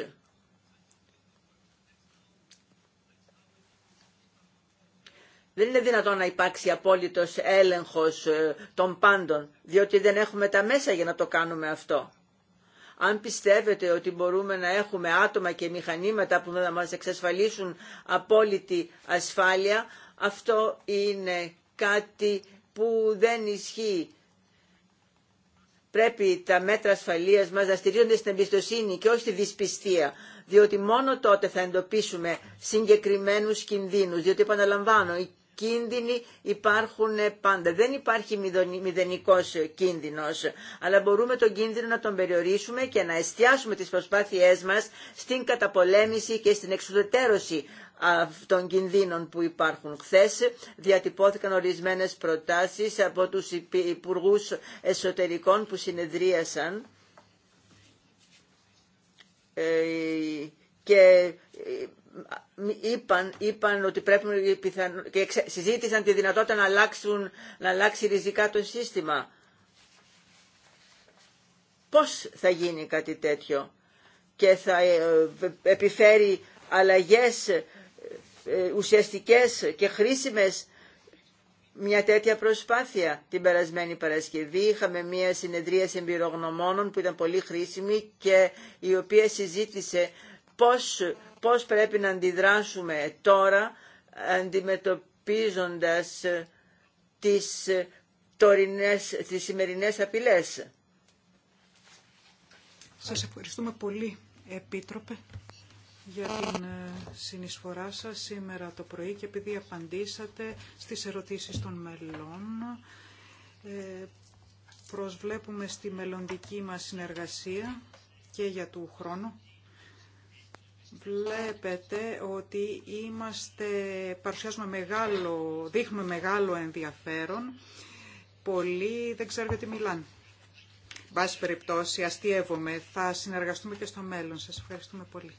Δεν είναι δυνατόν να υπάρξει απόλυτος έλεγχος ε, των πάντων, διότι δεν έχουμε τα μέσα για να το κάνουμε αυτό. Αν πιστεύετε ότι μπορούμε να έχουμε άτομα και μηχανήματα που θα μας εξασφαλίσουν απόλυτη ασφάλεια, αυτό είναι κάτι που δεν ισχύει. Πρέπει τα μέτρα ασφαλείας μας να στηρίζονται στην εμπιστοσύνη και όχι στη δυσπιστία, διότι μόνο τότε θα εντοπίσουμε συγκεκριμένους κινδύνους, διότι επαναλαμβάνω, κίνδυνοι υπάρχουν πάντα. Δεν υπάρχει μηδενικός κίνδυνος, αλλά μπορούμε τον κίνδυνο να τον περιορίσουμε και να εστιάσουμε τις προσπάθειές μας στην καταπολέμηση και στην εξουδετέρωση των κινδύνων που υπάρχουν. Χθε διατυπώθηκαν ορισμένες προτάσεις από τους υπουργού εσωτερικών που συνεδρίασαν ε, και είπαν, είπαν ότι πρέπει και συζήτησαν τη δυνατότητα να, αλλάξουν, να αλλάξει ριζικά το σύστημα. Πώς θα γίνει κάτι τέτοιο και θα ε, ε, επιφέρει αλλαγές ε, ουσιαστικές και χρήσιμες μια τέτοια προσπάθεια. Την περασμένη Παρασκευή είχαμε μια συνεδρία εμπειρογνωμόνων που ήταν πολύ χρήσιμη και η οποία συζήτησε πώς, πώς πρέπει να αντιδράσουμε τώρα αντιμετωπίζοντας ε, τις, ε, τωρινές, τις σημερινές απειλές.
Σας ευχαριστούμε πολύ, Επίτροπε, για την ε, συνεισφορά σας σήμερα το πρωί και επειδή απαντήσατε στις ερωτήσεις των μελών, προσβλέπουμε στη μελλοντική μας συνεργασία και για του χρόνου Βλέπετε ότι είμαστε, παρουσιάζουμε μεγάλο, δείχνουμε μεγάλο ενδιαφέρον. Πολλοί δεν ξέρουν γιατί μιλάνε. Βάση περιπτώσει, αστείευομαι. Θα συνεργαστούμε και στο μέλλον. Σας ευχαριστούμε πολύ.